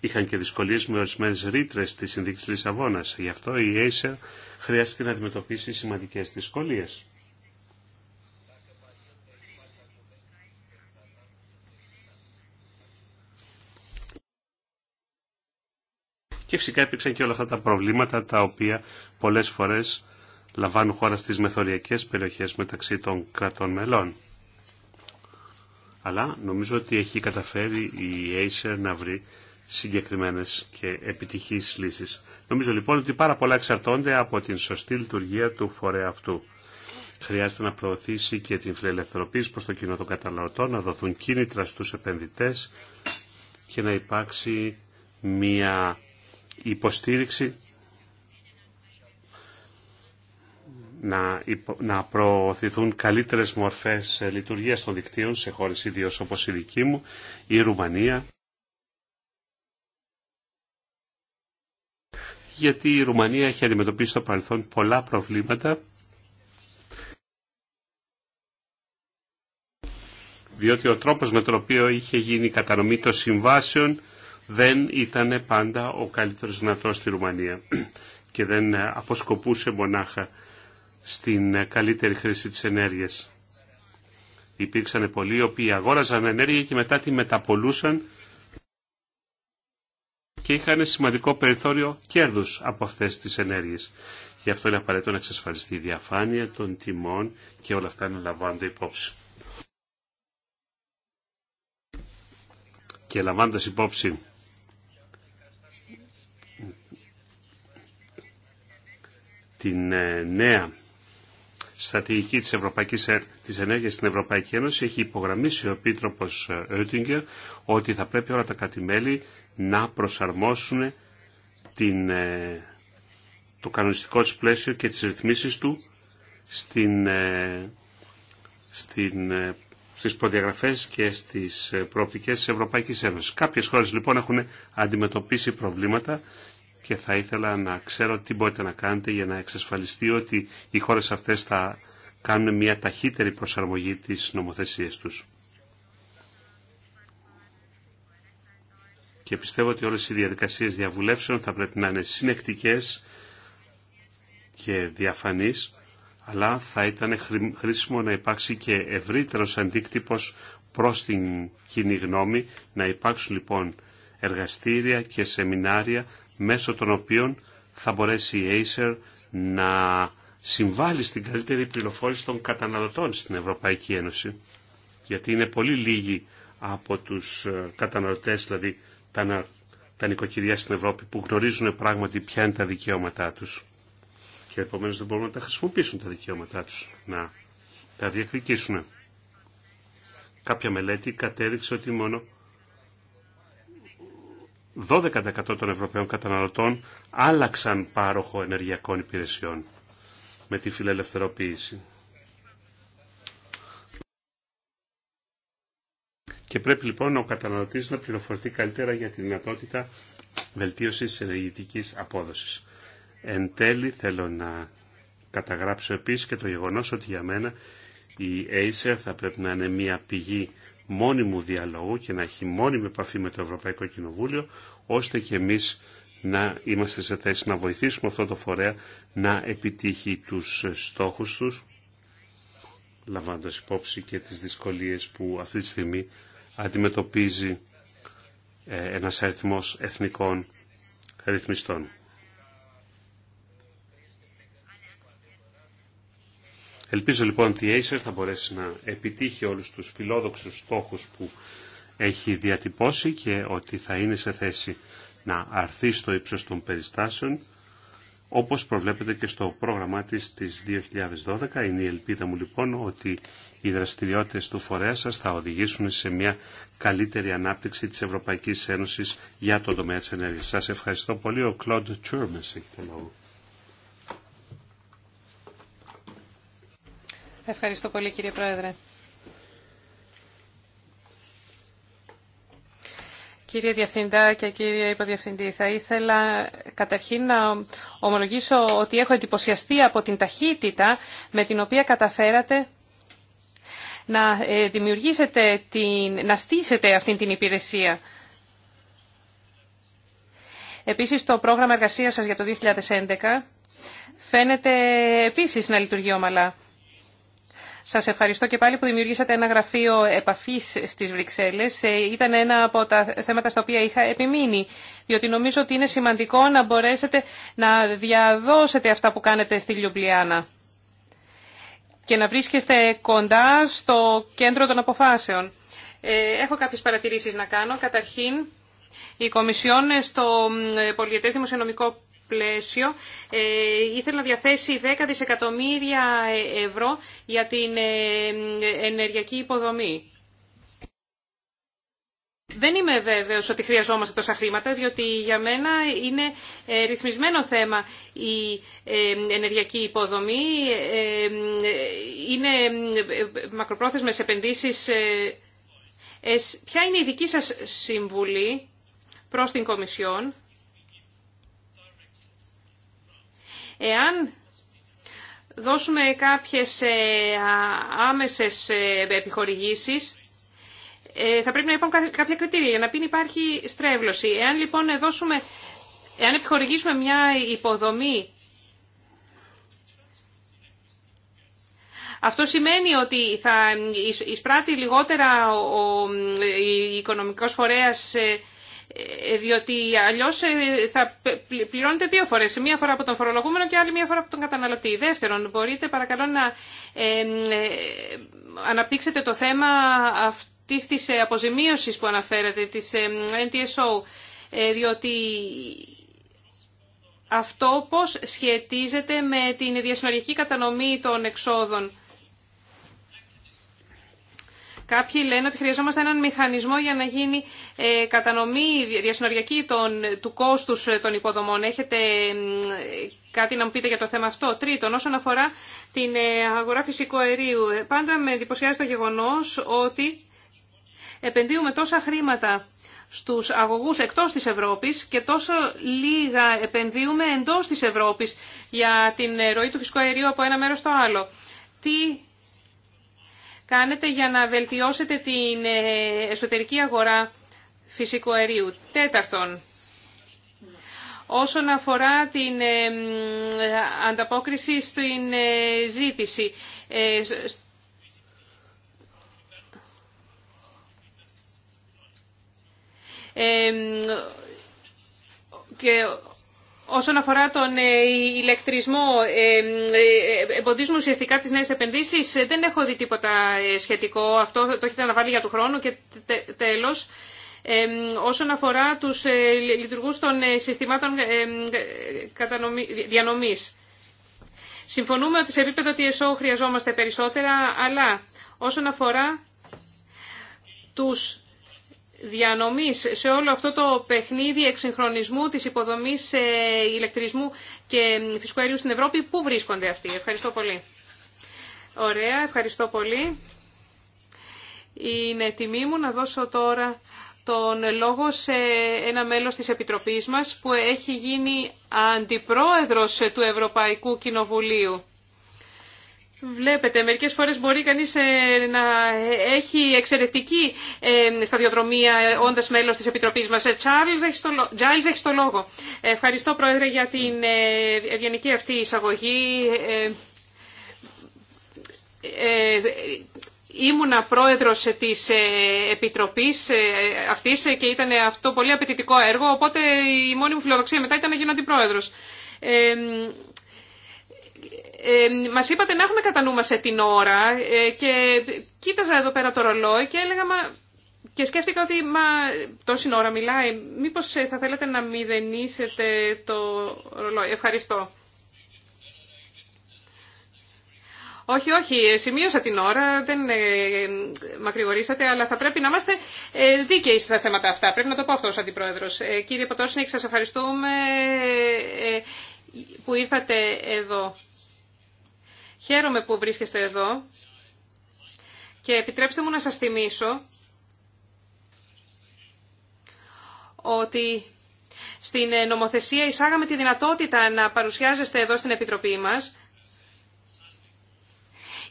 C: είχαν και δυσκολίες με ορισμένες ρήτρες της Συνδίκης Λισαβόνας. Γι' αυτό η Acer χρειάστηκε να αντιμετωπίσει σημαντικές δυσκολίες. Και φυσικά υπήρξαν και όλα αυτά τα προβλήματα τα οποία πολλές φορές λαμβάνουν χώρα στις μεθοριακές περιοχές μεταξύ των κρατών μελών. Αλλά νομίζω ότι έχει καταφέρει η Acer να βρει συγκεκριμένες και επιτυχείς λύσεις. Νομίζω λοιπόν ότι πάρα πολλά εξαρτώνται από την σωστή λειτουργία του φορέα αυτού. Χρειάζεται να προωθήσει και την φιλελευθερωποίηση προς το κοινό των καταναλωτών, να δοθούν κίνητρα στους επενδυτές και να υπάρξει μια υποστήριξη να, να προωθηθούν καλύτερες μορφές ε, λειτουργίας των δικτύων σε χώρες ιδίως όπως η δική μου, η Ρουμανία. Γιατί η Ρουμανία έχει αντιμετωπίσει στο παρελθόν πολλά προβλήματα διότι ο τρόπος με τον οποίο είχε γίνει η κατανομή των συμβάσεων δεν ήταν πάντα ο καλύτερος δυνατός στη Ρουμανία και δεν αποσκοπούσε μονάχα στην καλύτερη χρήση της ενέργειας. Υπήρξαν πολλοί οι οποίοι αγόραζαν ενέργεια και μετά τη μεταπολούσαν και είχαν σημαντικό περιθώριο κέρδους από αυτές τις ενέργειες. Γι' αυτό είναι απαραίτητο να εξασφαλιστεί η διαφάνεια των τιμών και όλα αυτά να λαμβάνονται υπόψη. Και λαμβάνοντας υπόψη την ε, νέα στρατηγική της, Ευρωπαϊκής, της Ενέργειας στην Ευρωπαϊκή Ένωση έχει υπογραμμίσει ο Επίτροπος Ρούτιγκερ ότι θα πρέπει όλα τα κατημέλη να προσαρμόσουν την, ε, το κανονιστικό της πλαίσιο και τις ρυθμίσεις του στην, ε, στην, στις προδιαγραφές και στις προοπτικές της Ευρωπαϊκής Ένωσης. Κάποιες χώρες λοιπόν έχουν αντιμετωπίσει προβλήματα και θα ήθελα να ξέρω τι μπορείτε να κάνετε για να εξασφαλιστεί ότι οι χώρες αυτές θα κάνουν μια ταχύτερη προσαρμογή της νομοθεσίας τους. Και πιστεύω ότι όλες οι διαδικασίες διαβουλεύσεων θα πρέπει να είναι συνεκτικές και διαφανείς, αλλά θα ήταν χρήσιμο να υπάρξει και ευρύτερος αντίκτυπος προς την κοινή γνώμη, να υπάρξουν λοιπόν εργαστήρια και σεμινάρια μέσω των οποίων θα μπορέσει η Acer να συμβάλλει στην καλύτερη πληροφόρηση των καταναλωτών στην Ευρωπαϊκή Ένωση. Γιατί είναι πολύ λίγοι από τους ε, καταναλωτές, δηλαδή τα, τα νοικοκυριά στην Ευρώπη, που γνωρίζουν πράγματι ποια είναι τα δικαιώματά τους. Και επομένως δεν μπορούν να τα χρησιμοποιήσουν τα δικαιώματά τους, να τα διεκδικήσουν. Κάποια μελέτη κατέδειξε ότι μόνο 12% των Ευρωπαίων καταναλωτών άλλαξαν πάροχο ενεργειακών υπηρεσιών με τη φιλελευθεροποίηση. Και πρέπει λοιπόν ο καταναλωτής να πληροφορηθεί καλύτερα για τη δυνατότητα βελτίωσης της ενεργητικής απόδοσης. Εν τέλει θέλω να καταγράψω επίσης και το γεγονός ότι για μένα η Acer θα πρέπει να είναι μια πηγή μόνιμου διαλόγου και να έχει μόνιμη επαφή με το Ευρωπαϊκό Κοινοβούλιο, ώστε και εμείς να είμαστε σε θέση να βοηθήσουμε αυτό το φορέα να επιτύχει τους στόχους τους, λαμβάνοντας υπόψη και τις δυσκολίες που αυτή τη στιγμή αντιμετωπίζει ε, ένας αριθμός εθνικών αριθμιστών. Ελπίζω λοιπόν ότι η Acer θα μπορέσει να επιτύχει όλους τους φιλόδοξους στόχους που έχει διατυπώσει και ότι θα είναι σε θέση να αρθεί στο ύψος των περιστάσεων όπως προβλέπεται και στο πρόγραμμά της της 2012. Είναι η ελπίδα μου λοιπόν ότι οι δραστηριότητες του φορέα σας θα οδηγήσουν σε μια καλύτερη ανάπτυξη της Ευρωπαϊκής Ένωσης για τον τομέα της ενέργειας. Σας ευχαριστώ πολύ. Ο Κλοντ Τσούρμες έχει το λόγο.
A: Ευχαριστώ πολύ κύριε Πρόεδρε. Κύριε Διευθυντά και κύριε Υποδιευθυντή, θα ήθελα καταρχήν να ομολογήσω ότι έχω εντυπωσιαστεί από την ταχύτητα με την οποία καταφέρατε να ε, δημιουργήσετε, την, να στήσετε αυτή την υπηρεσία. Επίσης το πρόγραμμα εργασίας σας για το 2011 φαίνεται επίσης να λειτουργεί ομαλά. Σα ευχαριστώ και πάλι που δημιουργήσατε ένα γραφείο επαφή στις Βρυξέλλε. Ε, ήταν ένα από τα θέματα στα οποία είχα επιμείνει, διότι νομίζω ότι είναι σημαντικό να μπορέσετε να διαδώσετε αυτά που κάνετε στη Λιουμπλιάνα και να βρίσκεστε κοντά στο κέντρο των αποφάσεων. Ε, έχω κάποιες παρατηρήσεις να κάνω. Καταρχήν, η Κομισιόν στο ε, πολιετές δημοσιονομικό πλαίσιο ε, ήθελε να διαθέσει 10 δισεκατομμύρια ευρώ για την ε, ενεργειακή υποδομή. Δεν είμαι βέβαιος ότι χρειαζόμαστε τόσα χρήματα, διότι για μένα είναι ε, ρυθμισμένο θέμα η ενεργειακή υποδομή. Είναι μακροπρόθεσμες επενδύσεις. Ποια είναι η δική σας συμβουλή προς την Κομισιόν Εάν δώσουμε κάποιες ε, άμεσες ε, επιχορηγήσεις, ε, θα πρέπει να υπάρχουν κάποια κριτήρια για να πει υπάρχει στρέβλωση. Εάν λοιπόν δώσουμε, εάν επιχορηγήσουμε μια υποδομή, αυτό σημαίνει ότι θα εισπράττει λιγότερα ο οικονομικός φορέας ε, διότι αλλιώς ε, θα πληρώνετε δύο φορέ, μία φορά από τον φορολογούμενο και άλλη μία φορά από τον καταναλωτή. Δεύτερον, μπορείτε παρακαλώ να ε, αναπτύξετε το θέμα αυτή της αποζημίωσης που αναφέρατε, της NTSO, διότι αυτό πώς σχετίζεται με την διασυνοριακή κατανομή των εξόδων Κάποιοι λένε ότι χρειαζόμαστε έναν μηχανισμό για να γίνει ε, κατανομή διασυνοριακή των, του κόστους ε, των υποδομών. Έχετε κάτι να μου πείτε για το θέμα αυτό. Τρίτον, όσον αφορά την ε, αγορά φυσικού αερίου, πάντα με εντυπωσιάζει το γεγονός ότι επενδύουμε τόσα χρήματα στους αγωγούς εκτός της Ευρώπης και τόσο λίγα επενδύουμε εντός της Ευρώπης για την ροή του φυσικού αερίου από ένα μέρος στο άλλο. Τι κάνετε για να βελτιώσετε την ε, εσωτερική αγορά φυσικού αερίου. Τέταρτον, όσον αφορά την ε, ανταπόκριση στην ε, ζήτηση. Και Όσον αφορά τον ε, ηλεκτρισμό, ε, ε, εμποδίζουμε ουσιαστικά τις νέες επενδύσεις. Δεν έχω δει τίποτα σχετικό. Αυτό το έχετε αναβάλει για του χρόνου και τέλος. όσον αφορά τους λειτουργούς των συστημάτων διανομής. Συμφωνούμε ότι σε επίπεδο TSO χρειαζόμαστε περισσότερα, αλλά όσον αφορά τους διανομής σε όλο αυτό το παιχνίδι εξυγχρονισμού της υποδομής ε, ηλεκτρισμού και φυσικού αερίου στην Ευρώπη. Πού βρίσκονται αυτοί. Ευχαριστώ πολύ. Ωραία, ευχαριστώ πολύ. Είναι τιμή μου να δώσω τώρα τον λόγο σε ένα μέλος της Επιτροπής μας που έχει γίνει αντιπρόεδρος του Ευρωπαϊκού Κοινοβουλίου. Βλέπετε, μερικές φορές μπορεί κανείς ε, να έχει εξαιρετική ε, σταδιοδρομία όντας μέλος της Επιτροπής μας. Τζάιλ, ε, έχει το λόγο. Ευχαριστώ, Πρόεδρε, για την ευγενική αυτή εισαγωγή. Ήμουνα πρόεδρος της Επιτροπής αυτής και ήταν αυτό πολύ απαιτητικό έργο, οπότε η μόνη μου φιλοδοξία μετά ήταν να γίνω αντιπρόεδρος ε, μας είπατε να έχουμε κατά νου την ώρα ε, και κοίταζα εδώ πέρα το ρολόι και έλεγα μα, και σκέφτηκα ότι μα τόση ώρα μιλάει, μήπως ε, θα θέλατε να μηδενίσετε το ρολόι. Ευχαριστώ. Όχι, όχι, ε, σημείωσα την ώρα, δεν ε, μακρηγορήσατε, αλλά θα πρέπει να είμαστε ε, δίκαιοι στα θέματα αυτά. Πρέπει να το πω αυτό ως Αντιπρόεδρος. Ε, κύριε Ποτόσνικ, σας ευχαριστούμε που ήρθατε εδώ. Χαίρομαι που βρίσκεστε εδώ και επιτρέψτε μου να σας θυμίσω ότι στην ε, νομοθεσία εισάγαμε τη δυνατότητα να παρουσιάζεστε εδώ στην Επιτροπή μας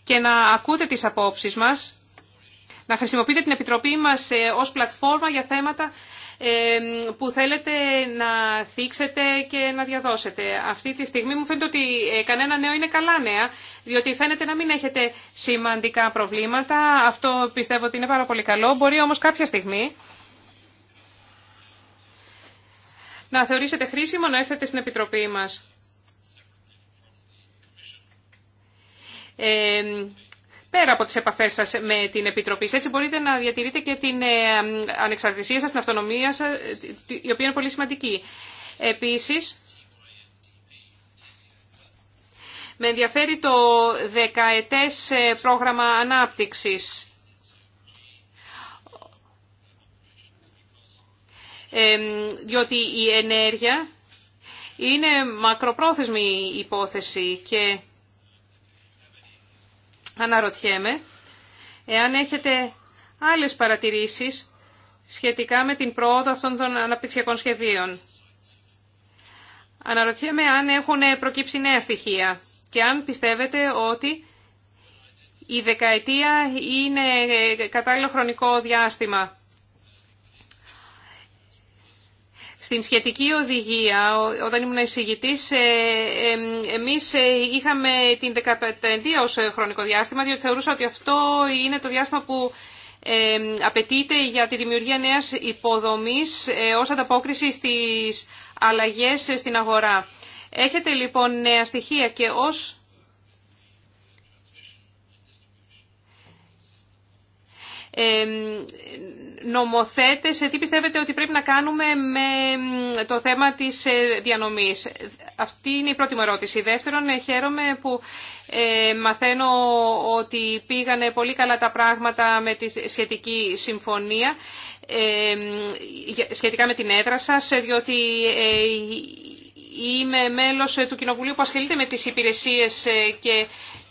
A: και να ακούτε τις απόψεις μας, να χρησιμοποιείτε την Επιτροπή μας ε, ως πλατφόρμα για θέματα που θέλετε να θίξετε και να διαδώσετε. Αυτή τη στιγμή μου φαίνεται ότι ε, κανένα νέο είναι καλά νέα, διότι φαίνεται να μην έχετε σημαντικά προβλήματα. Αυτό πιστεύω ότι είναι πάρα πολύ καλό. Μπορεί όμως κάποια στιγμή να θεωρήσετε χρήσιμο να έρθετε στην Επιτροπή μας πέρα από τις επαφές σας με την Επιτροπή. Έτσι μπορείτε να διατηρείτε και την ε, ανεξαρτησία σας, την αυτονομία σας, ε, η οποία είναι πολύ σημαντική. Επίσης, με ενδιαφέρει το δεκαετές ε, πρόγραμμα ανάπτυξης. διότι η ενέργεια είναι μακροπρόθεσμη υπόθεση και αναρωτιέμαι εάν έχετε άλλες παρατηρήσεις σχετικά με την πρόοδο αυτών των αναπτυξιακών σχεδίων. Αναρωτιέμαι αν έχουν προκύψει νέα στοιχεία και αν πιστεύετε ότι η δεκαετία είναι κατάλληλο χρονικό διάστημα Στην σχετική οδηγία, όταν ήμουν εισηγητής, ε, εμείς ε, είχαμε την 15η ως χρονικό διάστημα, διότι θεωρούσα ότι αυτό είναι το διάστημα που απαιτείται για τη δημιουργία νέας υποδομής ε, ω ανταπόκριση στις αλλαγές στην αγορά. Έχετε λοιπόν νέα στοιχεία και ως νομοθέτες, ε, τι πιστεύετε ότι πρέπει να κάνουμε με το θέμα της ε, διανομής. Αυτή είναι η πρώτη μου ερώτηση. Δεύτερον, ε, χαίρομαι που μαθαίνω ότι πήγανε πολύ καλά τα πράγματα με τη σχετική συμφωνία σχετικά με την έδρα σας, διότι είμαι μέλος του Κοινοβουλίου που ασχολείται με τις υπηρεσίες και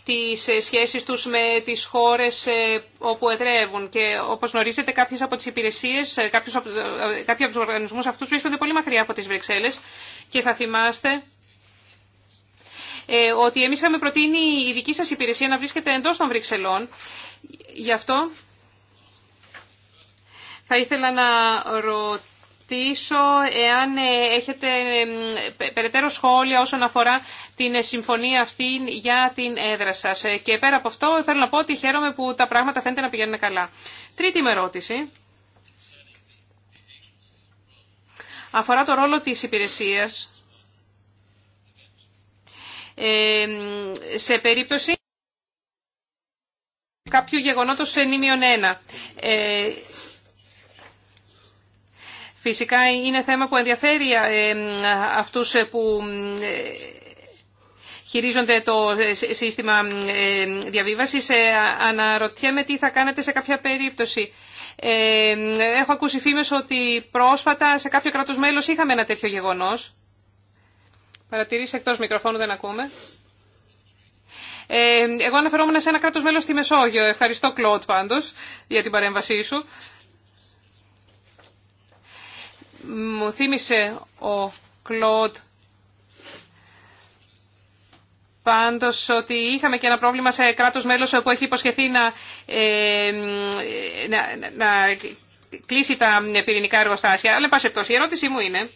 A: τις ε, σχέσεις τους με τις χώρες ε, όπου εδρεύουν. Και όπως γνωρίζετε κάποιες από τις υπηρεσίες, ε, κάποιους, κάποιοι από τους οργανισμούς αυτούς βρίσκονται πολύ μακριά από τις Βρυξέλλες και θα θυμάστε ότι εμείς είχαμε προτείνει η δική σας υπηρεσία να βρίσκεται εντός των Βρυξελών. Γι' αυτό θα ήθελα να ρωτήσω ρωτήσω εάν ε, έχετε περαιτέρω σχόλια όσον αφορά την ε, συμφωνία αυτή για την έδρα σας. Ε, και πέρα από αυτό θέλω να πω ότι χαίρομαι που τα πράγματα φαίνεται να πηγαίνουν καλά. Τρίτη με ερώτηση. Αφορά το ρόλο της υπηρεσίας ε, σε περίπτωση κάποιου γεγονότος σε νήμιον 1. Ε, Φυσικά είναι θέμα που ενδιαφέρει ε, αυτούς ε, που ε, χειρίζονται το σύστημα διαβίβασης. Αναρωτιέμαι τι θα κάνετε σε κάποια περίπτωση. Έχω ακούσει φήμες ότι πρόσφατα σε κάποιο κράτος μέλος είχαμε ένα τέτοιο γεγονός. Παρατηρήσει εκτός μικροφώνου δεν ακούμε. Εγώ αναφερόμουν σε ένα κράτος μέλος στη Μεσόγειο. Ευχαριστώ Κλωτ, πάντως για την παρέμβασή σου. Μου θύμισε ο Κλοντ Πάντω ότι είχαμε και ένα πρόβλημα σε κράτος μέλος που έχει υποσχεθεί να, ε, να, κλείσει τα πυρηνικά εργοστάσια. Αλλά πάση πτώση, η ερώτησή μου είναι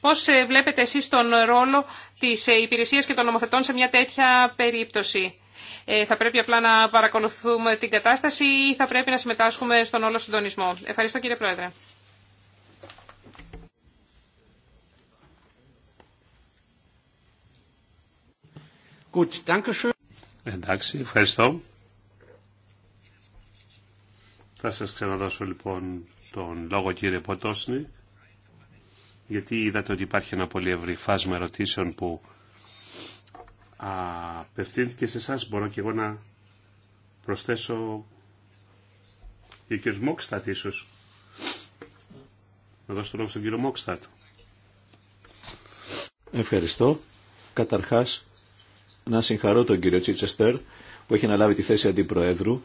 A: πώς ε, βλέπετε εσείς τον ρόλο της ε, υπηρεσίας και των νομοθετών σε μια τέτοια περίπτωση. θα πρέπει απλά να παρακολουθούμε την κατάσταση ή θα πρέπει να συμμετάσχουμε στον όλο συντονισμό. Ευχαριστώ κύριε Πρόεδρε.
C: Εντάξει, ευχαριστώ. Θα σας ξαναδώσω λοιπόν τον λόγο κύριε Ποτόσνη, γιατί είδατε ότι υπάρχει ένα πολύ ευρύ φάσμα ερωτήσεων που απευθύνθηκε σε εσά. Μπορώ και εγώ να προσθέσω και ο κύριος Μόξτατ ίσως. Να δώσω τον λόγο στον κύριο Μόξτατ.
D: Ευχαριστώ. Καταρχάς να συγχαρώ τον κύριο Τσίτσεστερ που έχει αναλάβει τη θέση αντιπροέδρου.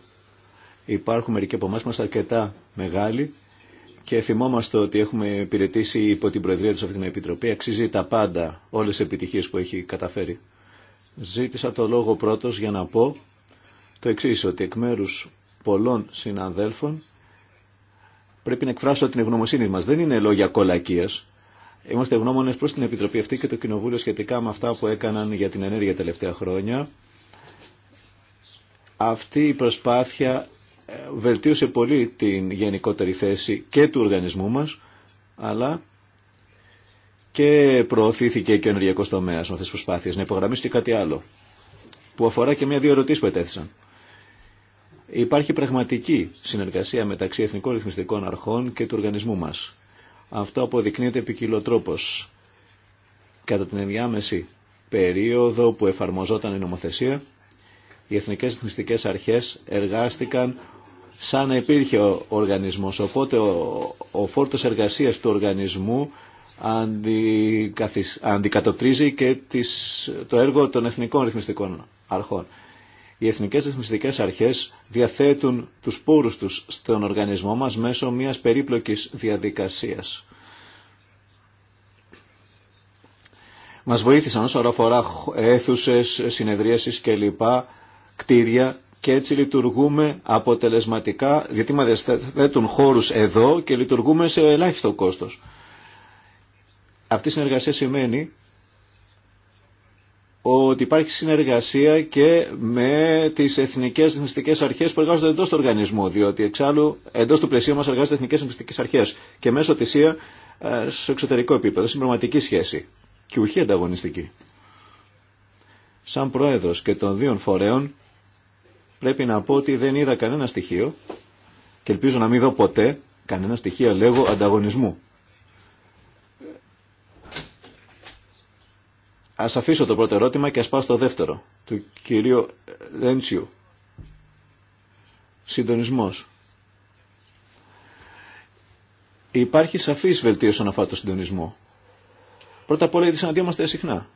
D: Υπάρχουν μερικοί από εμά που είμαστε αρκετά μεγάλοι και θυμόμαστε ότι έχουμε υπηρετήσει υπό την Προεδρία του αυτή την Επιτροπή. Αξίζει τα πάντα όλες τις επιτυχίες που έχει καταφέρει. Ζήτησα το λόγο πρώτος για να πω το εξή ότι εκ μέρου πολλών συναδέλφων πρέπει να εκφράσω την ευγνωμοσύνη μας. Δεν είναι λόγια κολακίας, Είμαστε ευγνώμονε προ την Επιτροπή αυτή και το Κοινοβούλιο σχετικά με αυτά που έκαναν για την ενέργεια τα τελευταία χρόνια. Αυτή η προσπάθεια ε, βελτίωσε πολύ την γενικότερη θέση και του οργανισμού μας, αλλά και προωθήθηκε και ο ενεργειακό τομέα με αυτέ τι προσπάθειε. Να υπογραμμίσω και κάτι άλλο, που αφορά και μια-δύο ερωτήσει που ετέθησαν. Υπάρχει πραγματική συνεργασία μεταξύ εθνικών ρυθμιστικών αρχών και του οργανισμού μας. Αυτό αποδεικνύεται επικοιλωτρόπως. Κατά την ενδιάμεση περίοδο που εφαρμοζόταν η νομοθεσία, οι εθνικές εθνιστικές αρχές εργάστηκαν σαν να υπήρχε ο οργανισμός. Οπότε ο, ο φόρτος εργασίας του οργανισμού αντικατοπτρίζει και τις, το έργο των εθνικών ρυθμιστικών αρχών. Οι εθνικές ρυθμιστικές αρχές διαθέτουν τους πόρους τους στον οργανισμό μας μέσω μιας περίπλοκης διαδικασίας. Μας βοήθησαν όσο αφορά αίθουσες, συνεδρίασεις κλπ, κτίρια και έτσι λειτουργούμε αποτελεσματικά, γιατί μα διαθέτουν χώρους εδώ και λειτουργούμε σε ελάχιστο κόστος. Αυτή η συνεργασία σημαίνει ότι υπάρχει συνεργασία και με τι εθνικέ εθνιστικέ αρχέ που εργάζονται εντό του οργανισμού, διότι εξάλλου εντό του πλαισίου μα εργάζονται εθνικέ εθνιστικέ αρχέ και μέσω τη ΣΥΑ στο εξωτερικό επίπεδο, στην πραγματική σχέση και ουχή ανταγωνιστική. Σαν πρόεδρο και των δύο φορέων, πρέπει να πω ότι δεν είδα κανένα στοιχείο και ελπίζω να μην δω ποτέ κανένα στοιχείο, λέγω, ανταγωνισμού. Ας αφήσω το πρώτο ερώτημα και ας πάω στο δεύτερο, του κυρίου Λέντσιου. Συντονισμός. Υπάρχει σαφής βελτίωση όσον αφορά το συντονισμό. Πρώτα απ' όλα γιατί συναντιόμαστε συχνά.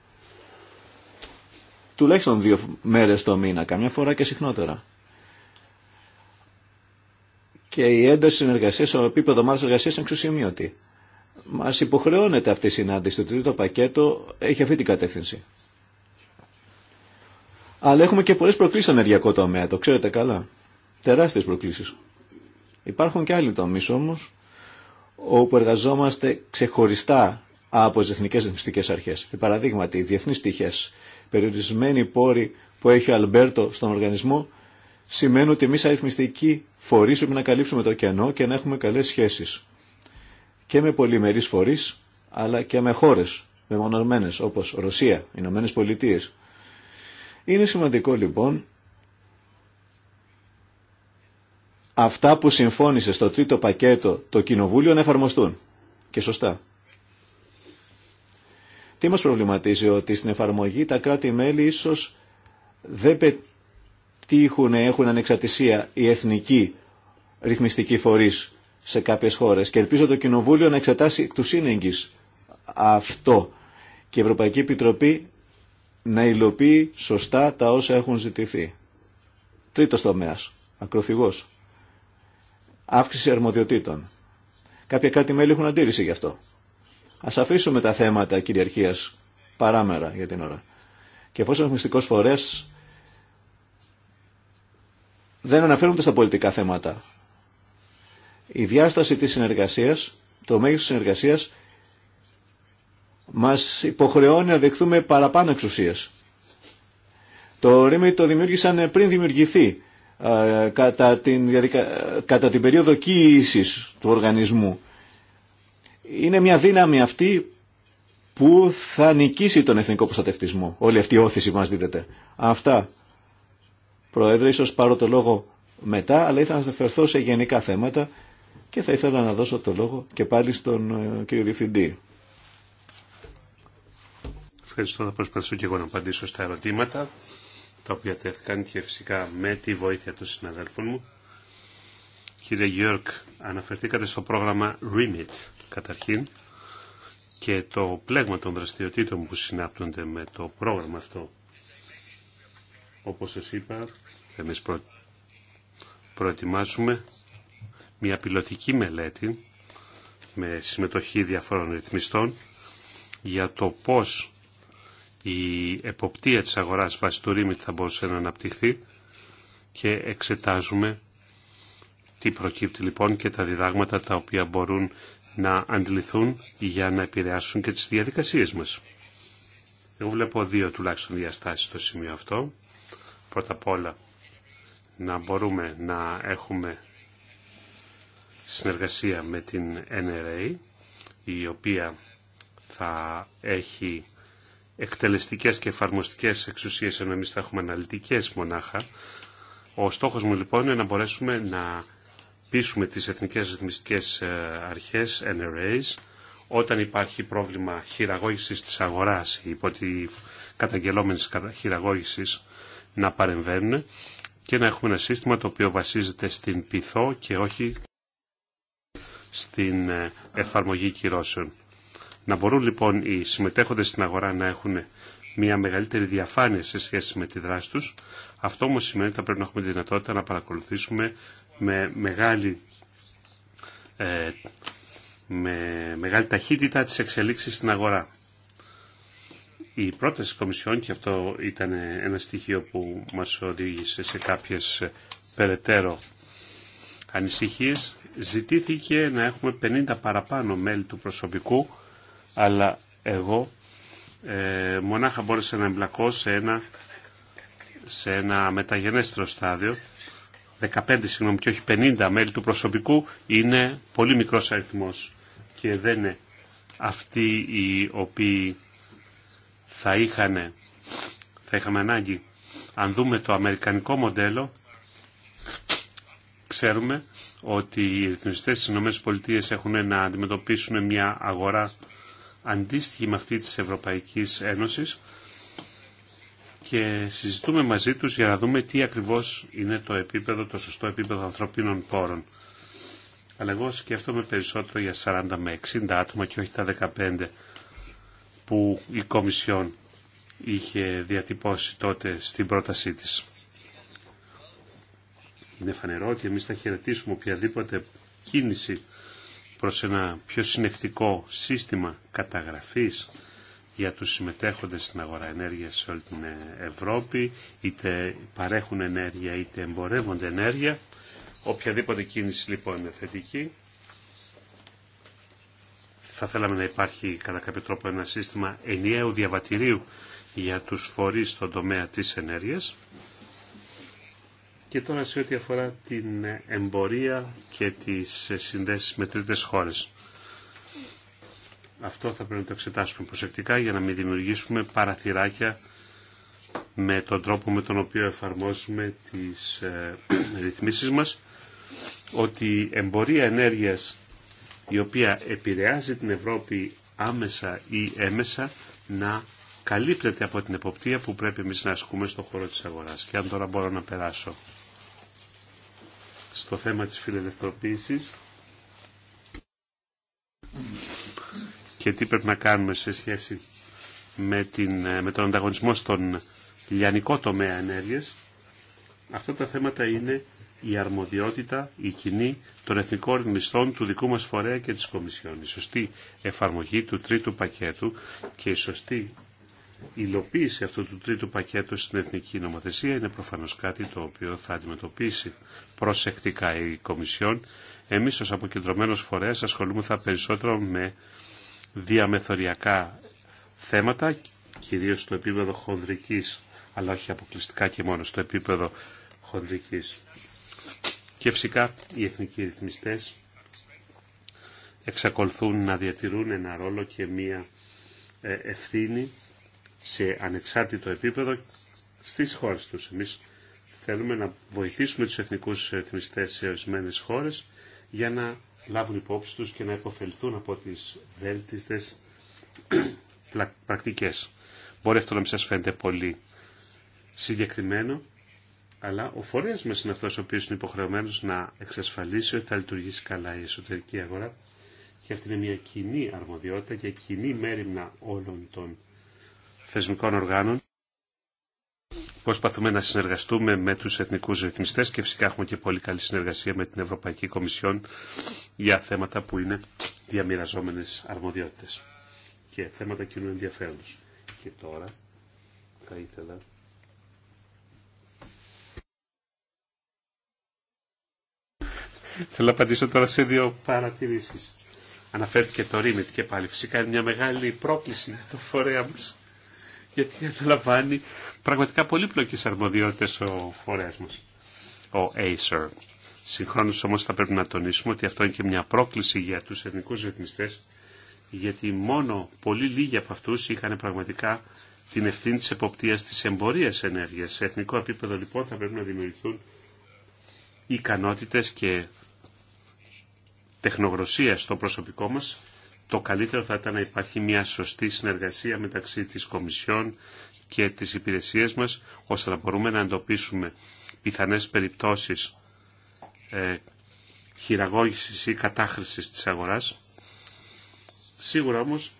D: Τουλάχιστον δύο μέρες το μήνα, καμιά φορά και συχνότερα. Και η ένταση συνεργασία, ο επίπεδο ομάδα εργασία είναι εξουσιομοιώτη. Μα υποχρεώνεται αυτή η συνάντηση. Το τρίτο πακέτο έχει αυτή την κατεύθυνση. Αλλά έχουμε και πολλέ προκλήσει στον ενεργειακό τομέα, το ξέρετε καλά. Τεράστιε προκλήσει. Υπάρχουν και άλλοι τομεί όμω όπου εργαζόμαστε ξεχωριστά από τι εθνικέ ρυθμιστικέ αρχέ. Για παραδείγματι, οι διεθνείς πτυχές, περιορισμένοι πόροι που έχει ο Αλμπέρτο στον οργανισμό, σημαίνουν ότι εμεί αριθμιστικοί φορεί πρέπει να καλύψουμε το κενό και να έχουμε καλέ σχέσει και με πολυμερείς φορείς αλλά και με χώρες μεμονωμένες όπως Ρωσία, Ηνωμένε Πολιτείε. Είναι σημαντικό λοιπόν αυτά που συμφώνησε στο τρίτο πακέτο το Κοινοβούλιο να εφαρμοστούν και σωστά. Τι μας προβληματίζει ότι στην εφαρμογή τα κράτη-μέλη ίσως δεν πετύχουν, έχουν ανεξαρτησία η εθνική ρυθμιστική φορείς σε κάποιες χώρες και ελπίζω το Κοινοβούλιο να εξετάσει του αυτό και η Ευρωπαϊκή Επιτροπή να υλοποιεί σωστά τα όσα έχουν ζητηθεί. Τρίτος τομέας, ακροθυγός, αύξηση αρμοδιοτήτων. Κάποια κράτη-μέλη έχουν αντίρρηση γι' αυτό. Ας αφήσουμε τα θέματα κυριαρχίας παράμερα για την ώρα. Και εφόσον ο μυστικός φορές δεν αναφέρονται στα πολιτικά θέματα, η διάσταση της συνεργασίας, το μέγεθος της συνεργασίας, μας υποχρεώνει να δεχθούμε παραπάνω εξουσίες. Το Ρήμι το δημιούργησαν πριν δημιουργηθεί, ε, κατά την, διαδικα... κατά την περίοδο κοίησης του οργανισμού. Είναι μια δύναμη αυτή που θα νικήσει τον εθνικό προστατευτισμό. Όλη αυτή η όθηση που μας δίδεται. Αυτά, Πρόεδρε, ίσως πάρω το λόγο μετά, αλλά ήθελα να σε γενικά θέματα και θα ήθελα να δώσω το λόγο και πάλι στον ε, κύριο Διευθυντή.
C: Ευχαριστώ. Θα προσπαθήσω και εγώ να απαντήσω στα ερωτήματα τα οποία τέθηκαν και φυσικά με τη βοήθεια των συναδέλφων μου. Κύριε Γιώργ, αναφερθήκατε στο πρόγραμμα REMIT καταρχήν και το πλέγμα των δραστηριοτήτων που συνάπτονται με το πρόγραμμα αυτό. Όπως σας είπα, εμείς προετοιμάσουμε μια πιλωτική μελέτη με συμμετοχή διαφόρων ρυθμιστών για το πώς η εποπτεία της αγοράς βάσει του ρήμιτ θα μπορούσε να αναπτυχθεί και εξετάζουμε τι προκύπτει λοιπόν και τα διδάγματα τα οποία μπορούν να αντιληθούν για να επηρεάσουν και τις διαδικασίες μας. Εγώ βλέπω δύο τουλάχιστον διαστάσεις στο σημείο αυτό. Πρώτα απ' όλα να μπορούμε να έχουμε συνεργασία με την NRA, η οποία θα έχει εκτελεστικές και εφαρμοστικές εξουσίες, ενώ εμείς θα έχουμε αναλυτικές μονάχα. Ο στόχος μου λοιπόν είναι να μπορέσουμε να πείσουμε τις εθνικές ρυθμιστικές ε, αρχές, NRAs, όταν υπάρχει πρόβλημα χειραγώγησης της αγοράς, υπό τη καταγγελόμενη χειραγώγησης, να παρεμβαίνουν και να έχουμε ένα σύστημα το οποίο βασίζεται στην πυθό και όχι στην ε, εφαρμογή κυρώσεων. Να μπορούν λοιπόν οι συμμετέχοντες στην αγορά να έχουν μια μεγαλύτερη διαφάνεια σε σχέση με τη δράση τους. Αυτό όμως σημαίνει ότι θα πρέπει να έχουμε τη δυνατότητα να παρακολουθήσουμε με μεγάλη, ε, με μεγάλη ταχύτητα τις εξελίξεις στην αγορά. Η πρόταση της Κομισιόν, και αυτό ήταν ένα στοιχείο που μας οδήγησε σε κάποιες ε, περαιτέρω ανησυχίες, ζητήθηκε να έχουμε 50 παραπάνω μέλη του προσωπικού, αλλά εγώ ε, μονάχα μπόρεσα να εμπλακώ σε ένα, σε ένα μεταγενέστερο στάδιο. 15 συγγνώμη και όχι 50 μέλη του προσωπικού είναι πολύ μικρός αριθμός και δεν είναι αυτοί οι οποίοι θα, είχαν, θα είχαμε ανάγκη. Αν δούμε το αμερικανικό μοντέλο, Ξέρουμε ότι οι ρυθμιστές στις ΗΠΑ έχουν να αντιμετωπίσουν μια αγορά αντίστοιχη με αυτή της Ευρωπαϊκής Ένωσης και συζητούμε μαζί τους για να δούμε τι ακριβώς είναι το επίπεδο, το σωστό επίπεδο ανθρωπίνων πόρων. Αλλά εγώ σκέφτομαι περισσότερο για 40 με 60 άτομα και όχι τα 15 που η Κομισιόν είχε διατυπώσει τότε στην πρότασή της είναι φανερό ότι εμείς θα χαιρετήσουμε οποιαδήποτε κίνηση προς ένα πιο συνεκτικό σύστημα καταγραφής για τους συμμετέχοντες στην αγορά ενέργειας σε όλη την ε, Ευρώπη, είτε παρέχουν ενέργεια είτε εμπορεύονται ενέργεια. Οποιαδήποτε κίνηση λοιπόν είναι θετική. Θα θέλαμε να υπάρχει κατά κάποιο τρόπο ένα σύστημα ενιαίου διαβατηρίου για τους φορείς στον τομέα της ενέργειας. Και τώρα σε ό,τι αφορά την εμπορία και τις συνδέσεις με τρίτες χώρες. Αυτό θα πρέπει να το εξετάσουμε προσεκτικά για να μην δημιουργήσουμε παραθυράκια με τον τρόπο με τον οποίο εφαρμόζουμε τις ε, ρυθμίσεις μας ότι η εμπορία ενέργειας η οποία επηρεάζει την Ευρώπη άμεσα ή έμεσα να καλύπτεται από την εποπτεία που πρέπει εμείς να ασκούμε στον χώρο της αγοράς. Και αν τώρα μπορώ να περάσω στο θέμα της φιλελευθερωποίησης και τι πρέπει να κάνουμε σε σχέση με, την, ε, με τον ανταγωνισμό στον λιανικό τομέα ενέργειας. Αυτά τα θέματα είναι η αρμοδιότητα, η κοινή των εθνικών ρυθμιστών του δικού μας φορέα και της Κομισιόν. Η σωστή εφαρμογή του τρίτου πακέτου και η σωστή υλοποίηση αυτού του τρίτου πακέτου στην εθνική νομοθεσία είναι προφανώς κάτι το οποίο θα αντιμετωπίσει προσεκτικά η Κομισιόν. Εμείς ως αποκεντρωμένος φορέας ασχολούμεθα περισσότερο με διαμεθοριακά θέματα, κυρίως στο επίπεδο χονδρικής, αλλά όχι αποκλειστικά και μόνο στο επίπεδο χονδρικής. Και φυσικά οι εθνικοί ρυθμιστές εξακολουθούν να διατηρούν ένα ρόλο και μία ε, ευθύνη σε ανεξάρτητο επίπεδο στις χώρες τους. Εμείς θέλουμε να βοηθήσουμε τους εθνικούς εθνιστέ σε ορισμένε χώρες για να λάβουν υπόψη τους και να υποφελθούν από τις βέλτιστες πρακτικές. Μπορεί αυτό να μην σας φαίνεται πολύ συγκεκριμένο, αλλά ο φορέας μας είναι αυτός ο οποίος είναι υποχρεωμένος να εξασφαλίσει ότι θα λειτουργήσει καλά η εσωτερική αγορά και αυτή είναι μια κοινή αρμοδιότητα και κοινή μέρημνα όλων των θεσμικών οργάνων. Προσπαθούμε να συνεργαστούμε με τους εθνικούς ρυθμιστές και φυσικά έχουμε και πολύ καλή συνεργασία με την Ευρωπαϊκή Κομισιόν για θέματα που είναι διαμοιραζόμενες αρμοδιότητες και θέματα κοινού ενδιαφέροντος. Και τώρα θα ήθελα... Θέλω να απαντήσω τώρα σε δύο παρατηρήσεις. Αναφέρθηκε το Ρήμιτ και πάλι. Φυσικά είναι μια μεγάλη πρόκληση για το φορέα μα γιατί αναλαμβάνει πραγματικά πολύπλοκες αρμοδιότητες ο φορέας μας, ο Acer. Συγχρόνως όμως θα πρέπει να τονίσουμε ότι αυτό είναι και μια πρόκληση για τους εθνικούς ρυθμιστές, γιατί μόνο πολύ λίγοι από αυτούς είχαν πραγματικά την ευθύνη της εποπτείας της εμπορίας ενέργειας. Σε εθνικό επίπεδο λοιπόν θα πρέπει να δημιουργηθούν ικανότητες και τεχνογνωσία στο προσωπικό μας το καλύτερο θα ήταν να υπάρχει μια σωστή συνεργασία μεταξύ της Κομισιόν και της υπηρεσίας μας, ώστε να μπορούμε να εντοπίσουμε πιθανές περιπτώσεις ε, χειραγώγησης ή κατάχρησης της αγοράς. Σίγουρα όμως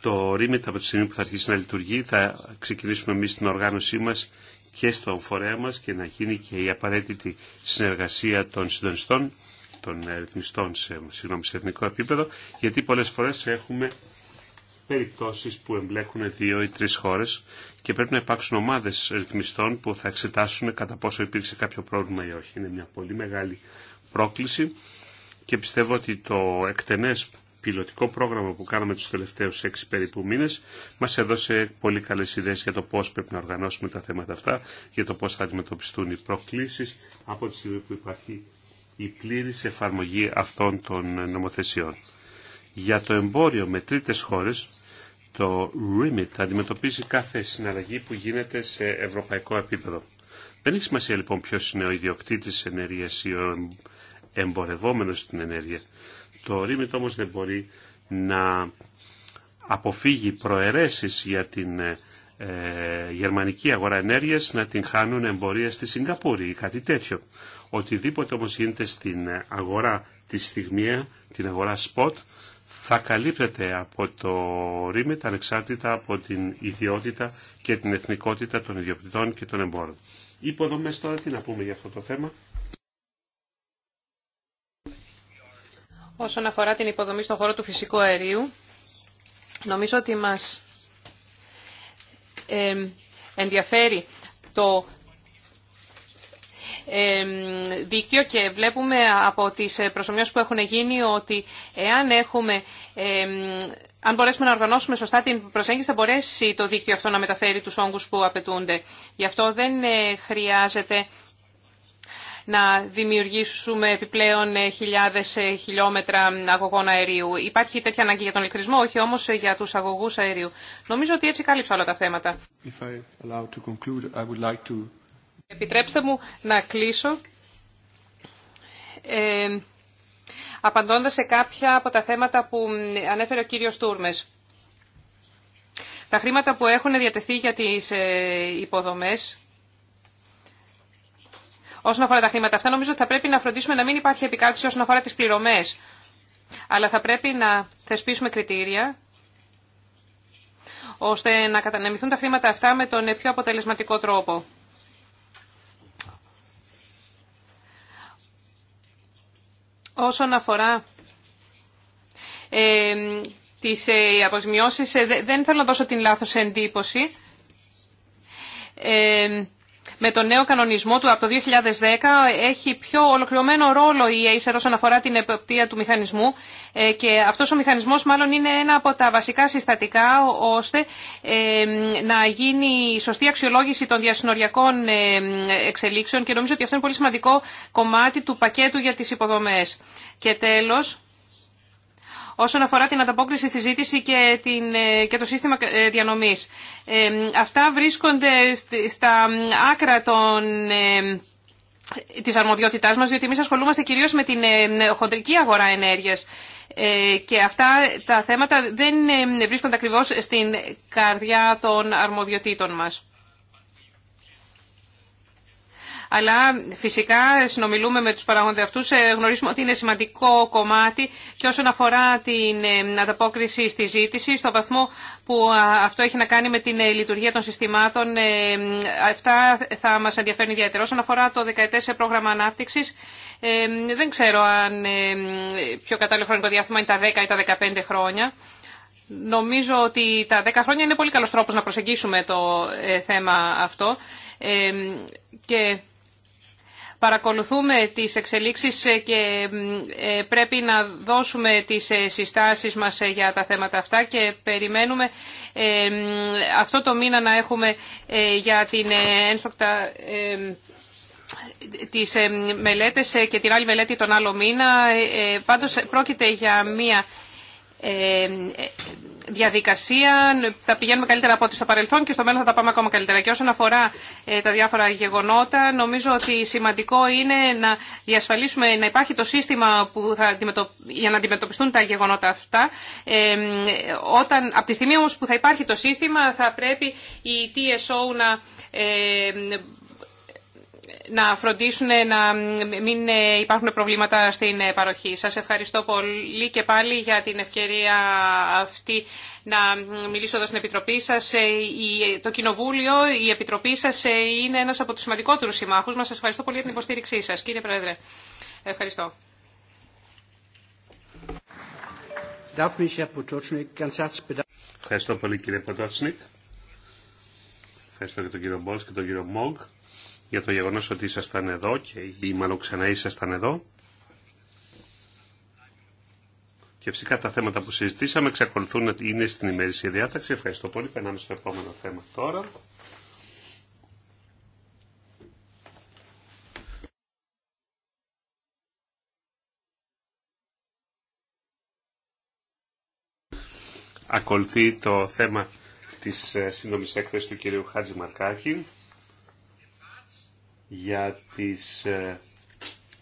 C: το ρήμετ από τη στιγμή που θα αρχίσει να λειτουργεί θα ξεκινήσουμε εμείς την οργάνωσή μας και στον φορέα μας και να γίνει και η απαραίτητη συνεργασία των συντονιστών των ε, ρυθμιστών σε, συγγνώμη, σε εθνικό επίπεδο, γιατί πολλές φορές έχουμε περιπτώσεις που εμπλέκουν δύο ή τρεις χώρες και πρέπει να υπάρξουν ομάδες ρυθμιστών που θα εξετάσουν κατά πόσο υπήρξε κάποιο πρόβλημα ή όχι. Είναι μια πολύ μεγάλη πρόκληση και πιστεύω ότι το εκτενές πιλωτικό πρόγραμμα που κάναμε τους τελευταίους έξι περίπου μήνες μας έδωσε πολύ καλές ιδέες για το πώς πρέπει να οργανώσουμε τα θέματα αυτά, για το πώς θα αντιμετωπιστούν οι προκλήσεις από τη στιγμή που υπάρχει η πλήρης εφαρμογή αυτών των νομοθεσιών. Για το εμπόριο με τρίτες χώρες, το REMIT θα αντιμετωπίζει κάθε συναλλαγή που γίνεται σε ευρωπαϊκό επίπεδο. Δεν έχει σημασία λοιπόν ποιο είναι ο ιδιοκτήτη ενέργεια ή ο εμπορευόμενος στην ενέργεια. Το REMIT όμως δεν μπορεί να αποφύγει προαιρέσει για την ε, γερμανική αγορά ενέργεια να την χάνουν εμπορία στη Σιγκαπούρη ή κάτι τέτοιο. Οτιδήποτε όμως γίνεται στην αγορά τη στιγμία, την αγορά spot, θα καλύπτεται από το ρήμετ ανεξάρτητα από την ιδιότητα και την εθνικότητα των ιδιοκτητών και των εμπόρων. Υποδομές τώρα τι να πούμε για αυτό το θέμα.
A: Όσον αφορά την υποδομή στον χώρο του φυσικού αερίου, νομίζω ότι μας ενδιαφέρει το δίκτυο και βλέπουμε από τις ε, προσωμιώσεις που έχουν γίνει ότι εάν έχουμε... αν μπορέσουμε να οργανώσουμε σωστά την προσέγγιση θα μπορέσει το δίκτυο αυτό να μεταφέρει τους όγκους που απαιτούνται. Γι' αυτό δεν ε, χρειάζεται να δημιουργήσουμε επιπλέον ε, χιλιάδες χιλιόμετρα αγωγών αερίου. Υπάρχει τέτοια ανάγκη για τον ηλεκτρισμό, όχι όμως για τους αγωγούς αερίου. Νομίζω ότι έτσι κάλυψα όλα τα θέματα. Επιτρέψτε μου να κλείσω ε, απαντώντας σε κάποια από τα θέματα που ανέφερε ο κύριος Τούρμες. Τα χρήματα που έχουν διατεθεί για τις ε, υποδομές, όσον αφορά τα χρήματα αυτά, νομίζω ότι θα πρέπει να φροντίσουμε να μην υπάρχει επικάλυψη όσον αφορά τις πληρωμές. Αλλά θα πρέπει να θεσπίσουμε κριτήρια ώστε να κατανεμηθούν τα χρήματα αυτά με τον πιο αποτελεσματικό τρόπο. Όσον αφορά ε, τις ε, ε δεν θέλω να δώσω την λάθος εντύπωση με τον νέο κανονισμό του από το 2010 έχει πιο ολοκληρωμένο ρόλο η Acer όσον αφορά την εποπτεία του μηχανισμού ε, και αυτός ο μηχανισμός μάλλον είναι ένα από τα βασικά συστατικά ώστε ε, να γίνει η σωστή αξιολόγηση των διασυνοριακών ε, εξελίξεων και νομίζω ότι αυτό είναι πολύ σημαντικό κομμάτι του πακέτου για τις υποδομές. Και τέλος, όσον αφορά την ανταπόκριση στη ζήτηση και, την, ε, και το σύστημα ε, διανομής. Ε, αυτά βρίσκονται στα άκρα των της αρμοδιότητάς μας, διότι εμείς ασχολούμαστε κυρίως με την χοντρική αγορά ενέργειας. Και αυτά τα θέματα δεν βρίσκονται ακριβώς στην καρδιά των αρμοδιοτήτων μας αλλά φυσικά συνομιλούμε με τους παραγόντες αυτούς, ε, γνωρίζουμε ότι είναι σημαντικό κομμάτι και όσον αφορά την ε, ανταπόκριση στη ζήτηση, στο βαθμό που αυτό έχει να κάνει με την ε, λειτουργία των συστημάτων, αυτά θα μας ενδιαφέρουν ιδιαίτερα. Όσον αφορά το 14 πρόγραμμα ανάπτυξης, δεν ξέρω αν πιο κατάλληλο χρονικό διάστημα είναι τα 10 ή τα 15 χρόνια. Νομίζω ότι τα 10 χρόνια είναι πολύ καλός τρόπος να προσεγγίσουμε το θέμα αυτό και παρακολουθούμε τις εξελίξεις ε, και ε, πρέπει να δώσουμε τις ε, συστάσεις μας για τα θέματα αυτά και περιμένουμε αυτό το μήνα να έχουμε για την ένσοκτα τις μελέτες και την άλλη μελέτη τον άλλο μήνα. Πάντως πρόκειται για μία διαδικασία. Τα πηγαίνουμε καλύτερα από ό,τι στο παρελθόν και στο μέλλον θα τα πάμε ακόμα καλύτερα. Και όσον αφορά ε, τα διάφορα γεγονότα, νομίζω ότι σημαντικό είναι να διασφαλίσουμε να υπάρχει το σύστημα που θα για να αντιμετωπιστούν τα γεγονότα αυτά. Ε, όταν... Από τη στιγμή όμως που θα υπάρχει το σύστημα θα πρέπει η TSO να να φροντίσουν να μην υπάρχουν προβλήματα στην παροχή. Σας ευχαριστώ πολύ και πάλι για την ευκαιρία αυτή να μιλήσω εδώ στην Επιτροπή σας. Το Κοινοβούλιο, η Επιτροπή σας είναι ένας από τους σημαντικότερους συμμάχους μας. Σας ευχαριστώ πολύ για την υποστήριξή σας. Κύριε Πρόεδρε, ευχαριστώ.
C: Ευχαριστώ πολύ κύριε Ποτότσνικ. Ευχαριστώ και τον κύριο Μπόλς και τον κύριο Μόγκ για το γεγονός ότι ήσασταν εδώ και ή μάλλον ξανά ήσασταν εδώ. Και φυσικά τα θέματα που συζητήσαμε εξακολουθούν ότι είναι στην ημερήσια διάταξη. Ευχαριστώ πολύ. Περνάμε στο επόμενο θέμα τώρα. Ακολουθεί το θέμα της ε, σύντομης έκθεσης του κυρίου Χάτζη Μαρκάκη για τις ε,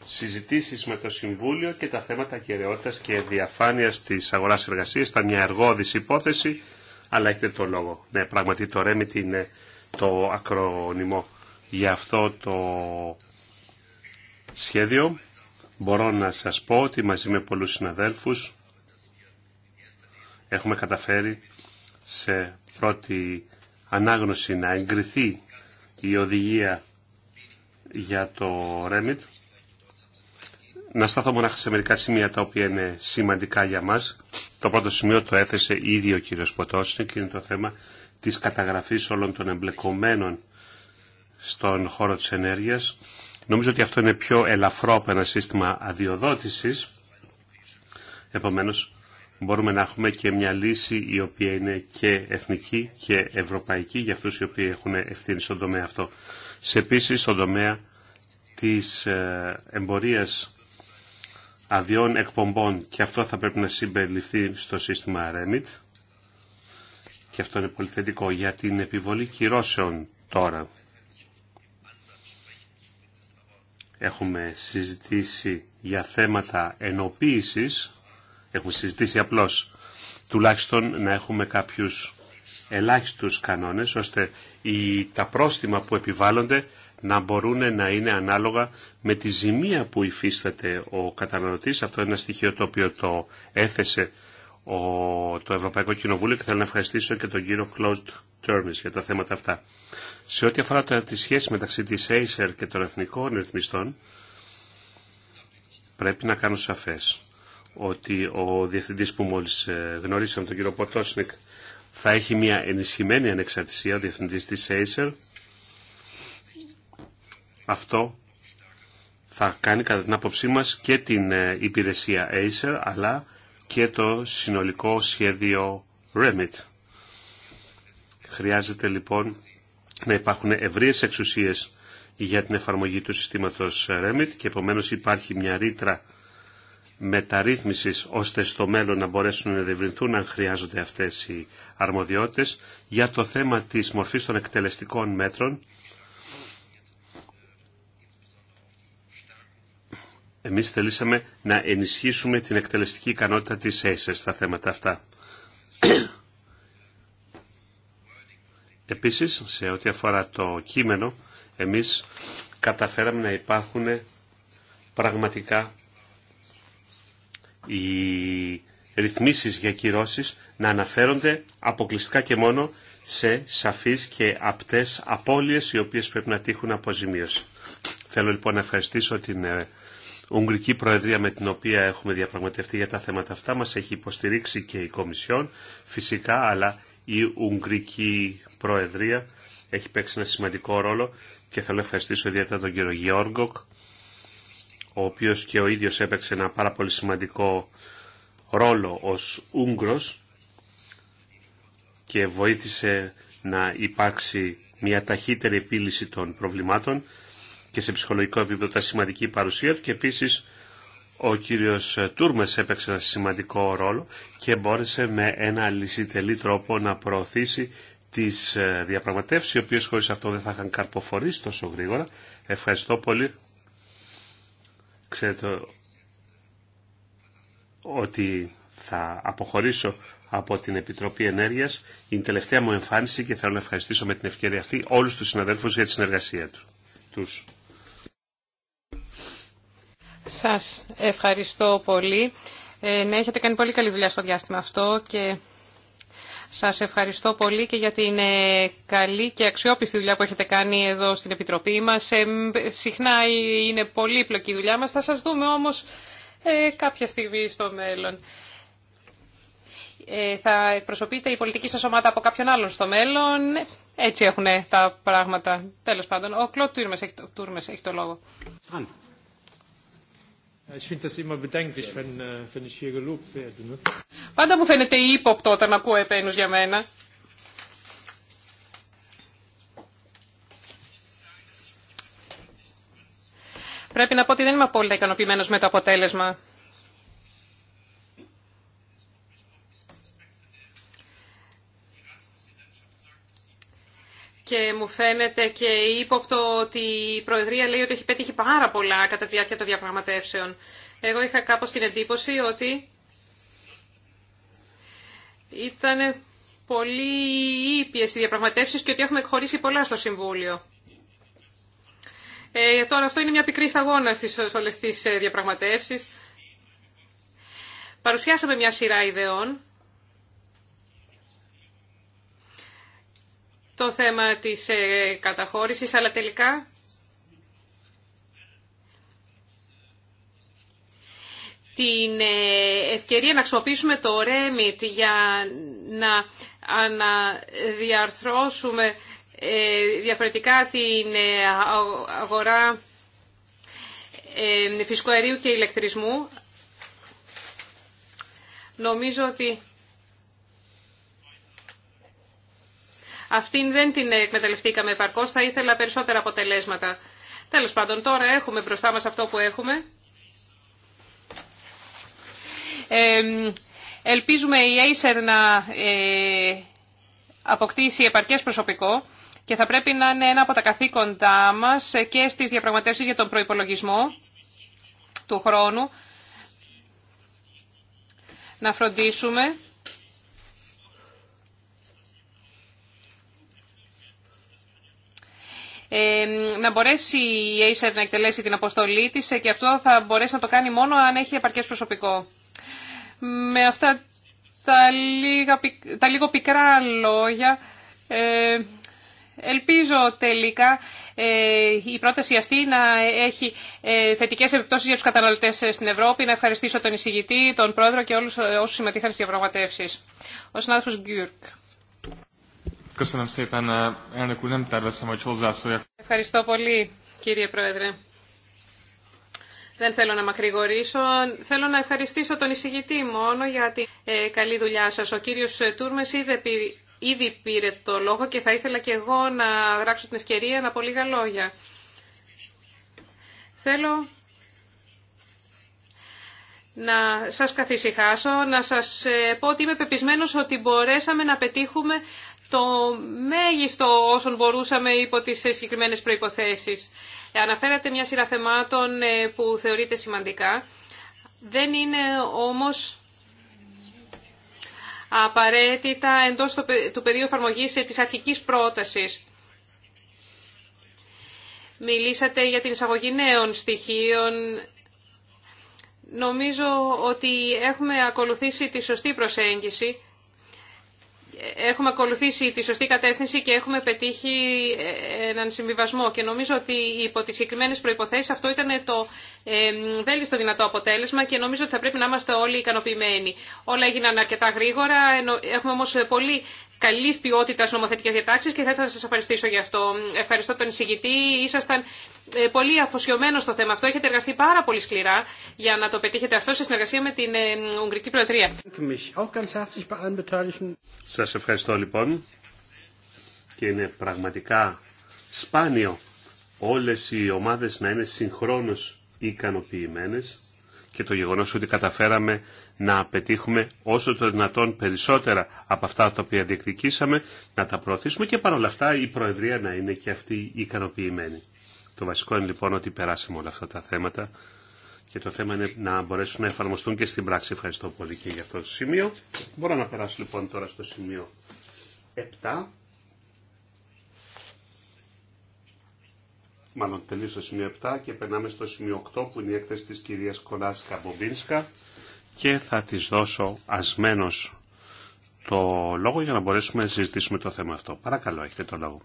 C: συζητήσεις με το Συμβούλιο και τα θέματα κυριότητας και διαφάνειας της αγοράς εργασίας. Ήταν μια εργόδηση υπόθεση, αλλά έχετε το λόγο. Ναι, πράγματι το REMIT είναι το ακρονιμό για αυτό το σχέδιο. Μπορώ να σας πω ότι μαζί με πολλούς συναδέλφους έχουμε καταφέρει σε πρώτη ανάγνωση να εγκριθεί η οδηγία για το REMIT. Να σταθώ μονάχα σε μερικά σημεία τα οποία είναι σημαντικά για μας. Το πρώτο σημείο το έθεσε ήδη ο κύριος Ποτόσνικ και είναι το θέμα της καταγραφής όλων των εμπλεκομένων στον χώρο της ενέργειας. Νομίζω ότι αυτό είναι πιο ελαφρό από ένα σύστημα αδειοδότησης. Επομένως, μπορούμε να έχουμε και μια λύση η οποία είναι και εθνική και ευρωπαϊκή για αυτούς οι οποίοι έχουν ευθύνη στον τομέα αυτό σε επίση στον τομέα της ε, εμπορίας αδειών εκπομπών και αυτό θα πρέπει να συμπεριληφθεί στο σύστημα REMIT και αυτό είναι πολύ θετικό για την επιβολή κυρώσεων τώρα. Έχουμε συζητήσει για θέματα ενοποίησης, έχουμε συζητήσει απλώς τουλάχιστον να έχουμε κάποιους ελάχιστους κανόνες ώστε οι, τα πρόστιμα που επιβάλλονται να μπορούν να είναι ανάλογα με τη ζημία που υφίσταται ο καταναλωτής. Αυτό είναι ένα στοιχείο το οποίο το έθεσε ο, το Ευρωπαϊκό Κοινοβούλιο και θέλω να ευχαριστήσω και τον κύριο Κλώστ Τέρμις για τα θέματα αυτά. Σε ό,τι αφορά το, τη σχέση μεταξύ της Acer και των εθνικών ρυθμιστών, πρέπει να κάνω σαφές ότι ο διευθυντής που μόλις ε, γνωρίσαμε, τον κύριο Ποτόσνικ, θα έχει μια ενισχυμένη ανεξαρτησία ο διευθυντής της Acer. Αυτό θα κάνει κατά την άποψή μας και την ε, υπηρεσία Acer αλλά και το συνολικό σχέδιο Remit. Χρειάζεται λοιπόν να υπάρχουν ευρείες εξουσίες για την εφαρμογή του συστήματος Remit και επομένως υπάρχει μια ρήτρα μεταρρύθμισης ώστε στο μέλλον να μπορέσουν να διευρυνθούν αν χρειάζονται αυτές οι αρμοδιότητες. Για το θέμα της μορφής των εκτελεστικών μέτρων, εμείς θελήσαμε να ενισχύσουμε την εκτελεστική ικανότητα της ΕΣΕΣ στα θέματα αυτά. Επίσης, σε ό,τι αφορά το κείμενο, εμείς καταφέραμε να υπάρχουν πραγματικά οι ρυθμίσεις για κυρώσεις να αναφέρονται αποκλειστικά και μόνο σε σαφείς και απτές απώλειες οι οποίες πρέπει να τύχουν αποζημίωση. Θέλω λοιπόν να ευχαριστήσω την ε, Ουγγρική Προεδρία με την οποία έχουμε διαπραγματευτεί για τα θέματα αυτά. Μας έχει υποστηρίξει και η Κομισιόν φυσικά, αλλά η Ουγγρική Προεδρία έχει παίξει ένα σημαντικό ρόλο και θέλω να ευχαριστήσω ιδιαίτερα τον κύριο Γιώργοκ ο οποίος και ο ίδιος έπαιξε ένα πάρα πολύ σημαντικό ρόλο ως Ούγγρος και βοήθησε να υπάρξει μια ταχύτερη επίλυση των προβλημάτων και σε ψυχολογικό επίπεδο τα σημαντική παρουσία του και επίσης ο κύριος Τούρμες έπαιξε ένα σημαντικό ρόλο και μπόρεσε με ένα λυσιτελή τρόπο να προωθήσει τις ε, διαπραγματεύσεις οι οποίες χωρίς αυτό δεν θα είχαν καρποφορήσει τόσο γρήγορα. Ευχαριστώ πολύ. Ξέρετε ότι θα αποχωρήσω από την Επιτροπή Ενέργειας. Είναι η τελευταία μου εμφάνιση και θέλω να ευχαριστήσω με την ευκαιρία αυτή όλους τους συναδέλφους για τη συνεργασία του. τους.
A: Σας ευχαριστώ πολύ. Ε, ναι, έχετε κάνει πολύ καλή δουλειά στο διάστημα αυτό και σας ευχαριστώ πολύ και για την ε, καλή και αξιόπιστη δουλειά που έχετε κάνει εδώ στην Επιτροπή μας. Ε, συχνά είναι πολύπλοκη η δουλειά μας, θα σας δούμε όμως ε, κάποια στιγμή στο μέλλον. Θα εκπροσωπείτε η πολιτική σας ομάδα από κάποιον άλλον στο μέλλον. Έτσι έχουν τα πράγματα. Τέλος πάντων, ο Κλωτ Τούρμες έχει το λόγο. Πάντα μου φαίνεται ύποπτο όταν ακούω επένους για μένα. Πρέπει να πω ότι δεν είμαι απόλυτα ικανοποιημένο με το αποτέλεσμα. και μου φαίνεται και ύποπτο ότι η Προεδρία λέει ότι έχει πετύχει πάρα πολλά κατά τη διάρκεια των διαπραγματεύσεων. Εγώ είχα κάπως την εντύπωση ότι ήταν πολύ ήπιες οι διαπραγματεύσεις και ότι έχουμε εκχωρήσει πολλά στο Συμβούλιο. Ε, τώρα αυτό είναι μια πικρή σταγόνα στις, όλες τις ε, διαπραγματεύσεις. Παρουσιάσαμε μια σειρά ιδεών το θέμα της ε, καταχώρησης, αλλά τελικά την ε, ευκαιρία να χρησιμοποιήσουμε το REMIT για να αναδιαρθρώσουμε ε, διαφορετικά την αγορά φυσικού αερίου και ηλεκτρισμού. Νομίζω ότι Αυτήν δεν την εκμεταλλευτήκαμε επαρκώ. θα ήθελα περισσότερα αποτελέσματα. Τέλος πάντων, τώρα έχουμε μπροστά μα αυτό που έχουμε. ελπίζουμε η Acer να ε, αποκτήσει επαρκές προσωπικό και θα πρέπει να είναι ένα από τα καθήκοντά μας και στις διαπραγματεύσεις για τον προϋπολογισμό του χρόνου να φροντίσουμε Ε, να μπορέσει η Acer να εκτελέσει την αποστολή της και αυτό θα μπορέσει να το κάνει μόνο αν έχει επαρκές προσωπικό. Με αυτά τα, λίγα, τα λίγο πικρά λόγια... Ε, ελπίζω τελικά ε, η πρόταση αυτή να έχει ε, θετικές επιπτώσεις για τους καταναλωτές στην Ευρώπη. Να ευχαριστήσω τον εισηγητή, τον πρόεδρο και όλους όσους συμμετείχαν στις διαπραγματεύσεις. Ο συνάδελφος Γκιούρκ. Eh, Ευχαριστώ πολύ, κύριε Πρόεδρε. Δεν θέλω να μακρηγορήσω. Θέλω να ευχαριστήσω τον εισηγητή μόνο για την ε, καλή δουλειά σας. Ο κύριος Τούρμες ήδη πήρε το λόγο και θα ήθελα και εγώ να γράψω την ευκαιρία να πω λίγα λόγια. Θέλω να σας καθησυχάσω, να σας ε, πω ότι είμαι πεπισμένος ότι μπορέσαμε να πετύχουμε το μέγιστο όσων μπορούσαμε υπό τις συγκεκριμένες προϋποθέσεις. Αναφέρατε μια σειρά θεμάτων ε, που θεωρείται σημαντικά. Δεν είναι όμως απαραίτητα εντός του πεδίου εφαρμογή ε, της αρχικής πρότασης. Μιλήσατε για την εισαγωγή νέων στοιχείων. Νομίζω ότι έχουμε ακολουθήσει τη σωστή προσέγγιση έχουμε ακολουθήσει τη σωστή κατεύθυνση και έχουμε πετύχει ε, έναν συμβιβασμό και νομίζω ότι υπό τις συγκεκριμένε προϋποθέσεις αυτό ήταν το ε, βέλτιστο δυνατό αποτέλεσμα και νομίζω ότι θα πρέπει να είμαστε όλοι ικανοποιημένοι. Όλα έγιναν αρκετά γρήγορα, έχουμε όμως πολύ καλή ποιότητα νομοθετικέ διατάξει και θα ήθελα να σα ευχαριστήσω γι' αυτό. Ευχαριστώ τον εισηγητή. Ήσασταν ε, πολύ αφοσιωμένο στο θέμα αυτό. Έχετε εργαστεί πάρα πολύ σκληρά για να το πετύχετε αυτό σε συνεργασία με την ε, Ουγγρική Προεδρία.
C: Σα ευχαριστώ λοιπόν και είναι πραγματικά σπάνιο όλες οι ομάδες να είναι συγχρόνως ικανοποιημένες και το γεγονός ότι καταφέραμε να πετύχουμε όσο το δυνατόν περισσότερα από αυτά τα οποία διεκδικήσαμε, να τα προωθήσουμε και παρόλα αυτά η Προεδρία να είναι και αυτή ικανοποιημένη. Το βασικό είναι λοιπόν ότι περάσαμε όλα αυτά τα θέματα και το θέμα είναι να μπορέσουν να εφαρμοστούν και στην πράξη. Ευχαριστώ πολύ και για αυτό το σημείο. Μπορώ να περάσω λοιπόν τώρα στο σημείο 7. Μάλλον τελείωσε το σημείο 7 και περνάμε στο σημείο 8 που είναι η έκθεση της κυρίας Κολάσκα Μπομπίνσκα και θα της δώσω ασμένος το λόγο για να μπορέσουμε να συζητήσουμε το θέμα αυτό. Παρακαλώ, έχετε το λόγο.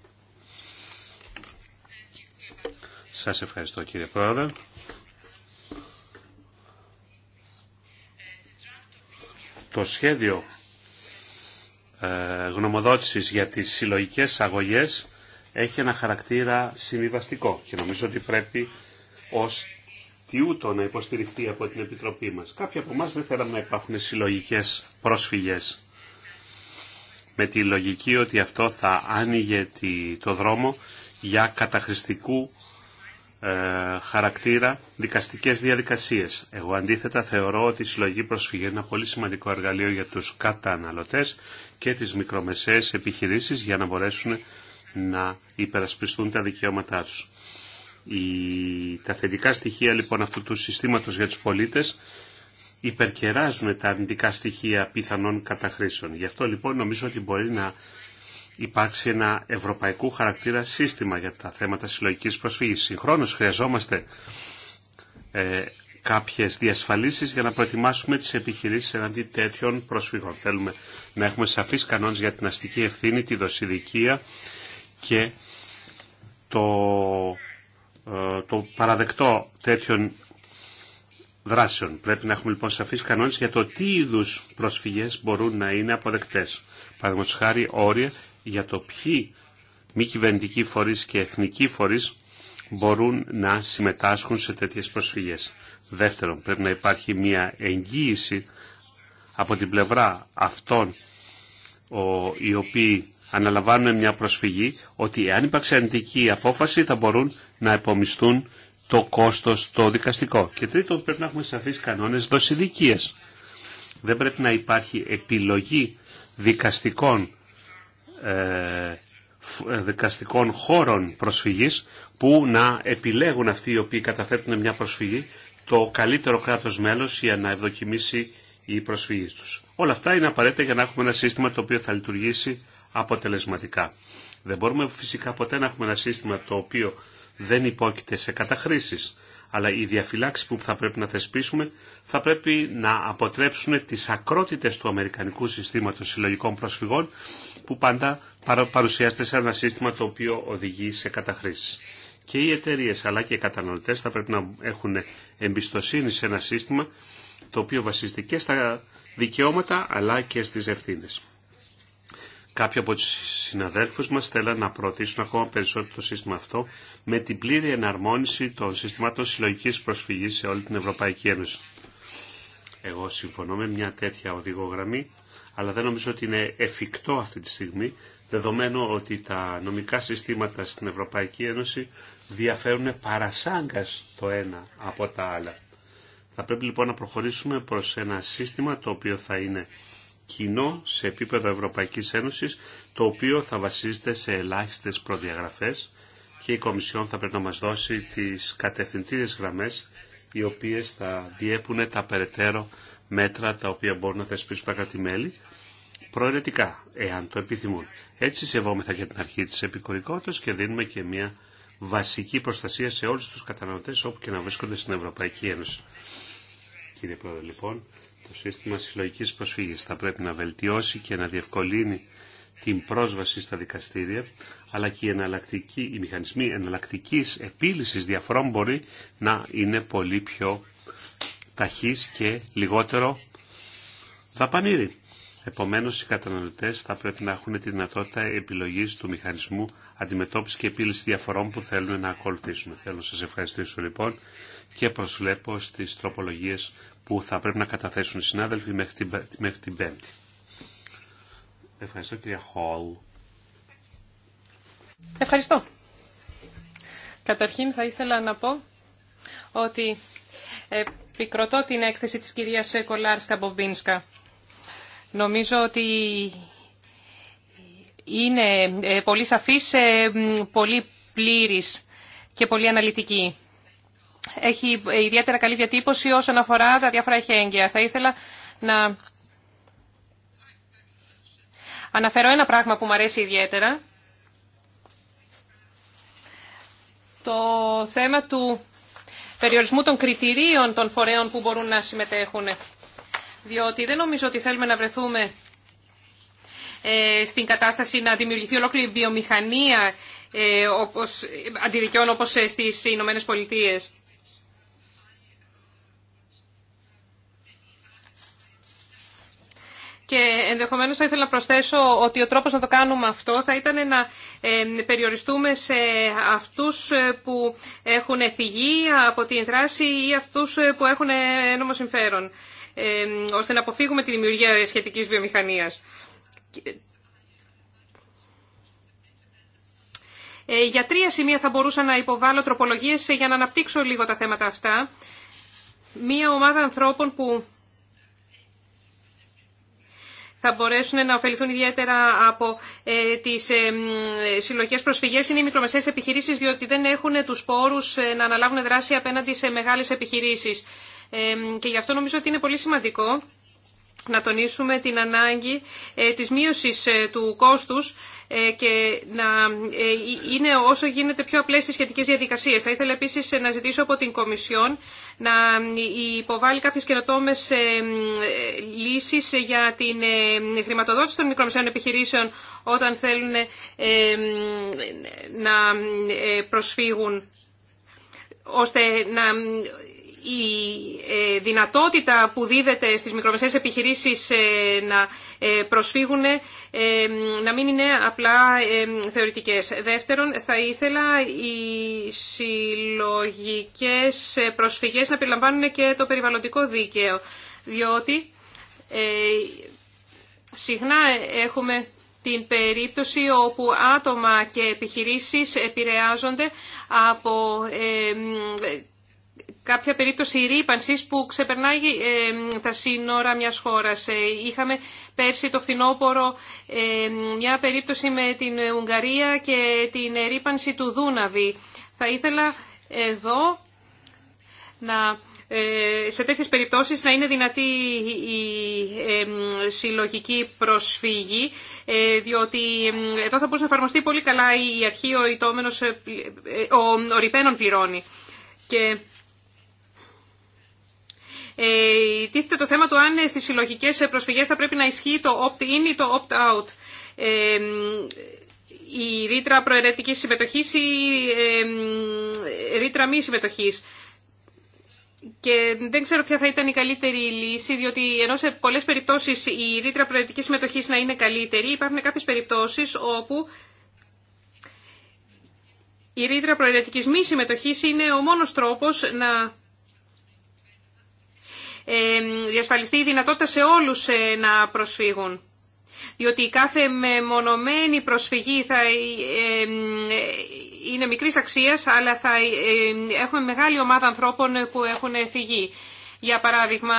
C: Σας ευχαριστώ κύριε Πρόεδρε. Το σχέδιο ε, γνωμοδότησης για τις συλλογικές αγωγές έχει ένα χαρακτήρα συμβιβαστικό και νομίζω ότι πρέπει ως τιούτο να υποστηριχθεί από την Επιτροπή μας. Κάποιοι από εμά δεν θέλαμε να υπάρχουν συλλογικέ πρόσφυγες με τη λογική ότι αυτό θα άνοιγε το δρόμο για καταχρηστικού ε, χαρακτήρα δικαστικές διαδικασίες. Εγώ αντίθετα θεωρώ ότι η συλλογή προσφυγή είναι ένα πολύ σημαντικό εργαλείο για τους καταναλωτές και τις μικρομεσαίες επιχειρήσεις για να μπορέσουν να υπερασπιστούν τα δικαιώματά τους. Η... Τα θετικά στοιχεία λοιπόν αυτού του συστήματος για τους πολίτες υπερκεράζουν τα αρνητικά στοιχεία πιθανών καταχρήσεων. Γι' αυτό λοιπόν νομίζω ότι μπορεί να υπάρξει ένα ευρωπαϊκού χαρακτήρα σύστημα για τα θέματα συλλογικής προσφύγης. Συγχρόνως χρειαζόμαστε ε, κάποιες διασφαλίσεις για να προετοιμάσουμε τις επιχειρήσεις εναντί τέτοιων προσφύγων. Θέλουμε να έχουμε σαφείς κανόνες για την αστική ευθύνη, τη δοσηδικία και το, ε, το παραδεκτό τέτοιων δράσεων. Πρέπει να έχουμε λοιπόν σαφείς κανόνες για το τι είδους προσφυγές μπορούν να είναι αποδεκτές. Παραδείγματος χάρη όρια για το ποιοι μη κυβερνητικοί φορείς και εθνικοί φορείς μπορούν να συμμετάσχουν σε τέτοιες προσφυγές. Δεύτερον, πρέπει να υπάρχει μια εγγύηση από την πλευρά αυτών οι οποίοι αναλαμβάνουν μια προσφυγή ότι αν υπάρξει αρνητική απόφαση θα μπορούν να επομιστούν το κόστος το δικαστικό. Και τρίτον, πρέπει να έχουμε σαφείς κανόνες δοσηδικίας. Δεν πρέπει να υπάρχει επιλογή δικαστικών ε, ε, δικαστικών χώρων προσφυγής που να επιλέγουν αυτοί οι οποίοι καταθέτουν μια προσφυγή το καλύτερο κράτος μέλος για να ευδοκιμήσει η προσφυγή τους. Όλα αυτά είναι απαραίτητα για να έχουμε ένα σύστημα το οποίο θα λειτουργήσει αποτελεσματικά. Δεν μπορούμε φυσικά ποτέ να έχουμε ένα σύστημα το οποίο δεν υπόκειται σε καταχρήσεις, αλλά οι διαφυλάξει που θα πρέπει να θεσπίσουμε θα πρέπει να αποτρέψουν τις ακρότητες του Αμερικανικού Συστήματος Συλλογικών Προσφυγών που πάντα παρουσιάζεται σε ένα σύστημα το οποίο οδηγεί σε καταχρήσει. Και οι εταιρείε αλλά και οι καταναλωτέ θα πρέπει να έχουν εμπιστοσύνη σε ένα σύστημα το οποίο βασίζεται και στα δικαιώματα αλλά και στι ευθύνε. Κάποιοι από του συναδέλφους μα θέλαν να προωθήσουν ακόμα περισσότερο το σύστημα αυτό με την πλήρη εναρμόνιση των συστημάτων συλλογική προσφυγή σε όλη την Ευρωπαϊκή Ένωση. Εγώ συμφωνώ με μια τέτοια οδηγογραμμή αλλά δεν νομίζω ότι είναι εφικτό αυτή τη στιγμή, δεδομένου ότι τα νομικά συστήματα στην Ευρωπαϊκή Ένωση διαφέρουν παρασάγκας το ένα από τα άλλα. Θα πρέπει λοιπόν να προχωρήσουμε προς ένα σύστημα το οποίο θα είναι κοινό σε επίπεδο Ευρωπαϊκής Ένωσης, το οποίο θα βασίζεται σε ελάχιστες προδιαγραφές και η Κομισιόν θα πρέπει να μας δώσει τις κατευθυντήριες γραμμές οι οποίες θα διέπουν τα περαιτέρω μέτρα τα οποία μπορούν να θεσπίσουν τα κράτη-μέλη προαιρετικά, εάν το επιθυμούν. Έτσι σεβόμεθα για την αρχή της επικουρικότητας και δίνουμε και μια βασική προστασία σε όλους τους καταναλωτές όπου και να βρίσκονται στην Ευρωπαϊκή Ένωση. Κύριε Πρόεδρε, λοιπόν, το σύστημα συλλογικής προσφύγης θα πρέπει να βελτιώσει και να διευκολύνει την πρόσβαση στα δικαστήρια, αλλά και οι, εναλλακτικοί, οι μηχανισμοί εναλλακτική επίλυση διαφορών μπορεί να είναι πολύ πιο ταχύς και λιγότερο δαπανήρη. Επομένως, οι καταναλωτές θα πρέπει να έχουν τη δυνατότητα επιλογής του μηχανισμού αντιμετώπισης και επίλυσης διαφορών που θέλουν να ακολουθήσουν. Θέλω να σας ευχαριστήσω λοιπόν και προσβλέπω στις τροπολογίες που θα πρέπει να καταθέσουν οι συνάδελφοι μέχρι την, μέχρι την Πέμπτη. Ευχαριστώ κυρία Χολ.
A: Ευχαριστώ. Καταρχήν θα ήθελα να πω ότι ε, Πικροτώ την έκθεση της κυρίας Κολάρσκα Μπομπίνσκα. Νομίζω ότι είναι ε, πολύ σαφής, ε, πολύ πλήρης και πολύ αναλυτική. Έχει ε, ιδιαίτερα καλή διατύπωση όσον αφορά τα διάφορα εχέγγυα. Θα ήθελα να αναφέρω ένα πράγμα που μου αρέσει ιδιαίτερα. Το θέμα του περιορισμού των κριτηρίων των φορέων που μπορούν να συμμετέχουν. Διότι δεν νομίζω ότι θέλουμε να βρεθούμε ε, στην κατάσταση να δημιουργηθεί ολόκληρη βιομηχανία ε, όπως, ε, αντιδικιών όπως ε, στις Ηνωμένες Πολιτείες. Και ενδεχομένως θα ήθελα να προσθέσω ότι ο τρόπος να το κάνουμε αυτό θα ήταν να περιοριστούμε σε αυτούς ε, που έχουν θυγεί από την δράση ή αυτούς ε, που έχουν ε, ένομο συμφέρον, ώστε να αποφύγουμε τη δημιουργία σχετικής βιομηχανίας. Για τρία σημεία θα μπορούσα να υποβάλω τροπολογίες για να αναπτύξω λίγο τα θέματα αυτά. Μία ομάδα ανθρώπων που θα μπορέσουν να ωφεληθούν ιδιαίτερα από ε, τις ε, συλλογικές προσφυγές είναι οι μικρομεσαίες επιχειρήσεις διότι δεν έχουν τους πόρους ε, να αναλάβουν δράση απέναντι σε μεγάλες επιχειρήσεις. Και γι' αυτό νομίζω ότι είναι πολύ σημαντικό να τονίσουμε την ανάγκη ε, της μείωσης ε, του κόστους ε, και να είναι όσο γίνεται πιο απλές τις σχετικές διαδικασίες. Θα ήθελα επίσης να ζητήσω από την Κομισιόν να υποβάλει κάποιες καινοτόμες λύσεις για την χρηματοδότηση των μικρομεσαίων επιχειρήσεων όταν θέλουν να προσφύγουν ώστε να η ε, δυνατότητα που δίδεται στις μικρομεσαίες επιχειρήσεις ε, να ε, προσφύγουν να μην είναι απλά θεωρητικές. Δεύτερον, θα ήθελα οι συλλογικές προσφυγές να περιλαμβάνουν και το περιβαλλοντικό δίκαιο, διότι συχνά έχουμε την περίπτωση όπου άτομα και επιχειρήσεις επηρεάζονται από κάποια περίπτωση ρήπανσης που ξεπερνάει ε, τα σύνορα μιας χώρας. Ε, είχαμε πέρσι το φθινόπωρο ε, μια περίπτωση με την Ουγγαρία και την ρήπανση του Δούναβη. Θα ήθελα εδώ να σε τέτοιες περιπτώσεις να είναι δυνατή η συλλογική προσφύγη, διότι εδώ θα μπορούσε να εφαρμοστεί πολύ καλά η αρχή ο, ιτόμενος, ο, πληρώνει. Και ε, τίθεται το θέμα του αν ε, στις συλλογικέ ε, προσφυγέ θα πρέπει να ισχύει το opt-in ή το opt-out. Η ρήτρα προαιρετικής ρητρα προαιρετικη συμμετοχη η ρήτρα μη συμμετοχή. Και δεν ξέρω ποια θα ήταν η καλύτερη λύση, διότι ενώ σε πολλέ περιπτώσει η ρήτρα προαιρετική συμμετοχή να είναι καλύτερη, υπάρχουν κάποιε περιπτώσει όπου η ρήτρα προαιρετική μη συμμετοχή είναι ο μόνο τρόπο να ε, διασφαλιστεί η δυνατότητα σε όλους ε, να προσφύγουν. Διότι κάθε μεμονωμένη προσφυγή θα ε, είναι μικρής αξίας, αλλά θα έχουμε μεγάλη ομάδα ανθρώπων που έχουν φυγεί. Για παράδειγμα,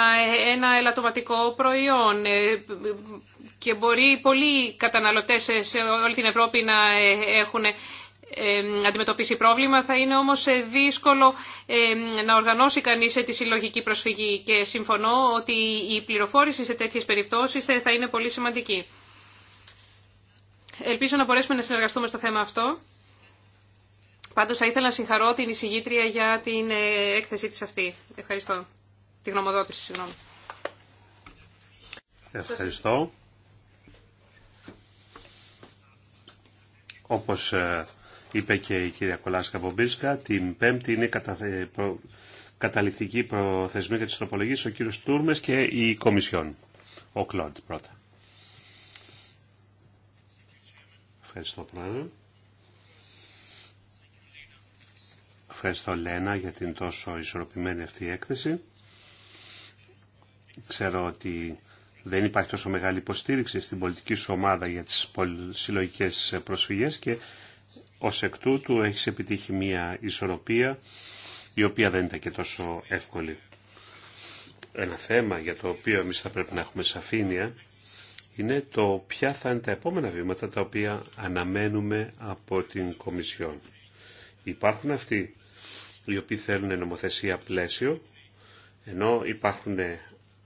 A: ένα ελαττωματικό προϊόν και μπορεί πολλοί καταναλωτές σε όλη την Ευρώπη να έχουν αντιμετωπίσει πρόβλημα. Θα είναι όμως ε, δύσκολο να οργανώσει κανείς ε, τη συλλογική προσφυγή και συμφωνώ ότι η πληροφόρηση σε τέτοιες περιπτώσεις ε, θα είναι πολύ σημαντική. Ελπίζω να μπορέσουμε να συνεργαστούμε στο θέμα αυτό. Πάντως θα ήθελα να συγχαρώ την εισηγήτρια για την έκθεσή της αυτή. Ευχαριστώ. Τη γνωμοδότηση, συγγνώμη.
C: Ευχαριστώ. Όπως είπε και η κυρία Κολάσκα Μπομπίσκα, την Πέμπτη είναι κατα... Ε, καταληκτική προθεσμία για τις τροπολογίες, ο κύριος Τούρμες και η Κομισιόν. Ο Κλοντ πρώτα. Ευχαριστώ πρόεδρε. Ευχαριστώ Λένα για την τόσο ισορροπημένη αυτή έκθεση. Ξέρω ότι δεν υπάρχει τόσο μεγάλη υποστήριξη στην πολιτική σου ομάδα για τις συλλογικές προσφυγές και ως εκ τούτου έχει επιτύχει μια ισορροπία η οποία δεν ήταν και τόσο εύκολη. Ένα θέμα για το οποίο εμείς θα πρέπει να έχουμε σαφήνεια είναι το ποια θα είναι τα επόμενα βήματα τα οποία αναμένουμε από την Κομισιόν. Υπάρχουν αυτοί οι οποίοι θέλουν νομοθεσία πλαίσιο, ενώ υπάρχουν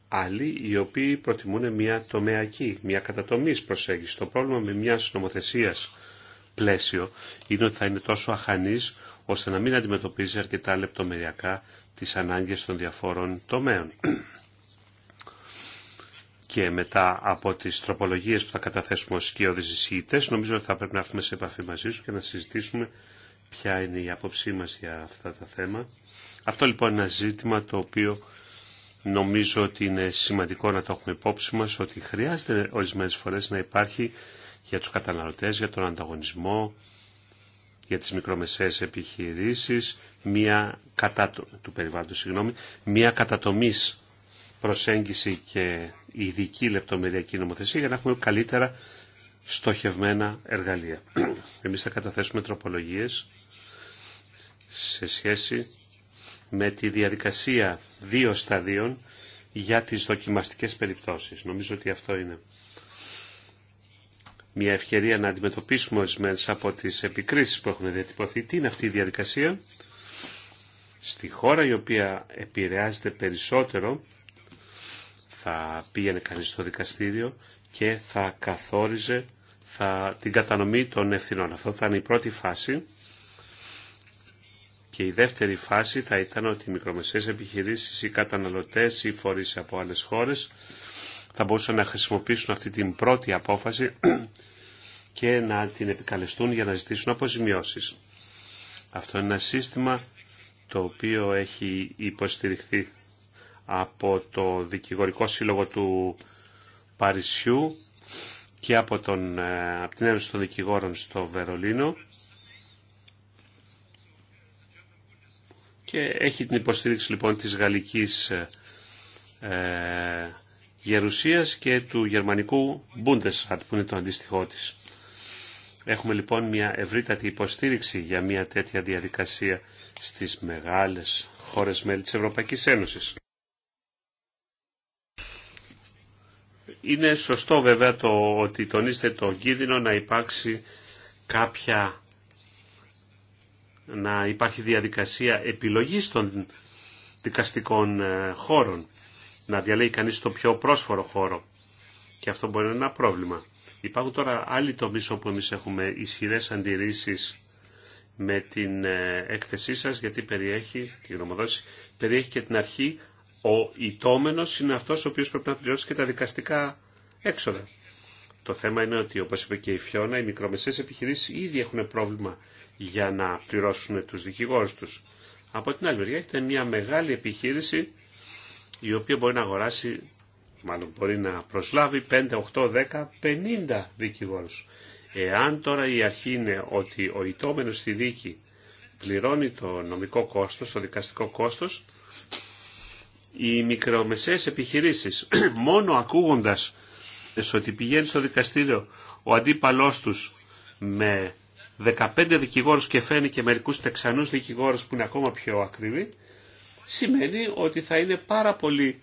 C: άλλοι οι οποίοι προτιμούν μια τομεακή, μια κατατομής προσέγγιση. Το πρόβλημα με μια νομοθεσίας πλαίσιο είναι ότι θα είναι τόσο αχανής ώστε να μην αντιμετωπίζει αρκετά λεπτομεριακά τις ανάγκες των διαφόρων τομέων. Και μετά από τις τροπολογίες που θα καταθέσουμε ως σκιώδες εισηγητές, νομίζω ότι θα πρέπει να έρθουμε σε επαφή μαζί σου και να συζητήσουμε ποια είναι η άποψή μας για αυτά τα θέματα. Αυτό λοιπόν είναι ένα ζήτημα το οποίο νομίζω ότι είναι σημαντικό να το έχουμε υπόψη μας, ότι χρειάζεται ορισμένες φορές να υπάρχει για τους καταναλωτές, για τον ανταγωνισμό, για τις μικρομεσαίες επιχειρήσεις, μία κατά του περιβάλλοντος, συγγνώμη, μία κατατομής προσέγγιση και ειδική λεπτομεριακή νομοθεσία για να έχουμε καλύτερα στοχευμένα εργαλεία. Εμείς θα καταθέσουμε τροπολογίες σε σχέση με τη διαδικασία δύο σταδίων για τις δοκιμαστικές περιπτώσεις. Νομίζω ότι αυτό είναι μια ευκαιρία να αντιμετωπίσουμε ορισμένε από τι επικρίσει που έχουν διατυπωθεί. Τι είναι αυτή η διαδικασία στη χώρα η οποία επηρεάζεται περισσότερο θα πήγαινε κανείς στο δικαστήριο και θα καθόριζε θα, την κατανομή των ευθυνών. Αυτό θα είναι η πρώτη φάση και η δεύτερη φάση θα ήταν ότι οι μικρομεσαίες επιχειρήσεις, οι καταναλωτές, οι φορείς από άλλες χώρες θα μπορούσαν να χρησιμοποιήσουν αυτή την πρώτη απόφαση και να την επικαλεστούν για να ζητήσουν αποζημιώσεις. Αυτό είναι ένα σύστημα το οποίο έχει υποστηριχθεί από το Δικηγορικό Σύλλογο του Παρισιού και από, τον, ε, από την Ένωση των Δικηγόρων στο Βερολίνο και έχει την υποστήριξη λοιπόν της γαλλικής ε, ε, Γερουσίας και του γερμανικού Bundesrat που είναι το αντίστοιχό της. Έχουμε λοιπόν μια ευρύτατη υποστήριξη για μια τέτοια διαδικασία στις μεγάλες χώρες μέλη της Ευρωπαϊκής Ένωσης. Είναι σωστό βέβαια το ότι τονίστε το κίνδυνο να υπάρξει κάποια να υπάρχει διαδικασία επιλογής των δικαστικών ε, χώρων να διαλέγει κανείς το πιο πρόσφορο χώρο. Και αυτό μπορεί να είναι ένα πρόβλημα. Υπάρχουν τώρα άλλοι τομείς όπου εμείς έχουμε ισχυρές αντιρρήσεις με την ε, έκθεσή σας γιατί περιέχει, τη γνωμοδότηση, περιέχει και την αρχή ο ιτόμενος είναι αυτός ο οποίος πρέπει να πληρώσει και τα δικαστικά έξοδα. Το θέμα είναι ότι όπως είπε και η Φιώνα οι μικρομεσαίες επιχειρήσεις ήδη έχουν πρόβλημα για να πληρώσουν τους δικηγόρους τους. Από την άλλη μεριά έχετε μια μεγάλη επιχείρηση η οποία μπορεί να αγοράσει, μάλλον μπορεί να προσλάβει 5, 8, 10, 50 δικηγόρους. Εάν τώρα η αρχή είναι ότι ο ιτόμενος στη δίκη πληρώνει το νομικό κόστος, το δικαστικό κόστος, οι μικρομεσαίες επιχειρήσεις μόνο ακούγοντας ότι πηγαίνει στο δικαστήριο ο αντίπαλός τους με 15 δικηγόρους και φαίνει και μερικούς τεξανούς δικηγόρους που είναι ακόμα πιο ακριβοί, σημαίνει ότι θα είναι πάρα πολύ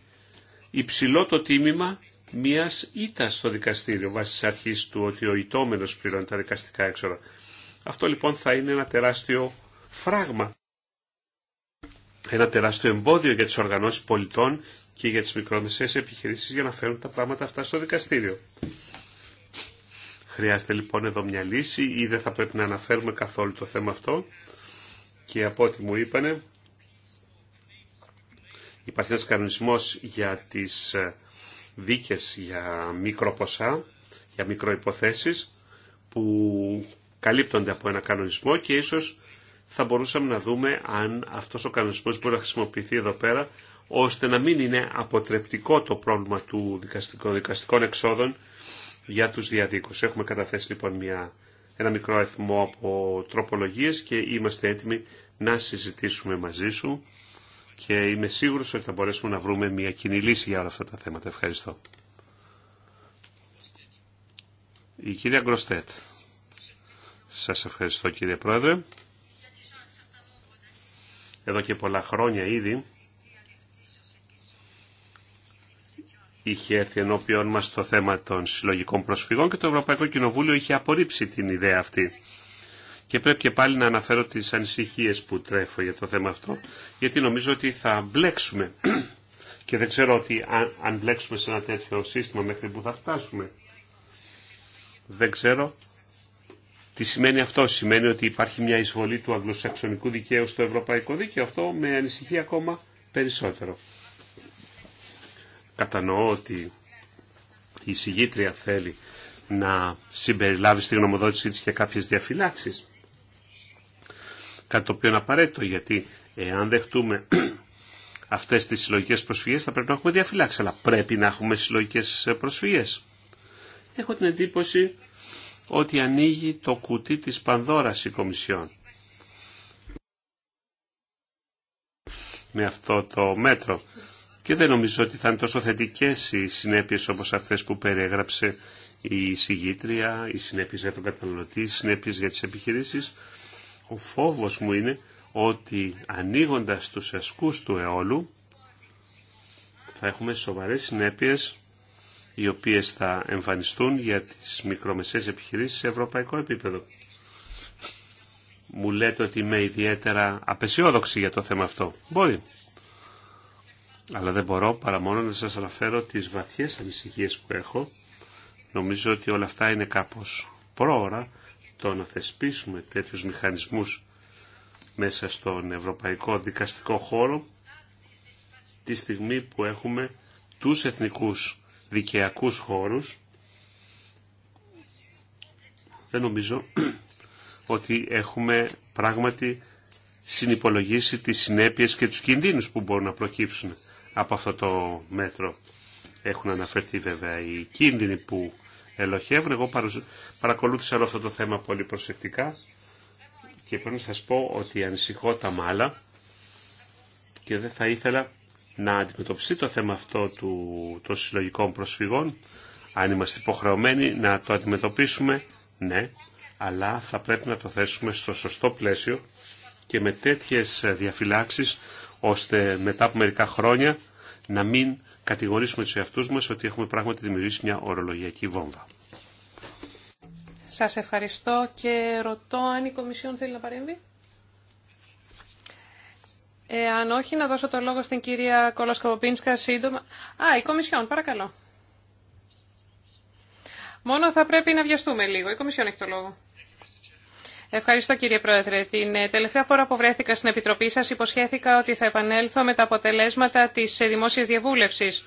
C: υψηλό το τίμημα μιας ήτας στο δικαστήριο βάσει της αρχής του ότι ο ιτόμενος πληρώνει τα δικαστικά έξοδα. Αυτό λοιπόν θα είναι ένα τεράστιο φράγμα, ένα τεράστιο εμπόδιο για τις οργανώσεις πολιτών και για τις μικρομεσαίες επιχειρήσεις για να φέρουν τα πράγματα αυτά στο δικαστήριο. Χρειάζεται λοιπόν εδώ μια λύση ή δεν θα πρέπει να αναφέρουμε καθόλου το θέμα αυτό και από ό,τι μου είπανε Υπάρχει ένας κανονισμός για τις ε, δίκες για μικροποσά, για μικροϋποθέσεις που καλύπτονται από ένα κανονισμό και ίσως θα μπορούσαμε να δούμε αν αυτός ο κανονισμός μπορεί να χρησιμοποιηθεί εδώ πέρα ώστε να μην είναι αποτρεπτικό το πρόβλημα του δικαστικών, δικαστικών εξόδων για τους διαδίκους. Έχουμε καταθέσει λοιπόν μια, ένα μικρό αριθμό από τροπολογίες και είμαστε έτοιμοι να συζητήσουμε μαζί σου και είμαι σίγουρος ότι θα μπορέσουμε να βρούμε μια κοινή λύση για όλα αυτά τα θέματα. Ευχαριστώ. Η κυρία Γκροστέτ. Σας ευχαριστώ κύριε Πρόεδρε. Εδώ και πολλά χρόνια ήδη είχε έρθει ενώπιον μας το θέμα των συλλογικών προσφυγών και το Ευρωπαϊκό Κοινοβούλιο είχε απορρίψει την ιδέα αυτή. Και πρέπει και πάλι να αναφέρω τις ανησυχίες που τρέφω για το θέμα αυτό, γιατί νομίζω ότι θα μπλέξουμε και δεν ξέρω ότι αν, μπλέξουμε σε ένα τέτοιο σύστημα μέχρι που θα φτάσουμε. Δεν ξέρω. Τι σημαίνει αυτό. Σημαίνει ότι υπάρχει μια εισβολή του αγγλοσαξονικού δικαίου στο ευρωπαϊκό δίκαιο. Αυτό με ανησυχεί ακόμα περισσότερο. Κατανοώ ότι η συγγήτρια θέλει να συμπεριλάβει στη γνωμοδότησή της και κάποιες διαφυλάξεις. Κάτι το οποίο είναι απαραίτητο γιατί εάν δεχτούμε αυτές τις συλλογικές προσφυγές θα πρέπει να έχουμε διαφυλάξει. Αλλά πρέπει να έχουμε συλλογικές ε, προσφυγές. Έχω την εντύπωση ότι ανοίγει το κουτί της πανδώρας η Κομισιόν. Με αυτό το μέτρο. Και δεν νομίζω ότι θα είναι τόσο θετικές οι συνέπειες όπως αυτές που περιέγραψε η συγγήτρια, οι συνέπειες για τον καταναλωτή, οι συνέπειες για τις επιχειρήσεις. Ο φόβος μου είναι ότι ανοίγοντας τους ασκούς του αιώλου θα έχουμε σοβαρές συνέπειες οι οποίες θα εμφανιστούν για τις μικρομεσαίες επιχειρήσεις σε ευρωπαϊκό επίπεδο. Μου λέτε ότι είμαι ιδιαίτερα απεσιόδοξη για το θέμα αυτό. Μπορεί. Αλλά δεν μπορώ παρά μόνο να σας αναφέρω τις βαθιές ανησυχίες που έχω. Νομίζω ότι όλα αυτά είναι κάπως πρόωρα το να θεσπίσουμε τέτοιους μηχανισμούς μέσα στον ευρωπαϊκό δικαστικό χώρο τη στιγμή που έχουμε τους εθνικούς δικαιακούς χώρους δεν νομίζω ότι έχουμε πράγματι συνυπολογίσει τις συνέπειες και τους κινδύνους που μπορούν να προκύψουν από αυτό το μέτρο. Έχουν αναφερθεί βέβαια οι κίνδυνοι που ελοχεύουν. Εγώ παρακολούθησα όλο αυτό το θέμα πολύ προσεκτικά και πρέπει να σας πω ότι ανησυχώ τα μάλα και δεν θα ήθελα να αντιμετωπιστεί το θέμα αυτό του, των συλλογικών προσφυγών. Αν είμαστε υποχρεωμένοι να το αντιμετωπίσουμε, ναι, αλλά θα πρέπει να το θέσουμε στο σωστό πλαίσιο και με τέτοιες διαφυλάξεις, ώστε μετά από μερικά χρόνια να μην κατηγορήσουμε τους εαυτούς μας ότι έχουμε πράγματι δημιουργήσει μια ορολογιακή βόμβα.
A: Σας ευχαριστώ και ρωτώ αν η Κομισιόν θέλει να παρέμβει. Αν όχι, να δώσω το λόγο στην κυρία Κολοσκοποπίνσκα σύντομα. Α, η Κομισιόν, παρακαλώ. Μόνο θα πρέπει να βιαστούμε λίγο. Η Κομισιόν έχει το λόγο. Ευχαριστώ κύριε Πρόεδρε. Την ε, τελευταία φορά που βρέθηκα στην Επιτροπή σας υποσχέθηκα ότι θα επανέλθω με τα αποτελέσματα της ε, δημόσιας διαβούλευσης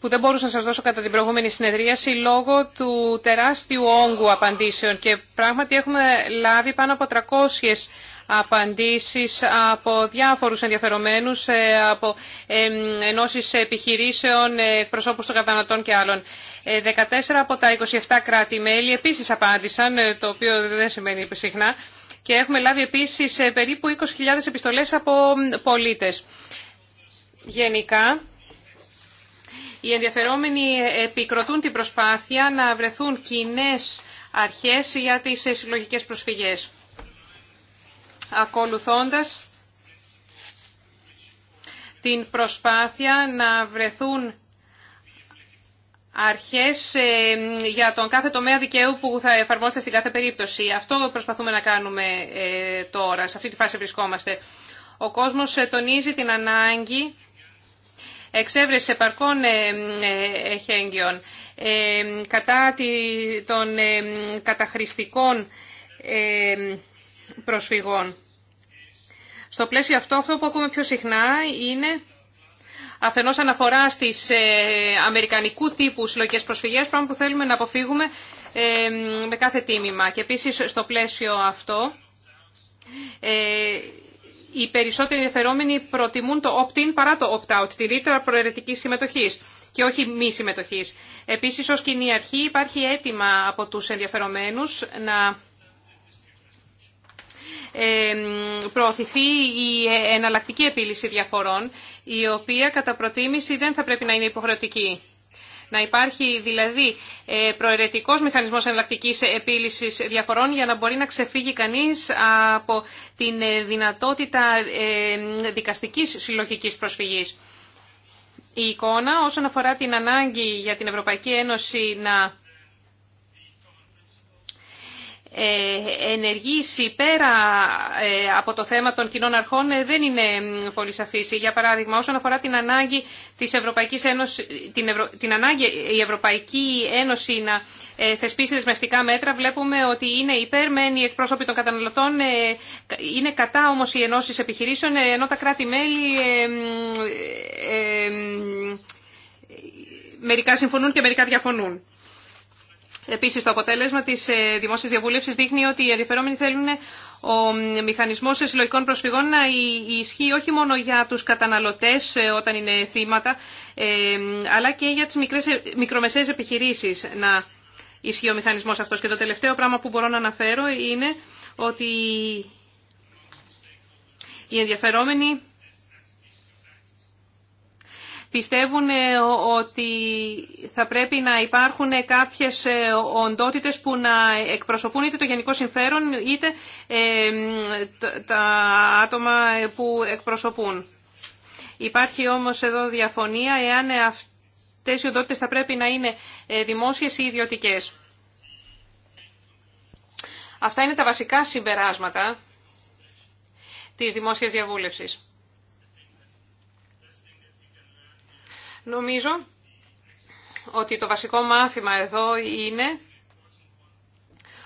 A: που δεν μπορούσα να σας δώσω κατά την προηγούμενη συνεδρίαση λόγω του τεράστιου όγκου απαντήσεων και πράγματι έχουμε λάβει πάνω από 300 απαντήσεις από διάφορους ενδιαφερομένους, ε, από ενώσεις επιχειρήσεων, ε, εκπροσώπους των καταναλωτών και άλλων. 14 ε, από τα 27 κράτη-μέλη επίσης απάντησαν, το οποίο δεν σημαίνει συχνά, και έχουμε λάβει επίσης περίπου 20.000 επιστολές από πολίτες. Γενικά, οι ενδιαφερόμενοι επικροτούν την προσπάθεια να βρεθούν κοινέ αρχές για τις συλλογικές προσφυγές ακολουθώντας την προσπάθεια να βρεθούν αρχές ε, για τον κάθε τομέα δικαίου που θα εφαρμόσετε στην κάθε περίπτωση. Αυτό προσπαθούμε να κάνουμε ε, τώρα, σε αυτή τη φάση βρισκόμαστε. Ο κόσμος ε, τονίζει την ανάγκη εξέβρεση επαρκών εχέγγυων κατά των καταχρηστικών προσφυγών. Στο πλαίσιο αυτό, αυτό που ακούμε πιο συχνά είναι αφενός αναφορά στις ε, αμερικανικού τύπου συλλογικές προσφυγές, πράγμα που θέλουμε να αποφύγουμε ε, με κάθε τίμημα. Και επίσης στο πλαίσιο αυτό, ε, οι περισσότεροι ενδιαφερόμενοι προτιμούν το opt-in παρά το opt-out, τη ρήτρα προαιρετική συμμετοχής και όχι μη συμμετοχή. Επίση, ω κοινή αρχή υπάρχει αίτημα από του ενδιαφερομένου να προωθηθεί η εναλλακτική επίλυση διαφορών, η οποία κατά προτίμηση δεν θα πρέπει να είναι υποχρεωτική. Να υπάρχει δηλαδή ε, προαιρετικός μηχανισμός εναλλακτικής επίλυσης διαφορών για να μπορεί να ξεφύγει κανείς από την ε, δυνατότητα ε, δικαστικής συλλογικής προσφυγής. Η εικόνα όσον αφορά την ανάγκη για την Ευρωπαϊκή Ένωση να ε, ενεργήσει πέρα ε, από το θέμα των κοινών αρχών ε, δεν είναι πολύ σαφής. Για παράδειγμα, όσον αφορά την ανάγκη, της Ευρωπαϊκής Ένωση, την, ανάγκη η Ευρωπαϊκή Ένωση να θεσπίσει δεσμευτικά μέτρα, βλέπουμε ότι είναι υπέρμενοι οι εκπρόσωποι των καταναλωτών, είναι κατά όμως οι ενώσεις επιχειρήσεων, ενώ τα κράτη-μέλη... μερικά συμφωνούν και μερικά διαφωνούν. Επίσης, το αποτέλεσμα της ε, δημόσιας Διαβούλευση δείχνει ότι οι ενδιαφερόμενοι θέλουν ε, ο μηχανισμό συλλογικών προσφυγών να ισχύει όχι μόνο για τους καταναλωτές ε, όταν είναι θύματα, αλλά και για τις μικρές, μικρομεσαίες επιχειρήσεις να ισχύει ο μηχανισμός αυτός. Και το τελευταίο πράγμα που μπορώ να αναφέρω είναι ότι οι ενδιαφερόμενοι πιστεύουν ε, ότι θα πρέπει να υπάρχουν κάποιες ε, οντότητες που να εκπροσωπούν είτε το γενικό συμφέρον είτε ε, τα άτομα που εκπροσωπούν. Υπάρχει όμως εδώ διαφωνία εάν αυτές οι οντότητες θα πρέπει να είναι δημόσιες ή ιδιωτικές. Αυτά είναι τα βασικά συμπεράσματα της δημόσιας διαβούλευσης. Νομίζω ότι το βασικό μάθημα εδώ είναι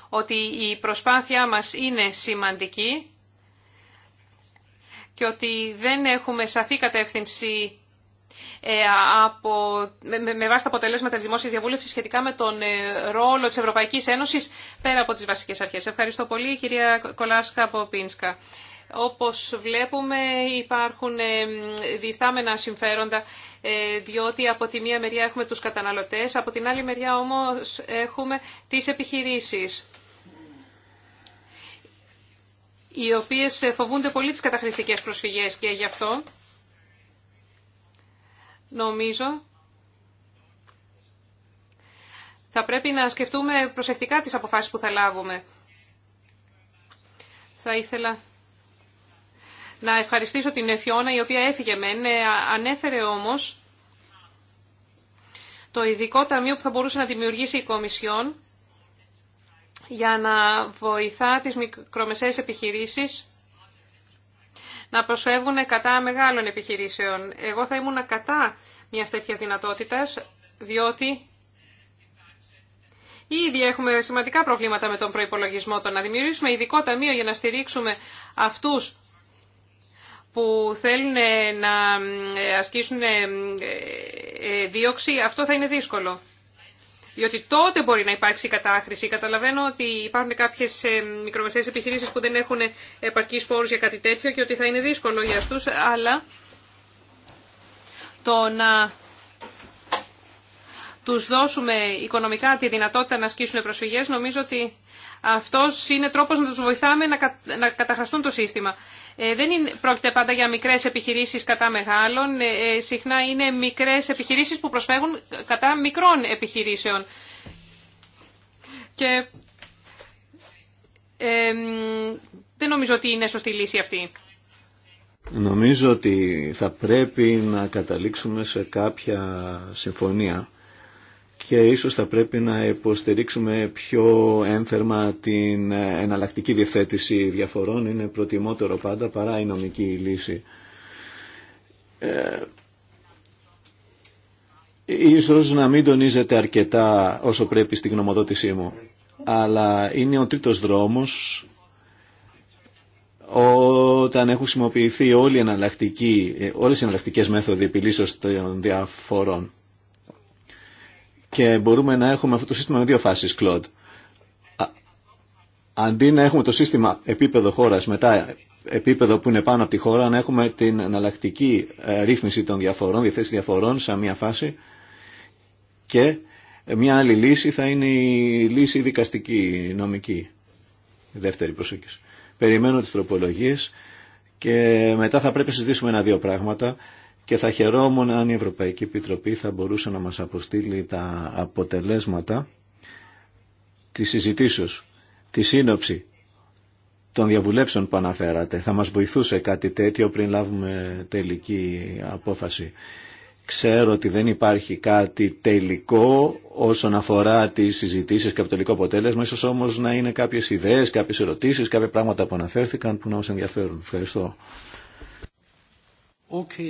A: ότι η προσπάθειά μας είναι σημαντική και ότι δεν έχουμε σαφή κατεύθυνση ε, από, με, με βάση τα αποτελέσματα της δημόσιας διαβούλευσης σχετικά με τον ε, ρόλο της Ευρωπαϊκής Ένωσης πέρα από τις βασικές αρχές. Ευχαριστώ πολύ κυρία Κολάσκα από Πίνσκα. Όπως βλέπουμε υπάρχουν ε, διστάμενα συμφέροντα ε, διότι από τη μία μεριά έχουμε τους καταναλωτές, από την άλλη μεριά όμως έχουμε τις επιχειρήσεις οι οποίες φοβούνται πολύ τις καταχρηστικές προσφυγές και γι' αυτό νομίζω θα πρέπει να σκεφτούμε προσεκτικά τις αποφάσεις που θα λάβουμε. Θα ήθελα να ευχαριστήσω την Εφιώνα, η οποία έφυγε μεν, ναι, ανέφερε όμως το ειδικό ταμείο που θα μπορούσε να δημιουργήσει η Κομισιόν για να βοηθά τις μικρομεσαίες επιχειρήσεις να προσφεύγουν κατά μεγάλων επιχειρήσεων. Εγώ θα ήμουν κατά μια τέτοια δυνατότητα, διότι ήδη έχουμε σημαντικά προβλήματα με τον προπολογισμό. Το να δημιουργήσουμε ειδικό ταμείο για να στηρίξουμε αυτού που θέλουν να ασκήσουν ε, ε, δίωξη, αυτό θα είναι δύσκολο. Διότι τότε μπορεί να υπάρξει κατάχρηση. Καταλαβαίνω ότι υπάρχουν κάποιε ε, μικρομεσαίες επιχειρήσει που δεν έχουν επαρκή πόρου για κάτι τέτοιο και ότι θα είναι δύσκολο για αυτού, αλλά το να τους δώσουμε οικονομικά τη δυνατότητα να ασκήσουν προσφυγέ, νομίζω ότι αυτό είναι τρόπο να του βοηθάμε να καταχραστούν το σύστημα. Ε, δεν είναι, πρόκειται πάντα για μικρές επιχειρήσεις κατά μεγάλων. Ε, ε, συχνά είναι μικρές επιχειρήσεις που προσφέρουν κατά μικρών επιχειρήσεων. Και δεν νομίζω ότι είναι σωστή λύση αυτή.
D: Νομίζω ότι θα πρέπει να καταλήξουμε σε κάποια συμφωνία και ίσως θα πρέπει να υποστηρίξουμε πιο ένθερμα την εναλλακτική διευθέτηση διαφορών. Είναι προτιμότερο πάντα παρά η νομική λύση. Ε, ίσως να μην τονίζεται αρκετά όσο πρέπει στην γνωμοδότησή μου. Αλλά είναι ο τρίτος δρόμος όταν έχουν χρησιμοποιηθεί όλη ε, όλες οι εναλλακτικές μέθοδοι επιλύσεως των διαφορών και μπορούμε να έχουμε αυτό το σύστημα με δύο φάσεις, Κλοντ. Αντί να έχουμε το σύστημα επίπεδο χώρας μετά επίπεδο που είναι πάνω από τη χώρα, να έχουμε την εναλλακτική ε, ρύθμιση των διαφορών, διαθέσει διαφορών σε μία φάση και μια άλλη λύση θα είναι η λύση δικαστική, νομική. δεύτερη προσοχή. Περιμένω τις τροπολογίες και μετά θα πρέπει να συζητήσουμε ένα-δύο πράγματα και θα χαιρόμουν αν η Ευρωπαϊκή Επιτροπή θα μπορούσε να μας αποστείλει τα αποτελέσματα της συζητήσεως, τη σύνοψη των διαβουλέψεων που αναφέρατε. Θα μας βοηθούσε κάτι τέτοιο πριν λάβουμε τελική απόφαση. Ξέρω ότι δεν υπάρχει κάτι τελικό όσον αφορά τις συζητήσεις και το τελικό αποτέλεσμα, ίσως όμως να είναι κάποιες ιδέες, κάποιες ερωτήσεις, κάποια πράγματα που αναφέρθηκαν που να μας ενδιαφέρουν. Ευχαριστώ.
A: Okay.